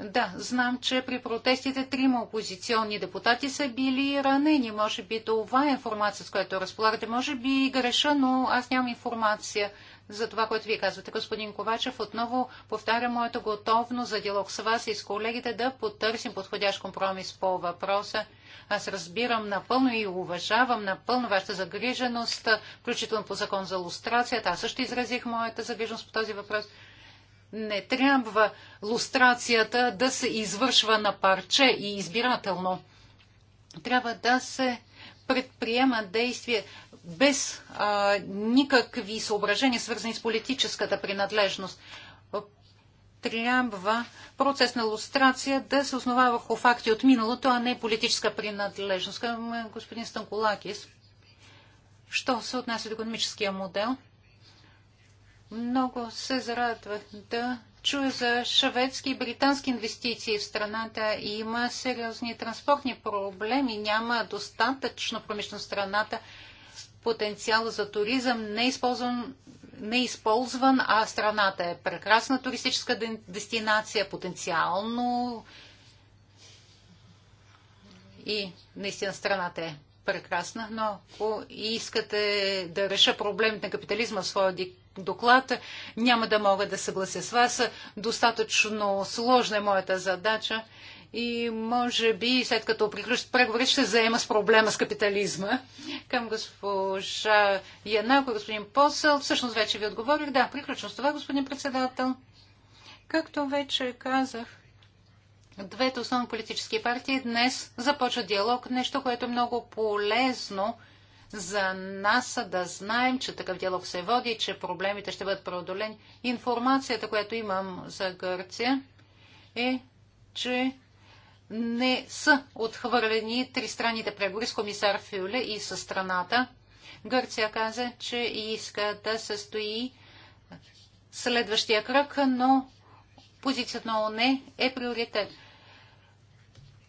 D: Да, знам, че при протестите трима опозиционни депутати са били ранени. Може би това е информация, с която разполагате. Може би греша, но аз нямам информация за това, което вие казвате. Господин Ковачев, отново повтаря моето готовност за диалог с вас и с колегите да потърсим подходящ компромис по въпроса. Аз разбирам напълно и уважавам напълно вашата загриженост, включително по закон за лустрацията. Аз също изразих моята загриженост по този въпрос не трябва лустрацията да се извършва на парче и избирателно. Трябва да се предприема действия без а, никакви съображения, свързани с политическата принадлежност. Трябва процес на иллюстрация да се основава върху факти от миналото, а не политическа принадлежност. Към господин Станколакис, що се отнася до економическия модел, много се зарадва да чуя за шведски и британски инвестиции в страната и има сериозни транспортни проблеми, няма достатъчно промишлено страната, потенциал за туризъм не е използван, не е използван а страната е прекрасна туристическа дестинация, потенциално и наистина страната е прекрасна, но ако искате да реша проблемите на капитализма в своя доклад. Няма да мога да съглася с вас. Достатъчно сложна е моята задача и може би след като приключат преговори ще заема с проблема с капитализма. Към госпожа Янако и господин Посъл. Всъщност вече ви отговорих. Да, приключвам с това, господин председател. Както вече казах, двете основни политически партии днес започват диалог, нещо, което е много полезно – за нас да знаем, че такъв диалог се води, че проблемите ще бъдат преодолени. Информацията, която имам за Гърция е, че не са отхвърлени тристранните преговори с комисар Фюле и с страната. Гърция каза, че иска да състои следващия кръг, но позицията на ОНЕ е приоритет.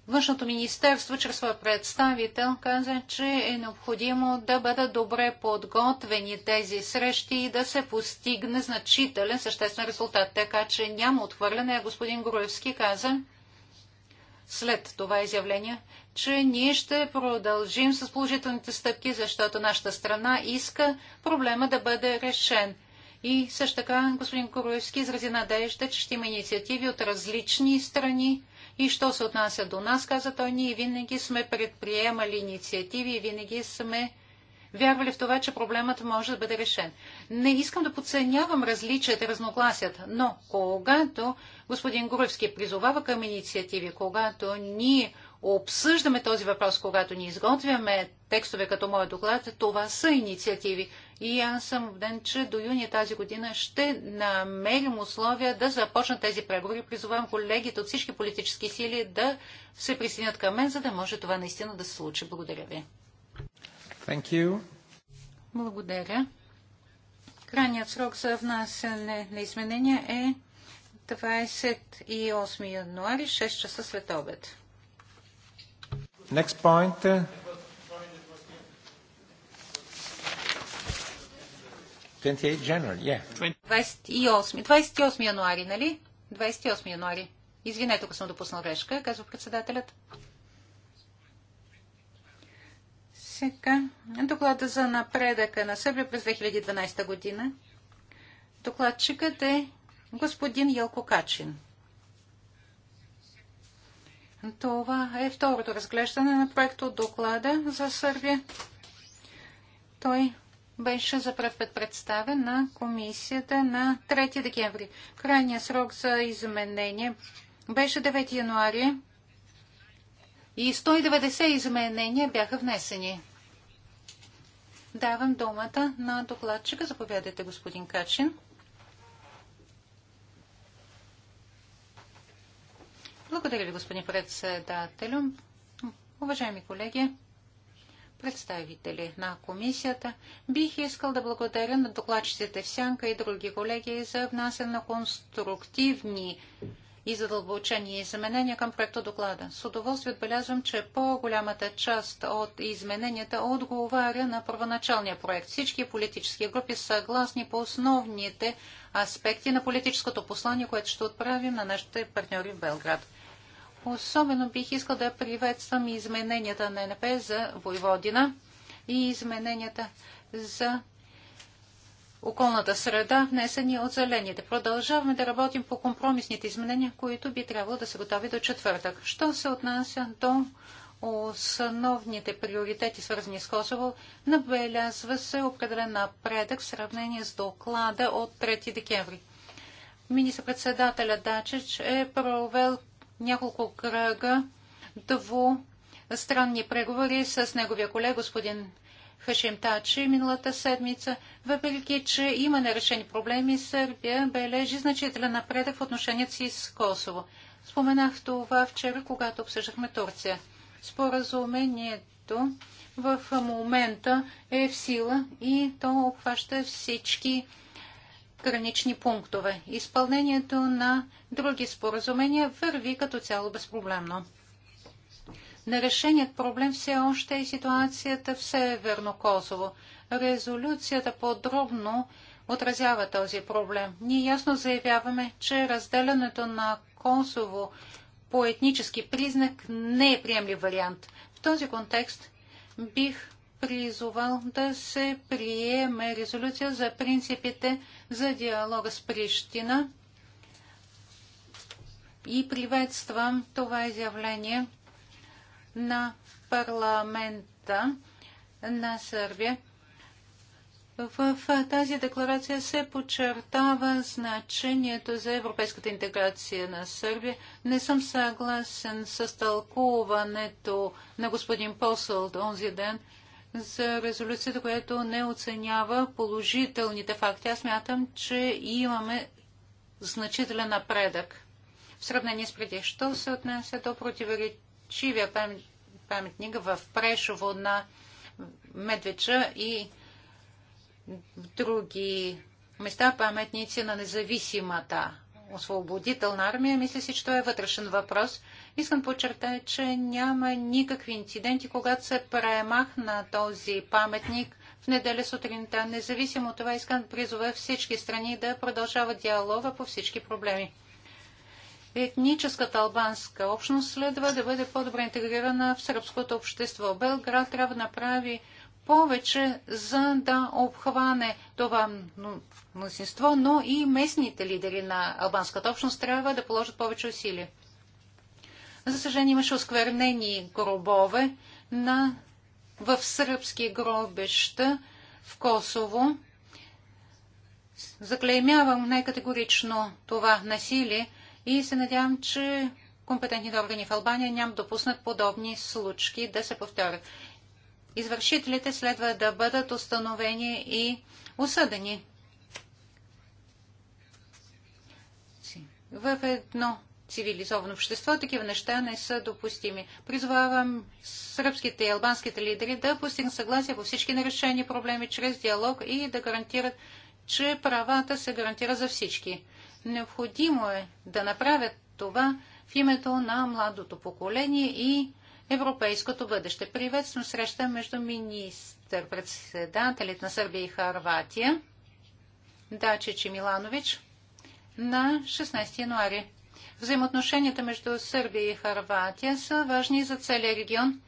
D: Външното министерство чрез своя представител каза, че е необходимо да бъдат добре подготвени тези срещи и да се постигне значителен съществен резултат, така че няма отхвърляне. Господин Груевски каза след това изявление, че ние ще продължим с положителните стъпки, защото нашата страна иска проблема да бъде решен. И също така господин Коруевски изрази надежда, че ще има инициативи от различни страни, и що се отнася до нас, каза той, ние винаги сме предприемали инициативи и винаги сме вярвали в това, че проблемът може да бъде решен. Не искам да подценявам различията, разногласията, но когато господин Гуровски призовава към инициативи, когато ние обсъждаме този въпрос, когато ни изготвяме текстове като моят доклад, това са инициативи и аз съм убеден, че до юни тази година ще намерим условия да започнат тези преговори. Призовавам колегите от всички политически сили да се присъединят към мен, за да може това наистина да се случи. Благодаря ви. Thank you. Благодаря. Крайният срок за внасяне на изменения е 28 януари, 6 часа след обед.
A: Next point. 28 January, yeah.
D: 28, 28 януари, нали? 28 януари. Извинете, ако съм допуснал грешка, казва председателят. Сега доклада за напредъка на Сърбия през 2012 година. Докладчикът е господин Елко Качин. Това е второто разглеждане на проекта от доклада за Сърбия. Той беше за пръв път представен на комисията на 3 декември. Крайният срок за изменение беше 9 януари и 190 изменения бяха внесени. Давам думата на докладчика. Заповядайте, господин Качин. Благодаря ви, господин председателю. Уважаеми колеги, представители на комисията. Бих искал да благодаря на докладчиците Сянка и други колеги за внасяне на конструктивни и задълбочени изменения към проекта доклада. С удоволствие отбелязвам, че по-голямата част от измененията отговаря на първоначалния проект. Всички политически групи са съгласни по основните аспекти на политическото послание, което ще отправим на нашите партньори в Белград. Особено бих искал да приветствам измененията на НП за Войводина и измененията за околната среда, внесени от зелените. Продължаваме да работим по компромисните изменения, които би трябвало да се готови до четвъртък. Що се отнася до основните приоритети, свързани с Косово, набелязва се определен напредък в сравнение с доклада от 3 декември. Министр-председателя Дачич е провел няколко кръга странни преговори с неговия колега господин Хашим Тачи миналата седмица. Въпреки, че има нерешени проблеми, Сърбия бележи значителен напредък в отношенията си с Косово. Споменах това вчера, когато обсъждахме Турция. Споразумението в момента е в сила и то обхваща всички гранични пунктове. Изпълнението на други споразумения върви като цяло безпроблемно. Нерешеният проблем все още е ситуацията в Северно Косово. Резолюцията подробно отразява този проблем. Ние ясно заявяваме, че разделянето на Косово по етнически признак не е приемлив вариант. В този контекст бих призовал да се приеме резолюция за принципите за диалога с Прищина и приветствам това изявление на парламента на Сърбия. В тази декларация се подчертава значението за европейската интеграция на Сърбия. Не съм съгласен с тълкуването на господин Посъл онзи ден, за резолюцията, която не оценява положителните факти. Аз мятам, че имаме значителен напредък в сравнение с преди. Що се отнася до противоречивия паметник в Прешово на Медвеча и други места паметници на независимата освободителна армия, мисля си, че това е вътрешен въпрос – Искам подчертая, че няма никакви инциденти, когато се премахна този паметник в неделя сутринта. Независимо от това, искам да призова всички страни да продължават диалога по всички проблеми. Етническата албанска общност следва да бъде по-добре интегрирана в сръбското общество. Белград трябва да направи повече, за да обхване това мнозинство, но и местните лидери на албанската общност трябва да положат повече усилия. За съжаление имаше осквернени гробове на, в сръбски гробища в Косово. Заклеймявам най-категорично това насилие и се надявам, че компетентните органи в Албания няма допуснат подобни случки да се повторят. Извършителите следва да бъдат установени и осъдени. В едно цивилизовано общество, такива неща не са допустими. Призвавам сръбските и албанските лидери да постигнат съгласие по всички нерешени проблеми чрез диалог и да гарантират, че правата се гарантират за всички. Необходимо е да направят това в името на младото поколение и европейското бъдеще. Приветствам среща между министър-председателите на Сърбия и Харватия Дачич и Миланович на 16 януари. Взаимоотношенията между Сърбия и Харватия са важни за целия регион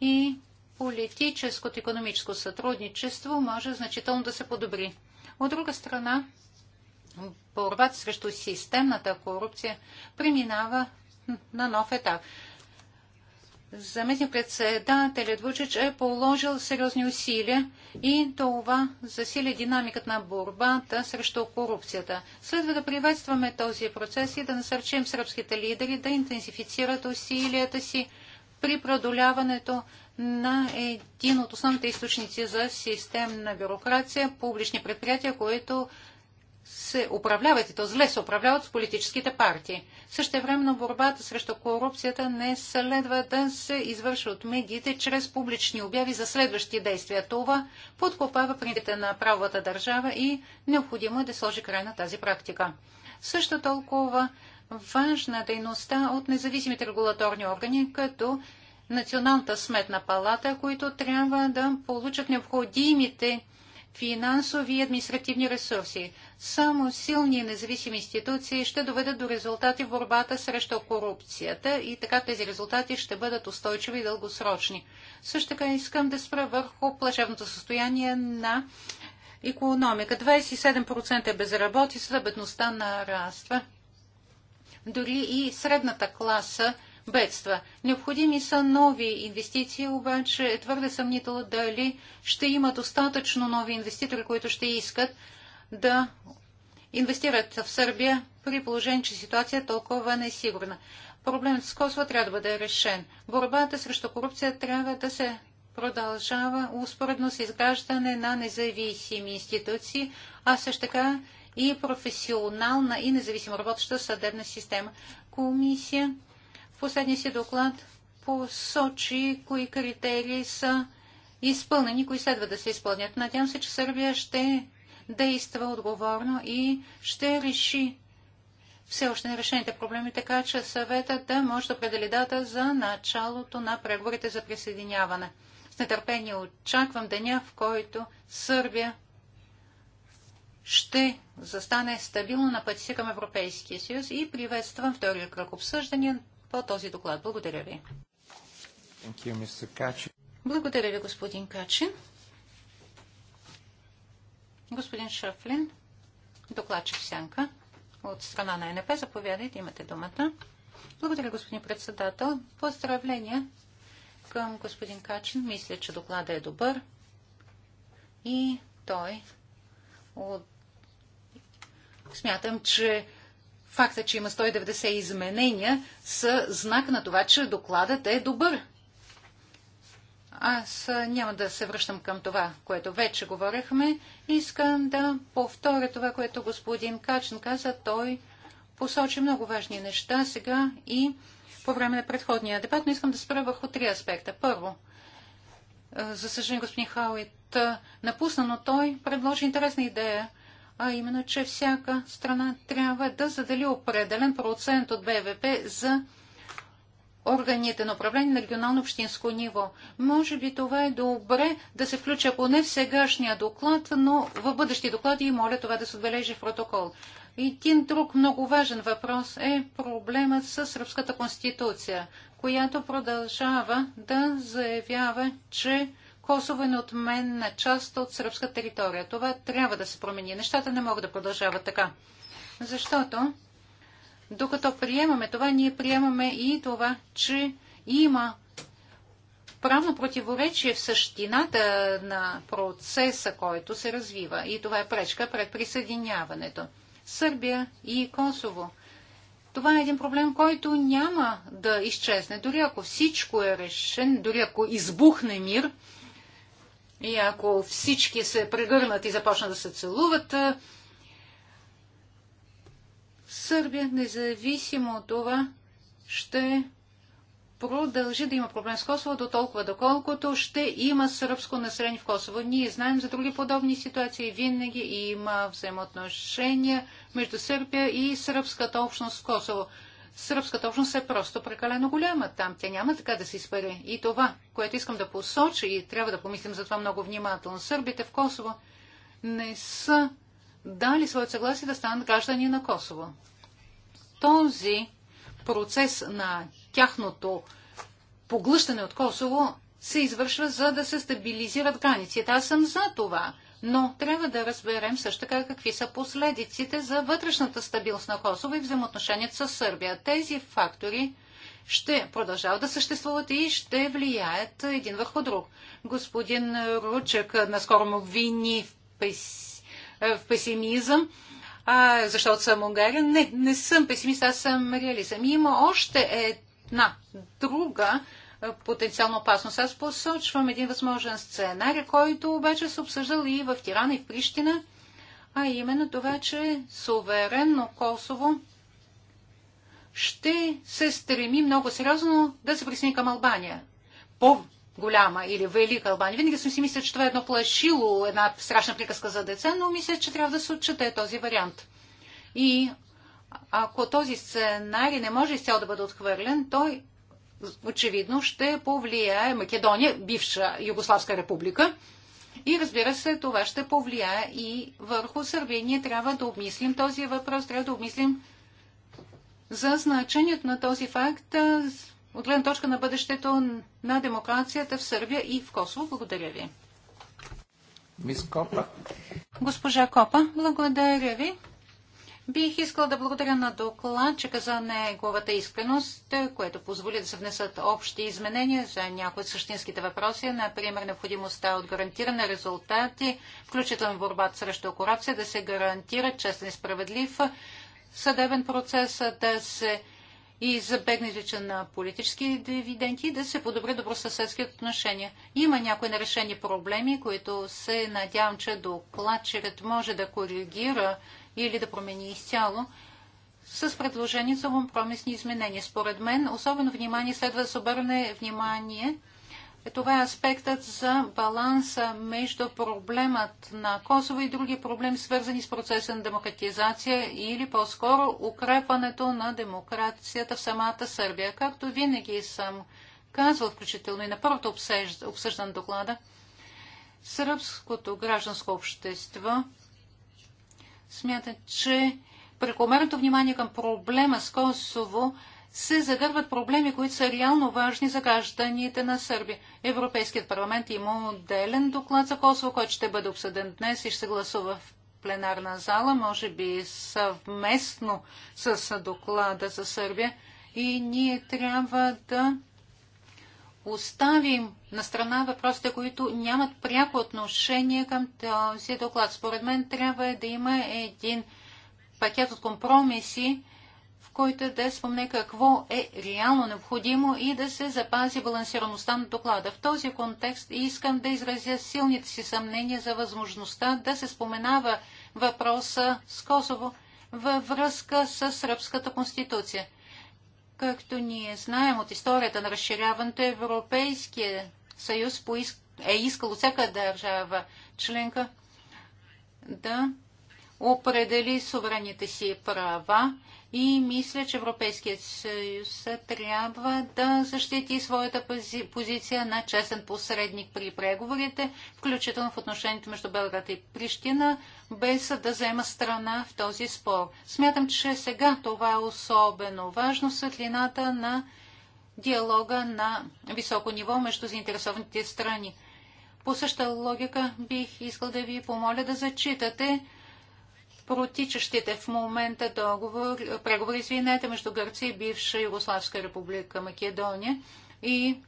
D: и политическото економическо сътрудничество може значително да се подобри. От друга страна, борбата срещу системната корупция преминава на нов етап. Заместник-председателят Вучич е положил сериозни усилия и това засиля динамиката на борбата срещу корупцията. Следва да приветстваме този процес и да насърчим сръбските лидери да интенсифицират усилията си при продоляването на един от основните източници за системна бюрокрация, публични предприятия, които се управляват и то зле се управляват с политическите партии. Същевременно борбата срещу корупцията не следва да се извършва от медиите чрез публични обяви за следващи действия. Това подкопава принципите на правовата държава и необходимо е да сложи край на тази практика. Също толкова важна дейността от независимите регулаторни органи, като Националната сметна палата, които трябва да получат необходимите финансови и административни ресурси. Само силни и независими институции ще доведат до резултати в борбата срещу корупцията и така тези резултати ще бъдат устойчиви и дългосрочни. Също така искам да спра върху плашевното състояние на економика. 27% е безработица, бедността нараства. Дори и средната класа бедства. Необходими са нови инвестиции, обаче е твърде съмнително дали ще има достатъчно нови инвеститори, които ще искат да инвестират в Сърбия при положение, че ситуация е толкова не е сигурна. Проблемът с Косово трябва да бъде решен. Борбата срещу корупция трябва да се продължава успоредно с изграждане на независими институции, а също така и професионална и независимо работеща съдебна система. Комисия последния си доклад посочи кои критерии са изпълнени, кои следва да се изпълнят. Надявам се, че Сърбия ще действа отговорно и ще реши все още нерешените проблеми, така че съветът да може да определи дата за началото на преговорите за присъединяване. С нетърпение очаквам деня, в който Сърбия ще застане стабилно на пътя си към Европейския съюз и приветствам втория кръг обсъждания по този доклад. Благодаря ви.
A: You,
D: Благодаря ви, господин Качин. Господин Шафлин, докладчик Сянка от страна на НП. Заповядайте, имате думата. Благодаря, господин председател. Поздравления към господин Качин. Мисля, че докладът е добър и той от... смятам, че факта, че има 190 изменения, са знак на това, че докладът е добър. Аз няма да се връщам към това, което вече говорихме. Искам да повторя това, което господин Качен каза. Той посочи много важни неща сега и по време на предходния дебат, но искам да спра върху три аспекта. Първо, за съжаление господин Хауит напусна, но той предложи интересна идея – а именно, че всяка страна трябва да задели определен процент от БВП за органите на управление на регионално-общинско ниво. Може би това е добре да се включи, ако не в сегашния доклад, но в бъдещи доклади и моля това да се отбележи в протокол. Един друг много важен въпрос е проблемът с Сръбската конституция, която продължава да заявява, че Косово е неотменна част от сръбска територия. Това трябва да се промени. Нещата не могат да продължават така. Защото, докато приемаме това, ние приемаме и това, че има правно противоречие в същината на процеса, който се развива. И това е пречка пред присъединяването. Сърбия и Косово. Това е един проблем, който няма да изчезне. Дори ако всичко е решен, дори ако избухне мир, и ако всички се прегърнат и започнат да се целуват, Сърбия, независимо от това, ще продължи да има проблем с Косово до толкова, доколкото ще има сръбско население в Косово. Ние знаем за други подобни ситуации. Винаги има взаимоотношения между Сърбия и сръбската общност в Косово сръбската общност е просто прекалено голяма. Там тя няма така да се изпари. И това, което искам да посоча и трябва да помислим за това много внимателно. Сърбите в Косово не са дали своят съгласие да станат граждани на Косово. Този процес на тяхното поглъщане от Косово се извършва за да се стабилизират границите. Аз съм за това но трябва да разберем също така какви са последиците за вътрешната стабилност на Косово и взаимоотношенията с Сърбия. Тези фактори ще продължават да съществуват и ще влияят един върху друг. Господин Ручек наскоро му вини в, пес... в песимизъм, а, защото съм унгарин. Не, не съм песимист, аз съм реализъм. Ами има още една друга е, потенциална опасност. Аз посочвам един възможен сценарий, който обаче се обсъждал и в Тирана, и в Прищина, а именно това, че суверенно Косово ще се стреми много сериозно да се присъедини към Албания. По голяма или велика Албания. Винаги съм си мисля, че това е едно плашило, една страшна приказка за деца, но мисля, че трябва да се отчете този вариант. И ако този сценарий не може изцяло да бъде отхвърлен, той очевидно ще повлияе Македония, бивша Югославска република. И разбира се, това ще повлияе и върху Сърбия. Ние трябва да обмислим този въпрос, трябва да обмислим за значението на този факт от гледна точка на бъдещето на демокрацията в Сърбия и в Косово. Благодаря ви.
C: Мис Копа.
D: Госпожа Копа, благодаря ви. Бих искал да благодаря на докладчика за неговата искреност, което позволи да се внесат общи изменения за някои от същинските въпроси, например необходимостта от гарантиране резултати, включително борбата срещу корупция, да се гарантира честен и справедлив съдебен процес, да се и избегне лича на политически дивиденти и да се подобри добросъседски отношения. Има някои нерешени проблеми, които се надявам, че докладчикът може да коригира или да промени изцяло, с предложение за компромисни изменения. Според мен, особено внимание следва да се обърне внимание. Това е аспектът за баланса между проблемът на Косово и други проблеми, свързани с процеса на демократизация или по-скоро укрепването на демокрацията в самата Сърбия. Както винаги съм казвал, включително и на първото обсъждан, обсъждан доклада, сръбското гражданско общество смятат, че прекомерното внимание към проблема с Косово се загърват проблеми, които са реално важни за гражданите на Сърбия. Европейският парламент има отделен доклад за Косово, който ще бъде обсъден днес и ще се гласува в пленарна зала, може би съвместно с доклада за Сърбия. И ние трябва да оставим на страна въпросите, които нямат пряко отношение към този доклад. Според мен трябва да има един пакет от компромиси, в който да спомне какво е реално необходимо и да се запази балансираността на доклада. В този контекст искам да изразя силните си съмнения за възможността да се споменава въпроса с Косово във връзка с Сръбската конституция – Както ние знаем от историята на разширяването, Европейския съюз е искал от всяка държава членка да определи суверените си права и мисля, че Европейският съюз трябва да защити своята пози позиция на честен посредник при преговорите, включително в отношението между Белград и Прищина, без да взема страна в този спор. Смятам, че сега това е особено важно в светлината на диалога на високо ниво между заинтересованите страни. По същата логика бих искал да ви помоля да зачитате протичащите в момента договор, преговори извинете, между Гърция и бивша Югославска република Македония и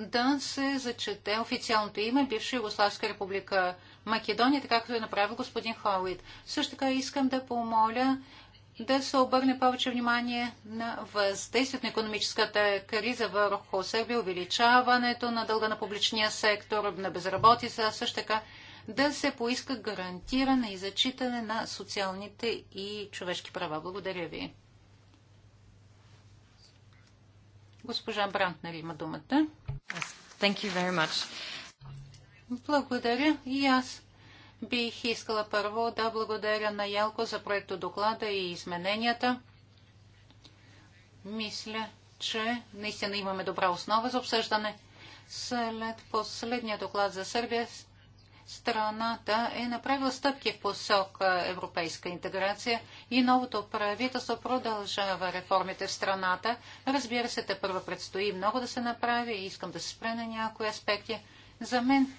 D: да се зачете официалното име бивша Югославска република Македония, така както е направил господин Холид. Също така искам да помоля да се обърне повече внимание на въздействието на економическата криза върху Сърбия, увеличаването на дълга на публичния сектор, на безработица, също така да се поиска гарантиране и зачитане на социалните и човешки права. Благодаря ви. Госпожа Брантнер има думата. Thank you very much. Благодаря и аз бих искала първо да благодаря на Ялко за проекто доклада и измененията. Мисля, че наистина имаме добра основа за обсъждане. След последния доклад за Сърбия страната е направила стъпки в посока европейска интеграция и новото правителство продължава реформите в страната. Разбира се, те първо предстои много да се направи и искам да се спре на някои аспекти. За мен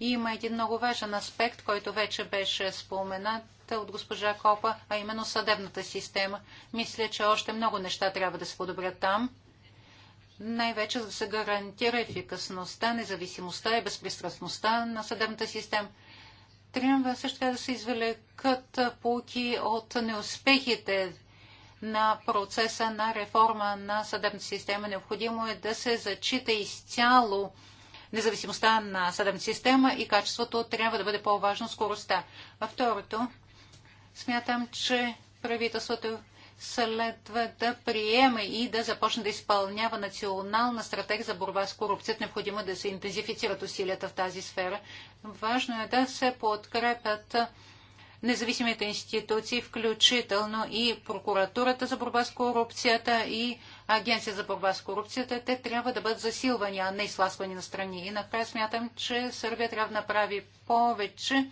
D: има един много важен аспект, който вече беше споменат от госпожа Копа, а именно съдебната система. Мисля, че още много неща трябва да се подобрят там най-вече за да се гарантира ефикасността, независимостта и безпристрастността на съдебната система. Трябва също така да се извлекат полки от неуспехите на процеса на реформа на съдебната система. Необходимо е да се зачита изцяло независимостта на съдебната система и качеството трябва да бъде по-важно скоростта. А второто, смятам, че правителството следва да приеме и да започне да изпълнява национална стратегия за борба с корупцията. Необходимо е да се интензифицират усилията в тази сфера. Важно е да се подкрепят независимите институции, включително и прокуратурата за борба с корупцията и Агенция за борба с корупцията, те трябва да бъдат засилвани, а не изласквани на страни. И накрая смятам, че Сърбия трябва да направи повече,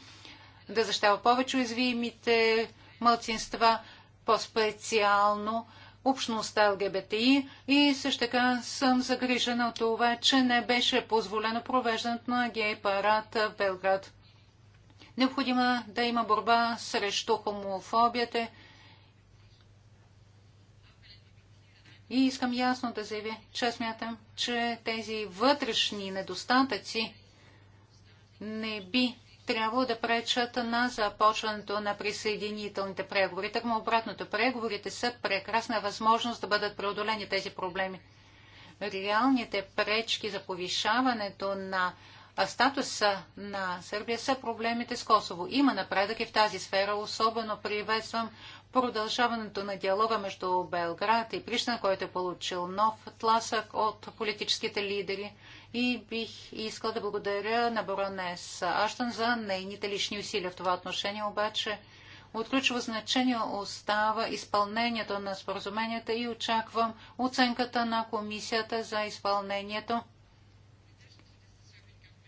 D: да защитава повече уязвимите мълцинства, по-специално общността ЛГБТИ и също така съм загрижена от това, че не беше позволено провеждането на гей парад в Белград. Необходима да има борба срещу хомофобията и искам ясно да заявя, че смятам, че тези вътрешни недостатъци не би трябва да пречат на започването на присъединителните преговори. Тъкмо обратното, преговорите са прекрасна възможност да бъдат преодолени тези проблеми. Реалните пречки за повишаването на статуса на Сърбия са проблемите с Косово. Има напредък и в тази сфера. Особено приветствам продължаването на диалога между Белград и Пришна, който е получил нов тласък от политическите лидери и бих искал да благодаря на баронес Аштън за нейните лични усилия в това отношение, обаче от ключово значение остава изпълнението на споразуменията и очаквам оценката на комисията за изпълнението.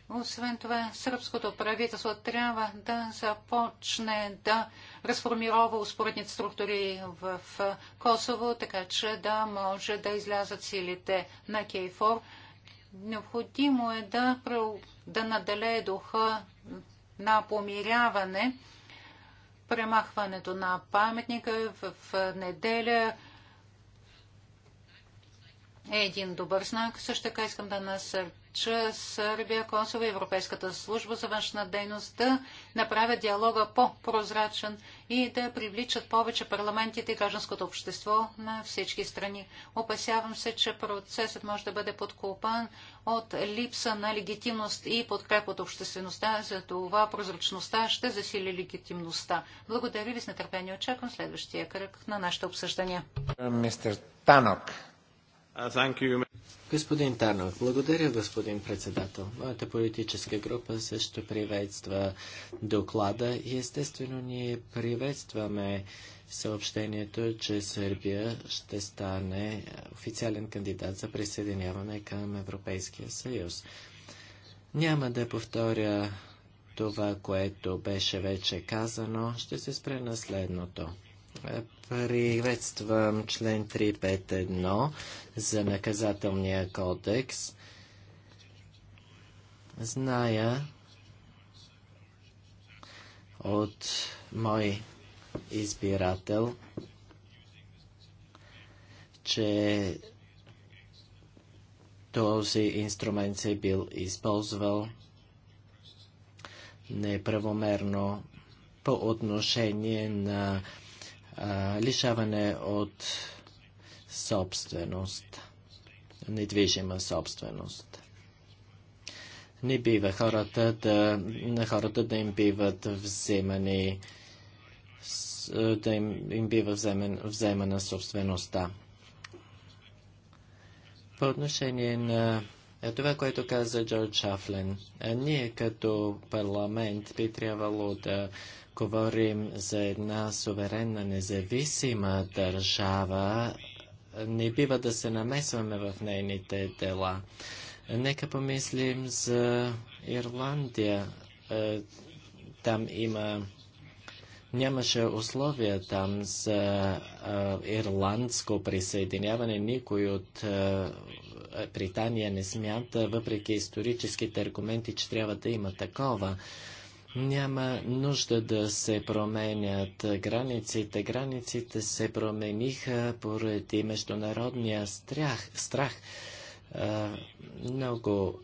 D: Освен това, сръбското правителство трябва да започне да разформирова успоредните структури в Косово, така че да може да излязат силите на Кейфор. Необходимо е да, да наделее духа на помиряване, премахването на паметника в, в неделя е един добър знак. Също така искам да нас чрез Сърбия, Косово и Европейската служба за външна дейност да направят диалога по-прозрачен и да привличат повече парламентите и гражданското общество на всички страни. Опасявам се, че процесът може да бъде подкопан от липса на легитимност и подкреп от обществеността. За това прозрачността ще засили легитимността. Благодаря ви с нетърпение. Очаквам следващия кръг на нашите обсъждания.
A: Мистер Танок. Uh, господин Тарнов, благодаря, господин председател. Моята политическа група също приветства доклада и естествено ние приветстваме съобщението, че Сърбия ще стане официален кандидат за присъединяване към Европейския съюз. Няма да повторя това, което беше вече казано, ще се спре на следното. Приветствам член 351 за наказателния кодекс. Зная от мой избирател, че този инструмент се е бил използвал неправомерно по отношение на лишаване от собственост, недвижима собственост. Не бива хората да, на хората да им биват вземани да им, им бива вземен, вземана собствеността. По отношение на това, което каза Джордж Шафлен, ние като парламент би трябвало да говорим за една суверенна, независима държава, не бива да се намесваме в нейните дела. Нека помислим за Ирландия. Е, там има нямаше условия там за е, ирландско присъединяване. Никой от е, Британия не смята, въпреки историческите аргументи, че трябва да има такова. Няма нужда да се променят границите. Границите се промениха поради международния страх. страх. много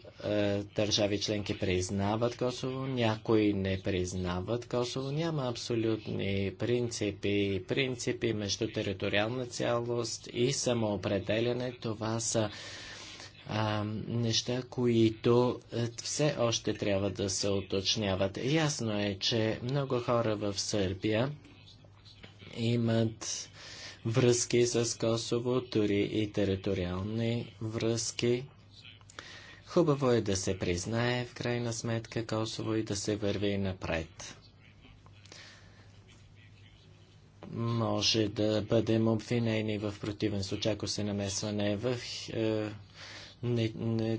A: държави членки признават Косово, някои не признават Косово. Няма абсолютни принципи. Принципи между териториална цялост и самоопределяне. Това са а, неща, които е, все още трябва да се уточняват. Ясно е, че много хора в Сърбия имат връзки с Косово, дори и териториални връзки. Хубаво е да се признае в крайна сметка Косово и да се върви напред. Може да бъдем обвинени в противен случай, ако се намесване в е, не, не,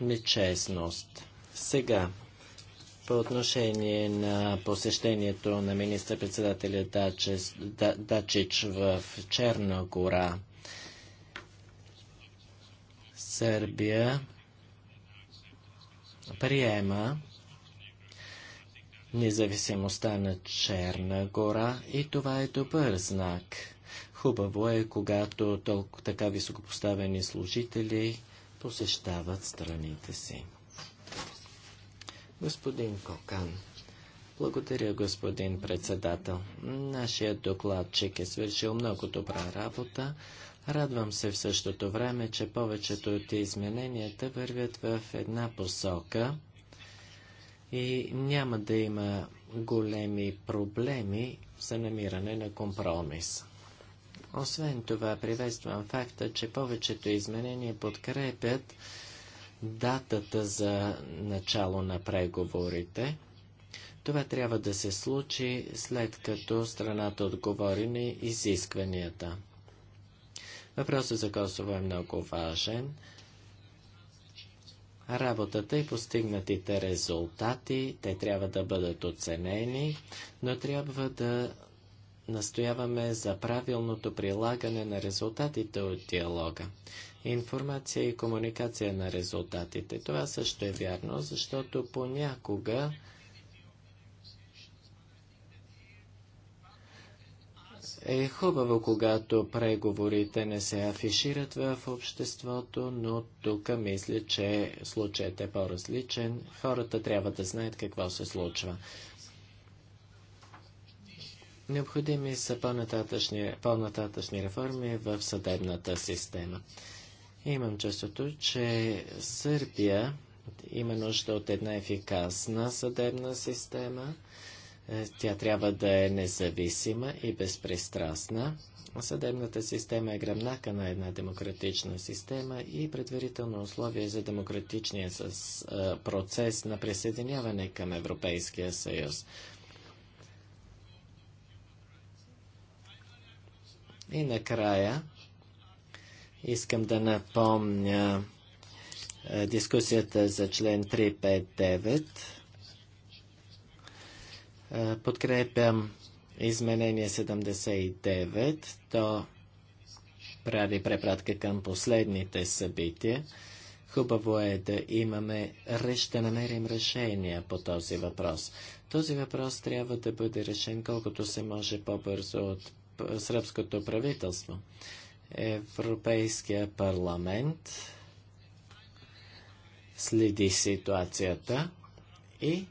A: нечестност. Сега, по отношение на посещението на министър-председателя Дачич, Дачич в Черна гора, Сърбия приема независимостта на Черна гора и това е добър знак – Хубаво е, когато толкова така високопоставени служители посещават страните си. Господин Кокан. Благодаря, господин председател. Нашият докладчик е свършил много добра работа. Радвам се в същото време, че повечето от измененията вървят в една посока и няма да има големи проблеми за намиране на компромис. Освен това, приветствам факта, че повечето изменения подкрепят датата за начало на преговорите. Това трябва да се случи след като страната отговори на изискванията. Въпросът за Косово е много важен. Работата и постигнатите резултати, те трябва да бъдат оценени, но трябва да Настояваме за правилното прилагане на резултатите от диалога. Информация и комуникация на резултатите. Това също е вярно, защото понякога е хубаво, когато преговорите не се афишират в обществото, но тук мисля, че случаят е по-различен. Хората трябва да знаят какво се случва. Необходими са по-нататъчни, по-нататъчни реформи в съдебната система. Имам чувството, че Сърбия има нужда от една ефикасна съдебна система. Е, тя трябва да е независима и безпристрастна. Съдебната система е гръбнака на една демократична система и предварително условие за демократичния е, процес на присъединяване към Европейския съюз. И накрая искам да напомня е, дискусията за член 359. Е, подкрепям изменение 79. То прави препратка към последните събития. Хубаво е да имаме, да намерим решение по този въпрос. Този въпрос трябва да бъде решен колкото се може по-бързо от сръбското правителство. Европейския парламент следи ситуацията и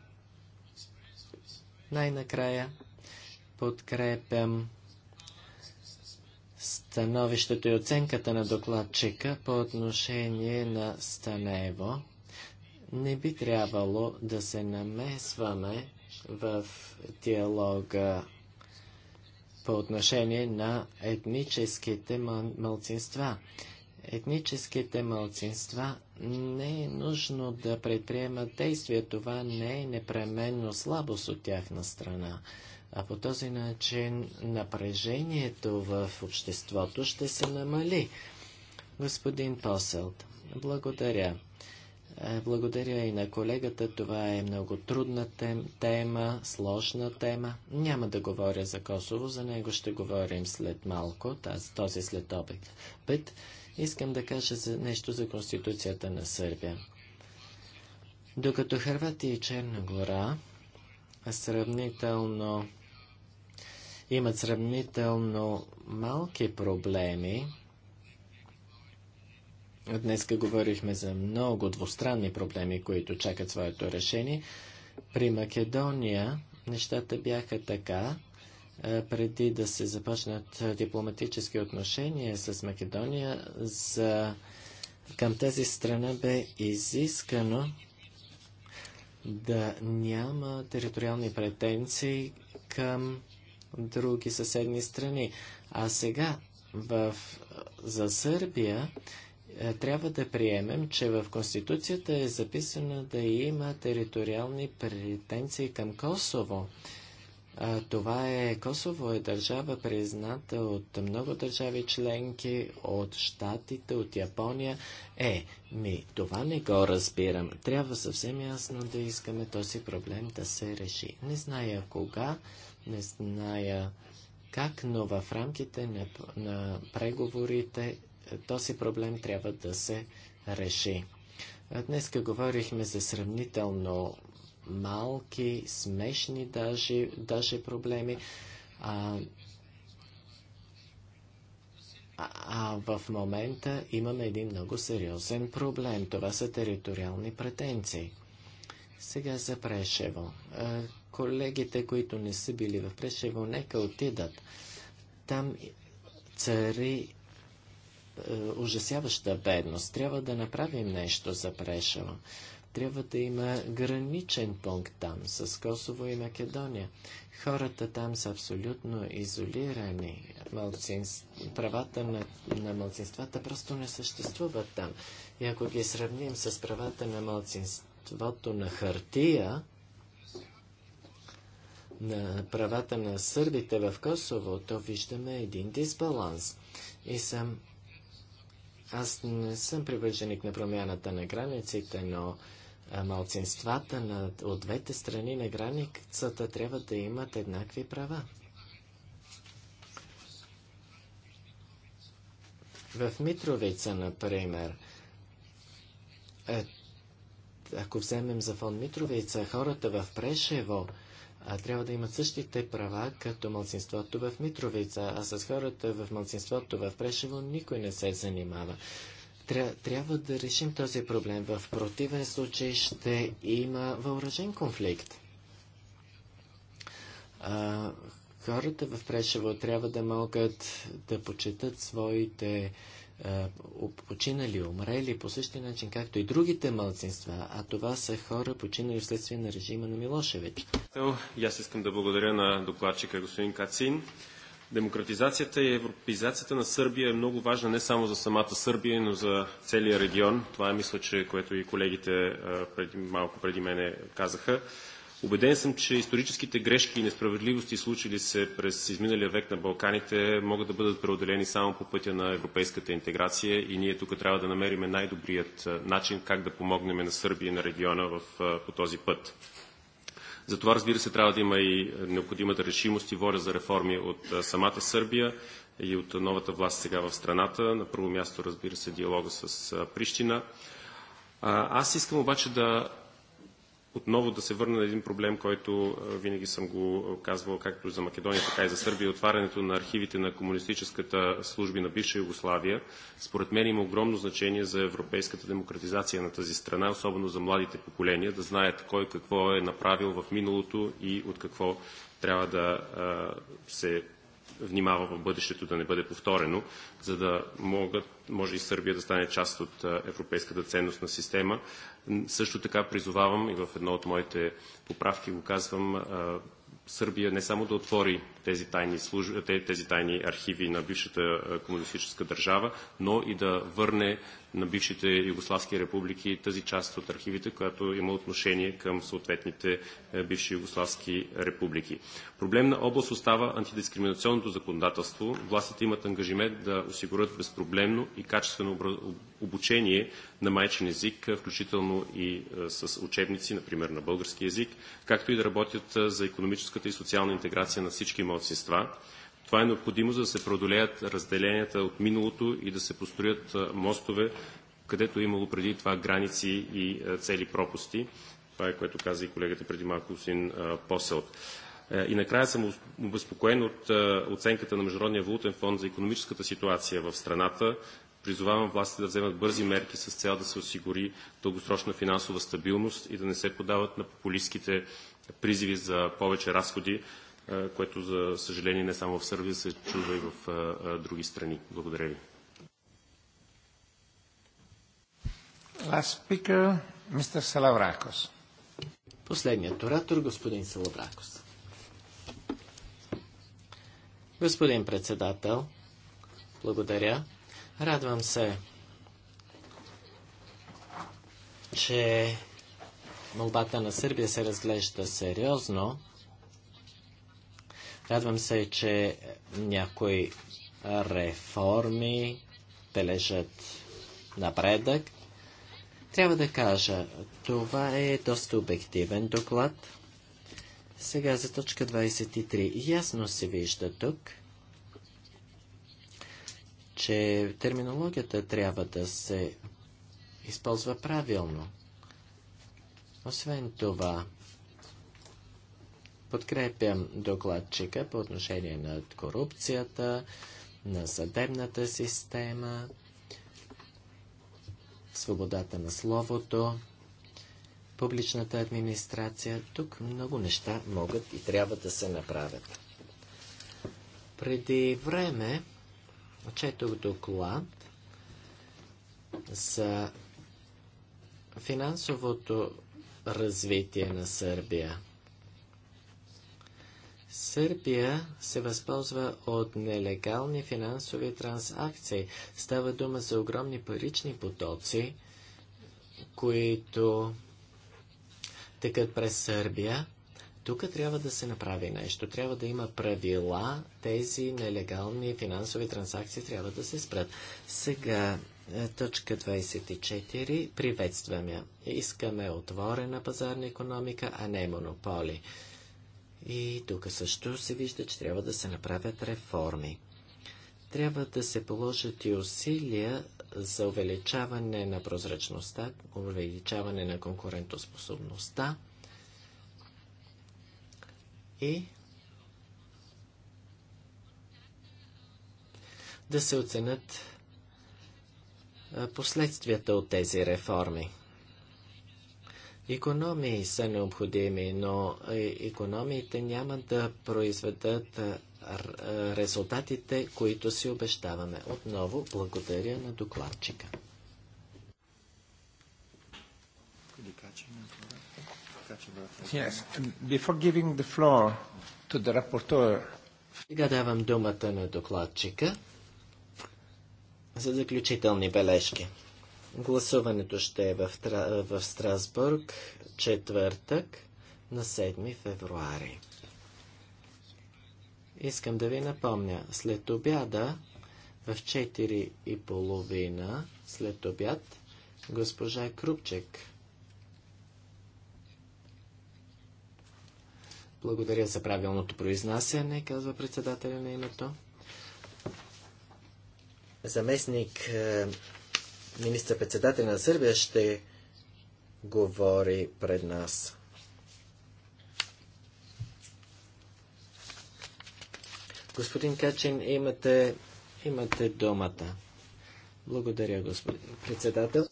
A: най-накрая подкрепям становището и оценката на докладчика по отношение на Станево. Не би трябвало да се намесваме в диалога по отношение на етническите мълцинства. Етническите мълцинства не е нужно да предприемат действия. Това не е непременно слабост от тяхна страна. А по този начин напрежението в обществото ще се намали. Господин Поселт, благодаря. Е, благодаря и на колегата. Това е много трудна тема, сложна тема. Няма да говоря за Косово, за него ще говорим след малко, тази, този след обед. Бит, искам да кажа за нещо за Конституцията на Сърбия. Докато Хрватия и Черна гора сравнително имат сравнително малки проблеми, Днес говорихме за много двустранни проблеми, които чакат своето решение. При Македония нещата бяха така, преди да се започнат дипломатически отношения с Македония, за... към тази страна бе изискано да няма териториални претенции към други съседни страни. А сега в... за Сърбия е, трябва да приемем, че в Конституцията е записано да има териториални претенции към Косово. А, това е Косово е държава, призната от много държави членки, от Штатите, от Япония. Е, ми, това не го разбирам. Трябва съвсем ясно да искаме този проблем да се реши. Не зная кога, не зная как, но в рамките на, на преговорите този проблем трябва да се реши. Днес говорихме за сравнително малки, смешни даже, даже проблеми. А, а, в момента имаме един много сериозен проблем. Това са териториални претенции. Сега за Прешево. колегите, които не са били в Прешево, нека отидат. Там цари е, ужасяваща бедност. Трябва да направим нещо за Прешева. Трябва да има граничен пункт там, с Косово и Македония. Хората там са абсолютно изолирани. Малцинс... Правата на, на малцинствата просто не съществуват там. И ако ги сравним с правата на малцинството на хартия, на правата на сърбите в Косово, то виждаме един дисбаланс. И съм аз не съм привърженик на промяната на границите, но малцинствата на, от двете страни на границата трябва да имат еднакви права. В Митровица, например, е, ако вземем за фон Митровица, хората в Прешево, а, трябва да имат същите права като мълцинството в Митровица, а с хората в мълцинството в Прешево никой не се занимава. трябва да решим този проблем. В противен случай ще има въоръжен конфликт. А, хората в Прешево трябва да могат да почитат своите е, починали, умрели по същия начин, както и другите мълцинства, а това са хора починали вследствие на режима на Милошевич.
C: Аз искам да благодаря на докладчика господин Кацин. Демократизацията и европеизацията на Сърбия е много важна не само за самата Сърбия, но за целия регион. Това е мисля, че което и колегите е, преди, малко преди мене казаха. Обеден съм, че историческите грешки и несправедливости, случили се през изминалия век на Балканите, могат да бъдат преодолени само по пътя на европейската интеграция и ние тук трябва да намерим най-добрият начин как да помогнем на Сърбия и на региона в, по този път. Затова, разбира се, трябва да има и необходимата решимост и воля за реформи от самата Сърбия и от новата власт сега в страната. На първо място, разбира се, диалога с Прищина. Аз искам обаче да отново да се върна на един проблем, който винаги съм го казвал както за Македония, така и за Сърбия. Отварянето на архивите на комунистическата служби на бивша Югославия, според мен има огромно значение за европейската демократизация на тази страна, особено за младите поколения, да знаят кой какво е направил в миналото и от какво трябва да се внимава в бъдещето да не бъде повторено, за да могат, може и Сърбия да стане част от европейската ценностна система. Също така призовавам и в едно от моите поправки го казвам, Сърбия не само да отвори тези тайни, служ... тези тайни архиви на бившата е, комунистическа държава, но и да върне на бившите югославски републики тази част от архивите, която има отношение към съответните е, бивши югославски републики. Проблемна област остава антидискриминационното законодателство. Властите имат ангажимент да осигурят безпроблемно и качествено обучение на майчин език, включително и е, с учебници, например на български език, както и да работят за економическата и социална интеграция на всички младсинства. Това е необходимо, за да се преодолеят разделенията от миналото и да се построят мостове, където е имало преди това граници и цели пропусти. Това е което каза и колегата преди малко, син Поселт. Е, и накрая съм обезпокоен от оценката на Международния валутен фонд за економическата ситуация в страната. Призовавам властите да вземат бързи мерки с цел да се осигури дългосрочна финансова стабилност и да не се подават на популистските призиви за повече разходи, което за съжаление не само в Сърбия се чува и в други страни. Благодаря ви. Last speaker, Mr. Salavrakos.
A: Последният оратор, господин Салабракос. Господин председател, благодаря. Радвам се, че молбата на Сърбия се разглежда сериозно. Радвам се, че някои реформи бележат напредък. Трябва да кажа, това е доста обективен доклад. Сега за точка 23. Ясно се вижда тук, че терминологията трябва да се използва правилно. Освен това, Подкрепям докладчика по отношение на корупцията, на съдебната система, свободата на словото, публичната администрация. Тук много неща могат и трябва да се направят. Преди време четох доклад за финансовото развитие на Сърбия. Сърбия се възползва от нелегални финансови трансакции. Става дума за огромни парични потоци, които текат през Сърбия. Тук трябва да се направи нещо. Трябва да има правила. Тези нелегални финансови транзакции трябва да се спрат. Сега, е, точка 24. Приветстваме. Искаме отворена пазарна економика, а не монополи. И тук също се вижда, че трябва да се направят реформи. Трябва да се положат и усилия за увеличаване на прозрачността, увеличаване на конкурентоспособността и да се оценят последствията от тези реформи. Економии са необходими, но економиите няма да произведат е, е, резултатите, които си обещаваме. Отново благодаря на докладчика. Yes. Before giving the floor to the rapporteur, сега давам думата на докладчика за заключителни бележки. Гласуването ще е в, в Страсбург четвъртък на 7 февруари. Искам да ви напомня, след обяда в 4 и половина след обяд госпожа Крупчек. Благодаря за правилното произнасяне, казва председателя на името. Заместник е, министър-председателя на Сърбия ще говори пред нас. Господин Качин, имате, имате думата. Благодаря, господин председател.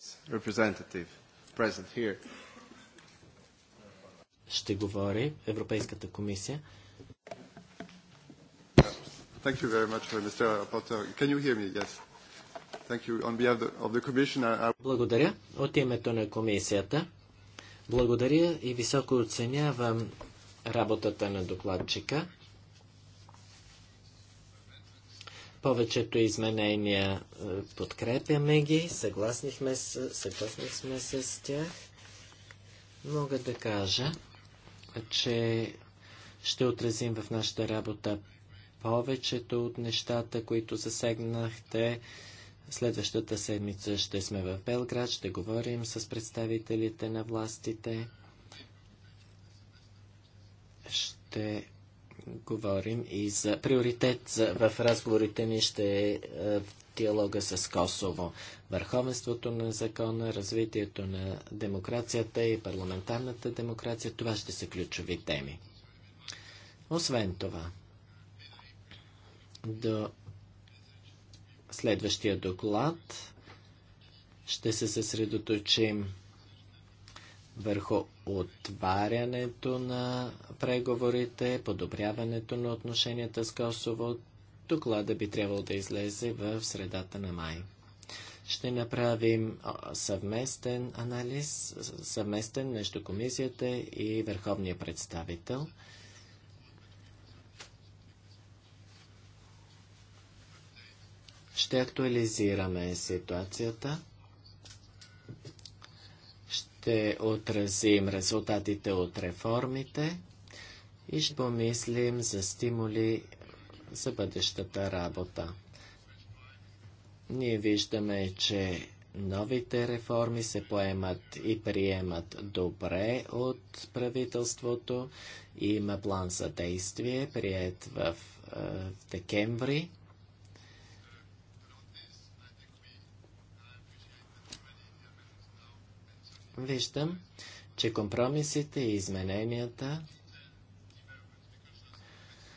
A: Ще говори Европейската комисия. Thank you very much, Mr. Rapporteur. Uh, Can you hear me? Yes. Благодаря от името на комисията. Благодаря и високо оценявам работата на докладчика. Повечето изменения е, подкрепяме ги, съгласни сме с, съгласни сме с тях. Мога да кажа, че ще отразим в нашата работа повечето от нещата, които засегнахте. Следващата седмица ще сме в Белград, ще говорим с представителите на властите. Ще говорим и за приоритет за, в разговорите ни ще е, е диалога с Косово, върховенството на закона, развитието на демокрацията и парламентарната демокрация. Това ще са ключови теми. Освен това, до следващия доклад ще се съсредоточим върху отварянето на преговорите, подобряването на отношенията с Косово. Доклада би трябвало да излезе в средата на май. Ще направим съвместен анализ, съвместен между комисията и върховния представител – Ще актуализираме ситуацията. Ще отразим резултатите от реформите и ще помислим за стимули за бъдещата работа. Ние виждаме, че новите реформи се поемат и приемат добре от правителството. Има план за действие, прият в, е, в декември. виждам, че компромисите и измененията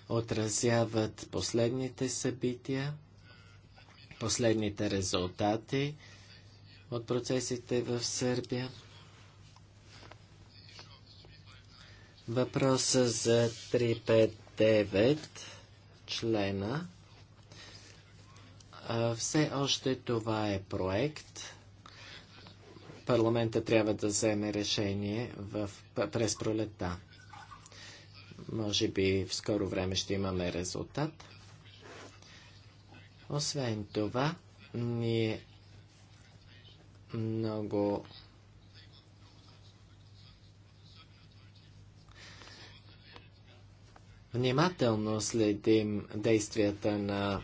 A: отразяват последните събития, последните резултати от процесите в Сърбия. Въпроса за 359 члена. Все още това е проект – парламента трябва да вземе решение в, през пролета. Може би в скоро време ще имаме резултат. Освен това, ние много внимателно следим действията на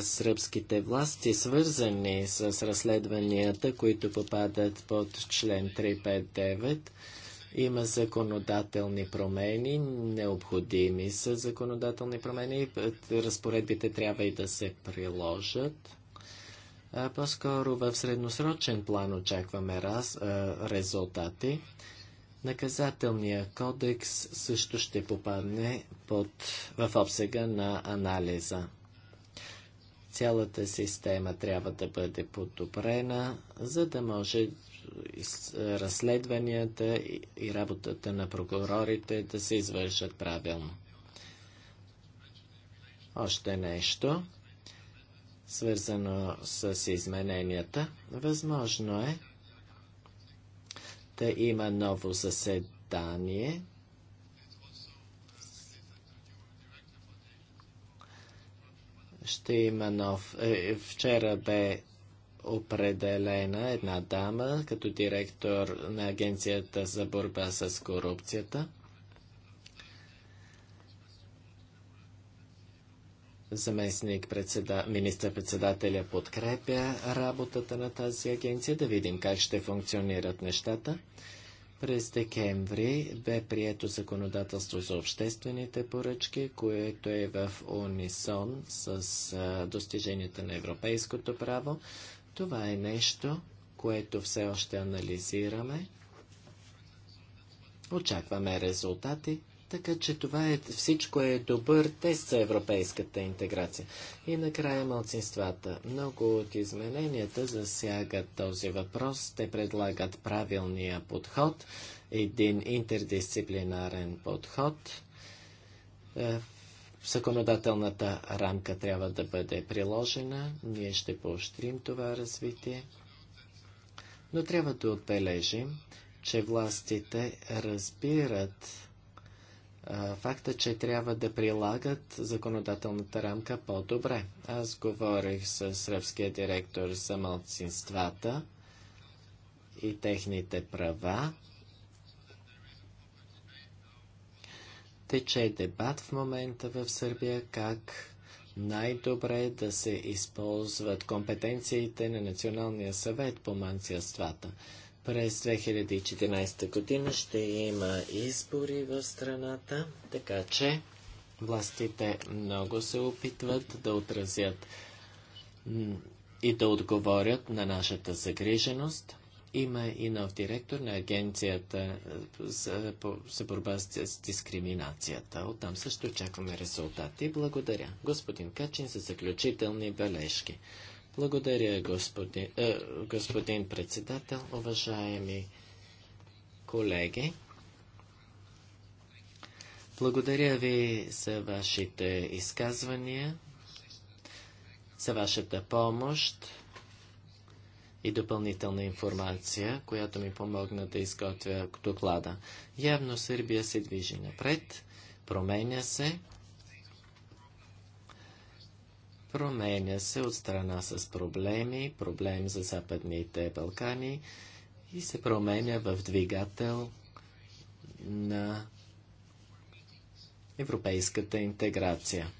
A: сръбските власти, свързани с разследванията, които попадат под член 359. Има законодателни промени, необходими са законодателни промени. Разпоредбите трябва и да се приложат. По-скоро в средносрочен план очакваме раз, а, резултати. Наказателният кодекс също ще попадне под, в обсега на анализа. Цялата система трябва да бъде подобрена, за да може разследванията и работата на прокурорите да се извършат правилно. Още нещо, свързано с измененията. Възможно е да има ново заседание ще има нов. Е, вчера бе определена една дама като директор на Агенцията за борба с корупцията. Заместник председа... министър-председателя подкрепя работата на тази агенция. Да видим как ще функционират нещата. През декември бе прието законодателство за обществените поръчки, което е в унисон с достиженията на европейското право. Това е нещо, което все още анализираме. Очакваме резултати така че това е, всичко е добър тест за европейската интеграция. И накрая мълцинствата. Много от измененията засягат този въпрос. Те предлагат правилния подход, един интердисциплинарен подход. Е, законодателната рамка трябва да бъде приложена. Ние ще поощрим това развитие. Но трябва да отбележим, че властите разбират факта, че трябва да прилагат законодателната рамка по-добре. Аз говорих с сръбския директор за малцинствата и техните права. Тече дебат в момента в Сърбия как най-добре да се използват компетенциите на Националния съвет по манцинствата. През 2014 година ще има избори в страната, така че властите много се опитват да отразят и да отговорят на нашата загриженост. Има и нов директор на агенцията е, за, за борба с, с дискриминацията. Оттам също очакваме резултати. Благодаря. Господин Качин за заключителни бележки. Благодаря, господин, э, е, господин председател, уважаеми колеги. Благодаря ви за вашите изказвания, за вашата помощ и допълнителна информация, която ми помогна да изготвя доклада. Явно Сърбия се движи напред, променя се променя се от страна с проблеми, проблем за Западните Балкани и се променя в двигател на европейската интеграция.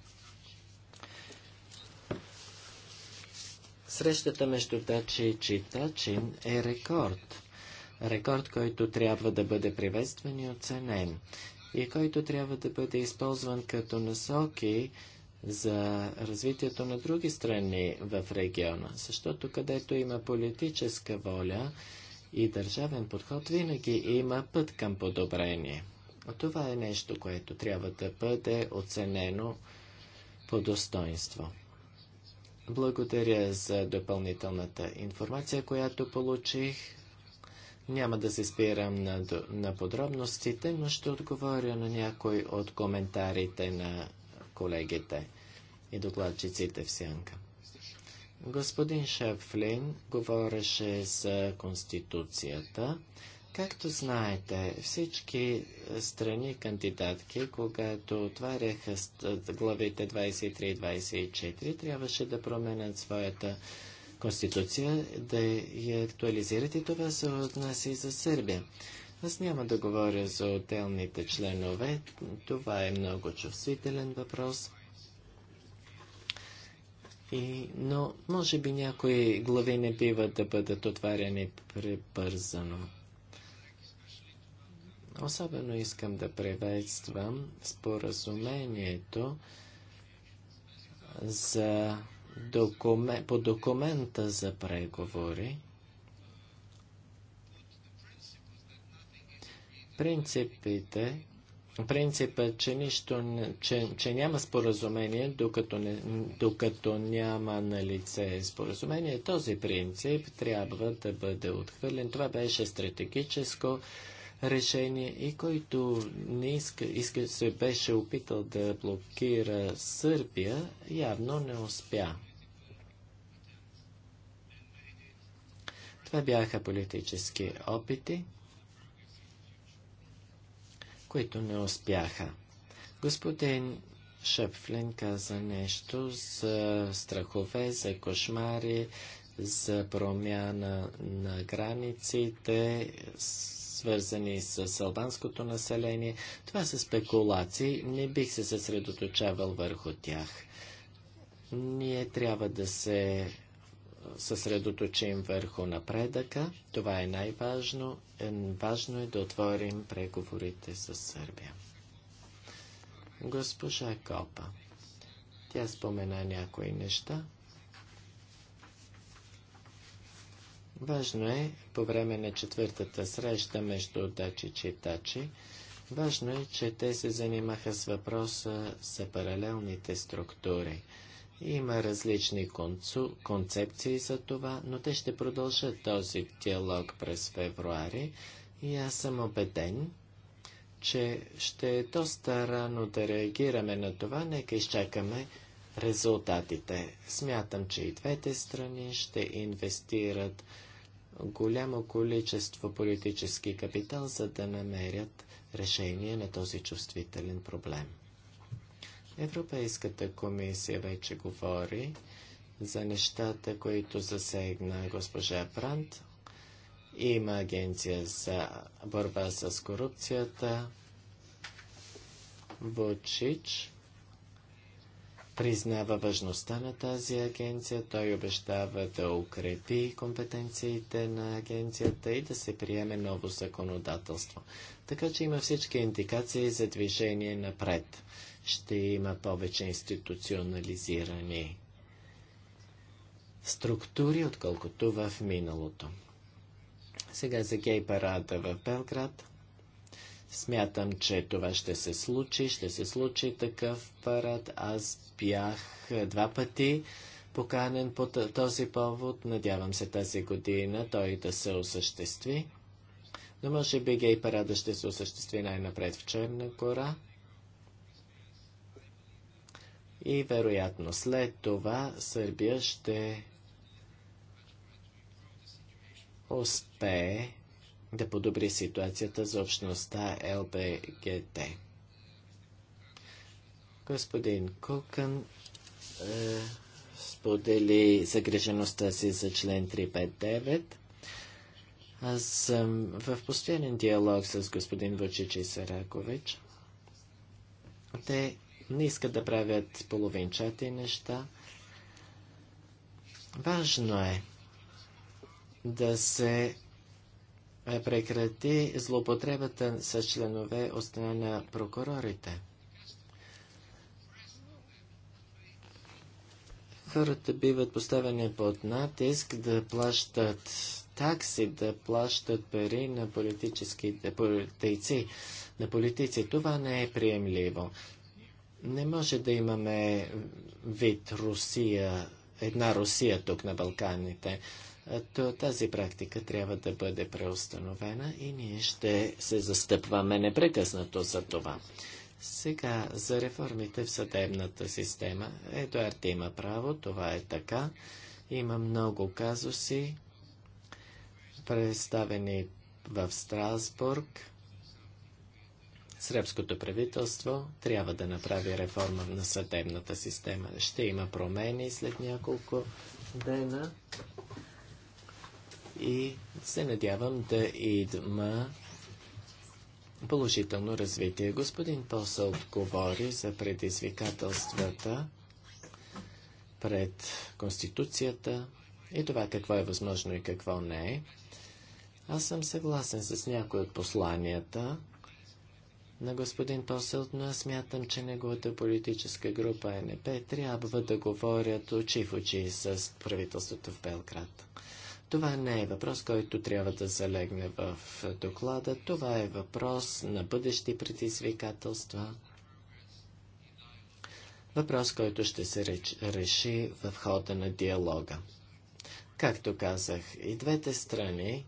A: Срещата между Тачи и Читачин е рекорд. Рекорд, който трябва да бъде приветстван и оценен и който трябва да бъде използван като насоки за развитието на други страни в региона, защото където има политическа воля и държавен подход, винаги има път към подобрение. Това е нещо, което трябва да бъде оценено по достоинство. Благодаря за допълнителната информация, която получих. Няма да се спирам на, на подробностите, но ще отговоря на някой от коментарите на колегите и докладчиците в сянка. Господин Шепфлин говореше за Конституцията. Както знаете, всички страни кандидатки, когато отваряха главите 23 и 24, трябваше да променят своята конституция, да я актуализират и това се отнася и за Сърбия. Аз няма да говоря за отделните членове. Това е много чувствителен въпрос. И, но може би някои глави не биват да бъдат отваряни пребързано. Особено искам да приветствам споразумението за докумен, по документа за преговори. принципите, принципа, че, нищо, че, че няма споразумение, докато, не, докато няма на лице споразумение, този принцип трябва да бъде отхвърлен. Това беше стратегическо решение и който не иска, иска, се беше опитал да блокира Сърбия, явно не успя. Това бяха политически опити които не успяха. Господин Шепфлин каза нещо за страхове, за кошмари, за промяна на границите, свързани с албанското население. Това са спекулации. Не бих се съсредоточавал върху тях. Ние трябва да се съсредоточим върху напредъка. Това е най-важно. Е, важно е да отворим преговорите с Сърбия. Госпожа Копа. Тя спомена някои неща. Важно е, по време на четвъртата среща между дачи и Тачи, важно е, че те се занимаха с въпроса за паралелните структури – има различни концепции за това, но те ще продължат този диалог през февруари и аз съм убеден, че ще е доста рано да реагираме на това, нека изчакаме резултатите. Смятам, че и двете страни ще инвестират голямо количество политически капитал, за да намерят решение на този чувствителен проблем. Европейската комисия вече говори за нещата, които засегна госпожа Брант. Има агенция за борба с корупцията. Вучич признава важността на тази агенция. Той обещава да укрепи компетенциите на агенцията и да се приеме ново законодателство. Така че има всички индикации за движение напред ще има повече институционализирани структури, отколкото в миналото. Сега за гей парада в Белград. Смятам, че това ще се случи, ще се случи такъв парад. Аз бях два пъти поканен по този повод. Надявам се тази година той да се осъществи. Но може би гей парада ще се осъществи най-напред в Черна гора и вероятно след това Сърбия ще успее да подобри ситуацията за общността ЛБГТ. Господин Кукън е, сподели загрежеността си за член 359. Аз съм в постоянен диалог с господин Вучич и Саракович. Те не искат да правят половинчати неща. Важно е да се прекрати злоупотребата с членове от страна на прокурорите. Хората биват поставени под натиск да плащат такси, да плащат пари на политическите политици. На политици това не е приемливо. Не може да имаме вид Русия, една Русия тук на Балканите. То тази практика трябва да бъде преустановена и ние ще се застъпваме непрекъснато за това. Сега за реформите в съдебната система. Едуард има право, това е така. Има много казуси, представени в Страсбург сръбското правителство трябва да направи реформа на съдебната система. Ще има промени след няколко дена и се надявам да идва положително развитие. Господин Посъл говори за предизвикателствата пред Конституцията и това какво е възможно и какво не е. Аз съм съгласен с някои от посланията, на господин Тосълт, но аз смятам, че неговата политическа група е НП трябва да говорят очи в очи с правителството в Белград. Това не е въпрос, който трябва да залегне в доклада. Това е въпрос на бъдещи предизвикателства. Въпрос, който ще се реши в хода на диалога. Както казах, и двете страни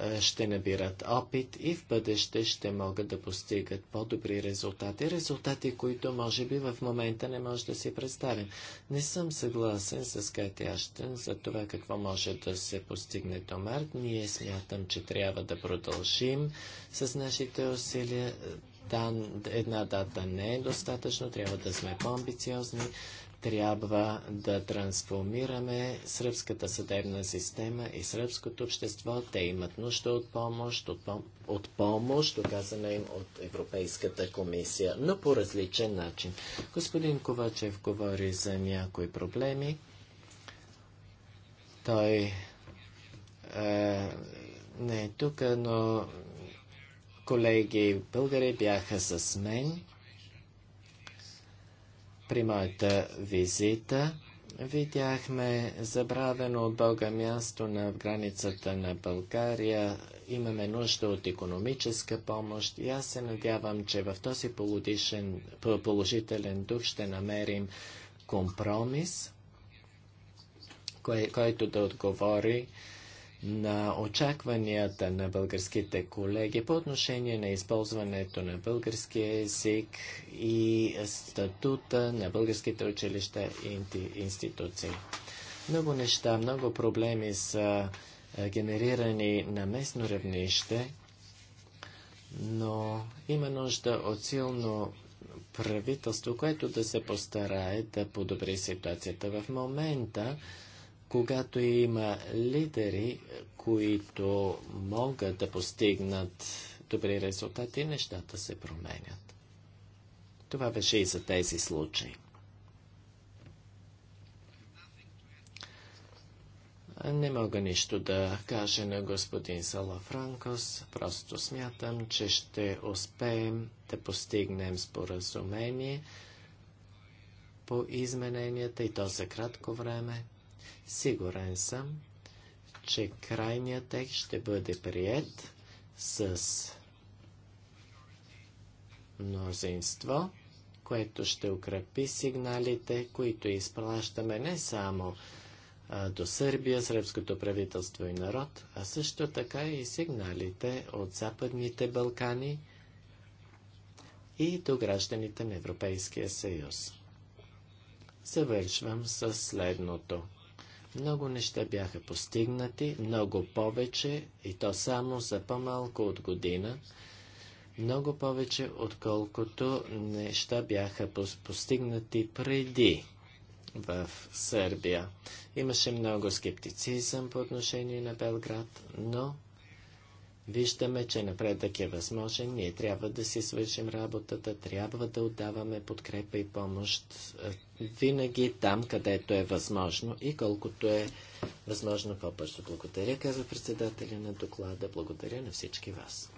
A: е, ще набират опит и в бъдеще ще могат да постигат по-добри резултати, резултати, които може би в момента не може да си представим. Не съм съгласен с Кати Аштен за това какво може да се постигне до март. Ние смятам, че трябва да продължим с нашите усилия. Дан, една дата не е достатъчно, трябва да сме по-амбициозни трябва да трансформираме сръбската съдебна система и сръбското общество. Те имат нужда от помощ, от, пом- от помощ, оказана им от Европейската комисия, но по различен начин. Господин Ковачев говори за някои проблеми. Той е, не е тук, но колеги българи бяха с мен. При моята визита видяхме забравено от Бога място на границата на България. Имаме нужда от економическа помощ и аз се надявам, че в този положителен дух ще намерим компромис, кой, който да отговори на очакванията на българските колеги по отношение на използването на българския език и статута на българските училища и институции. Много неща, много проблеми са е, генерирани на местно равнище, но има нужда от силно правителство, което да се постарае да подобри ситуацията. В момента когато има лидери, които могат да постигнат добри резултати, нещата се променят. Това беше и за тези случаи. Не мога нищо да кажа на господин Салафранкос, просто смятам, че ще успеем да постигнем споразумение по измененията и то за кратко време. Сигурен съм, че крайният текст ще бъде прият с мнозинство, което ще укрепи сигналите, които изпращаме не само до Сърбия, сръбското правителство и народ, а също така и сигналите от Западните Балкани и до гражданите на Европейския съюз. Завършвам с следното – много неща бяха постигнати, много повече, и то само за по-малко от година, много повече, отколкото неща бяха постигнати преди в Сърбия. Имаше много скептицизъм по отношение на Белград, но Виждаме, че напредък е възможен, ние трябва да си свършим работата, трябва да отдаваме подкрепа и помощ е, винаги там, където е възможно и колкото е възможно по-бързо. Благодаря, казва председателя на доклада, благодаря на всички вас.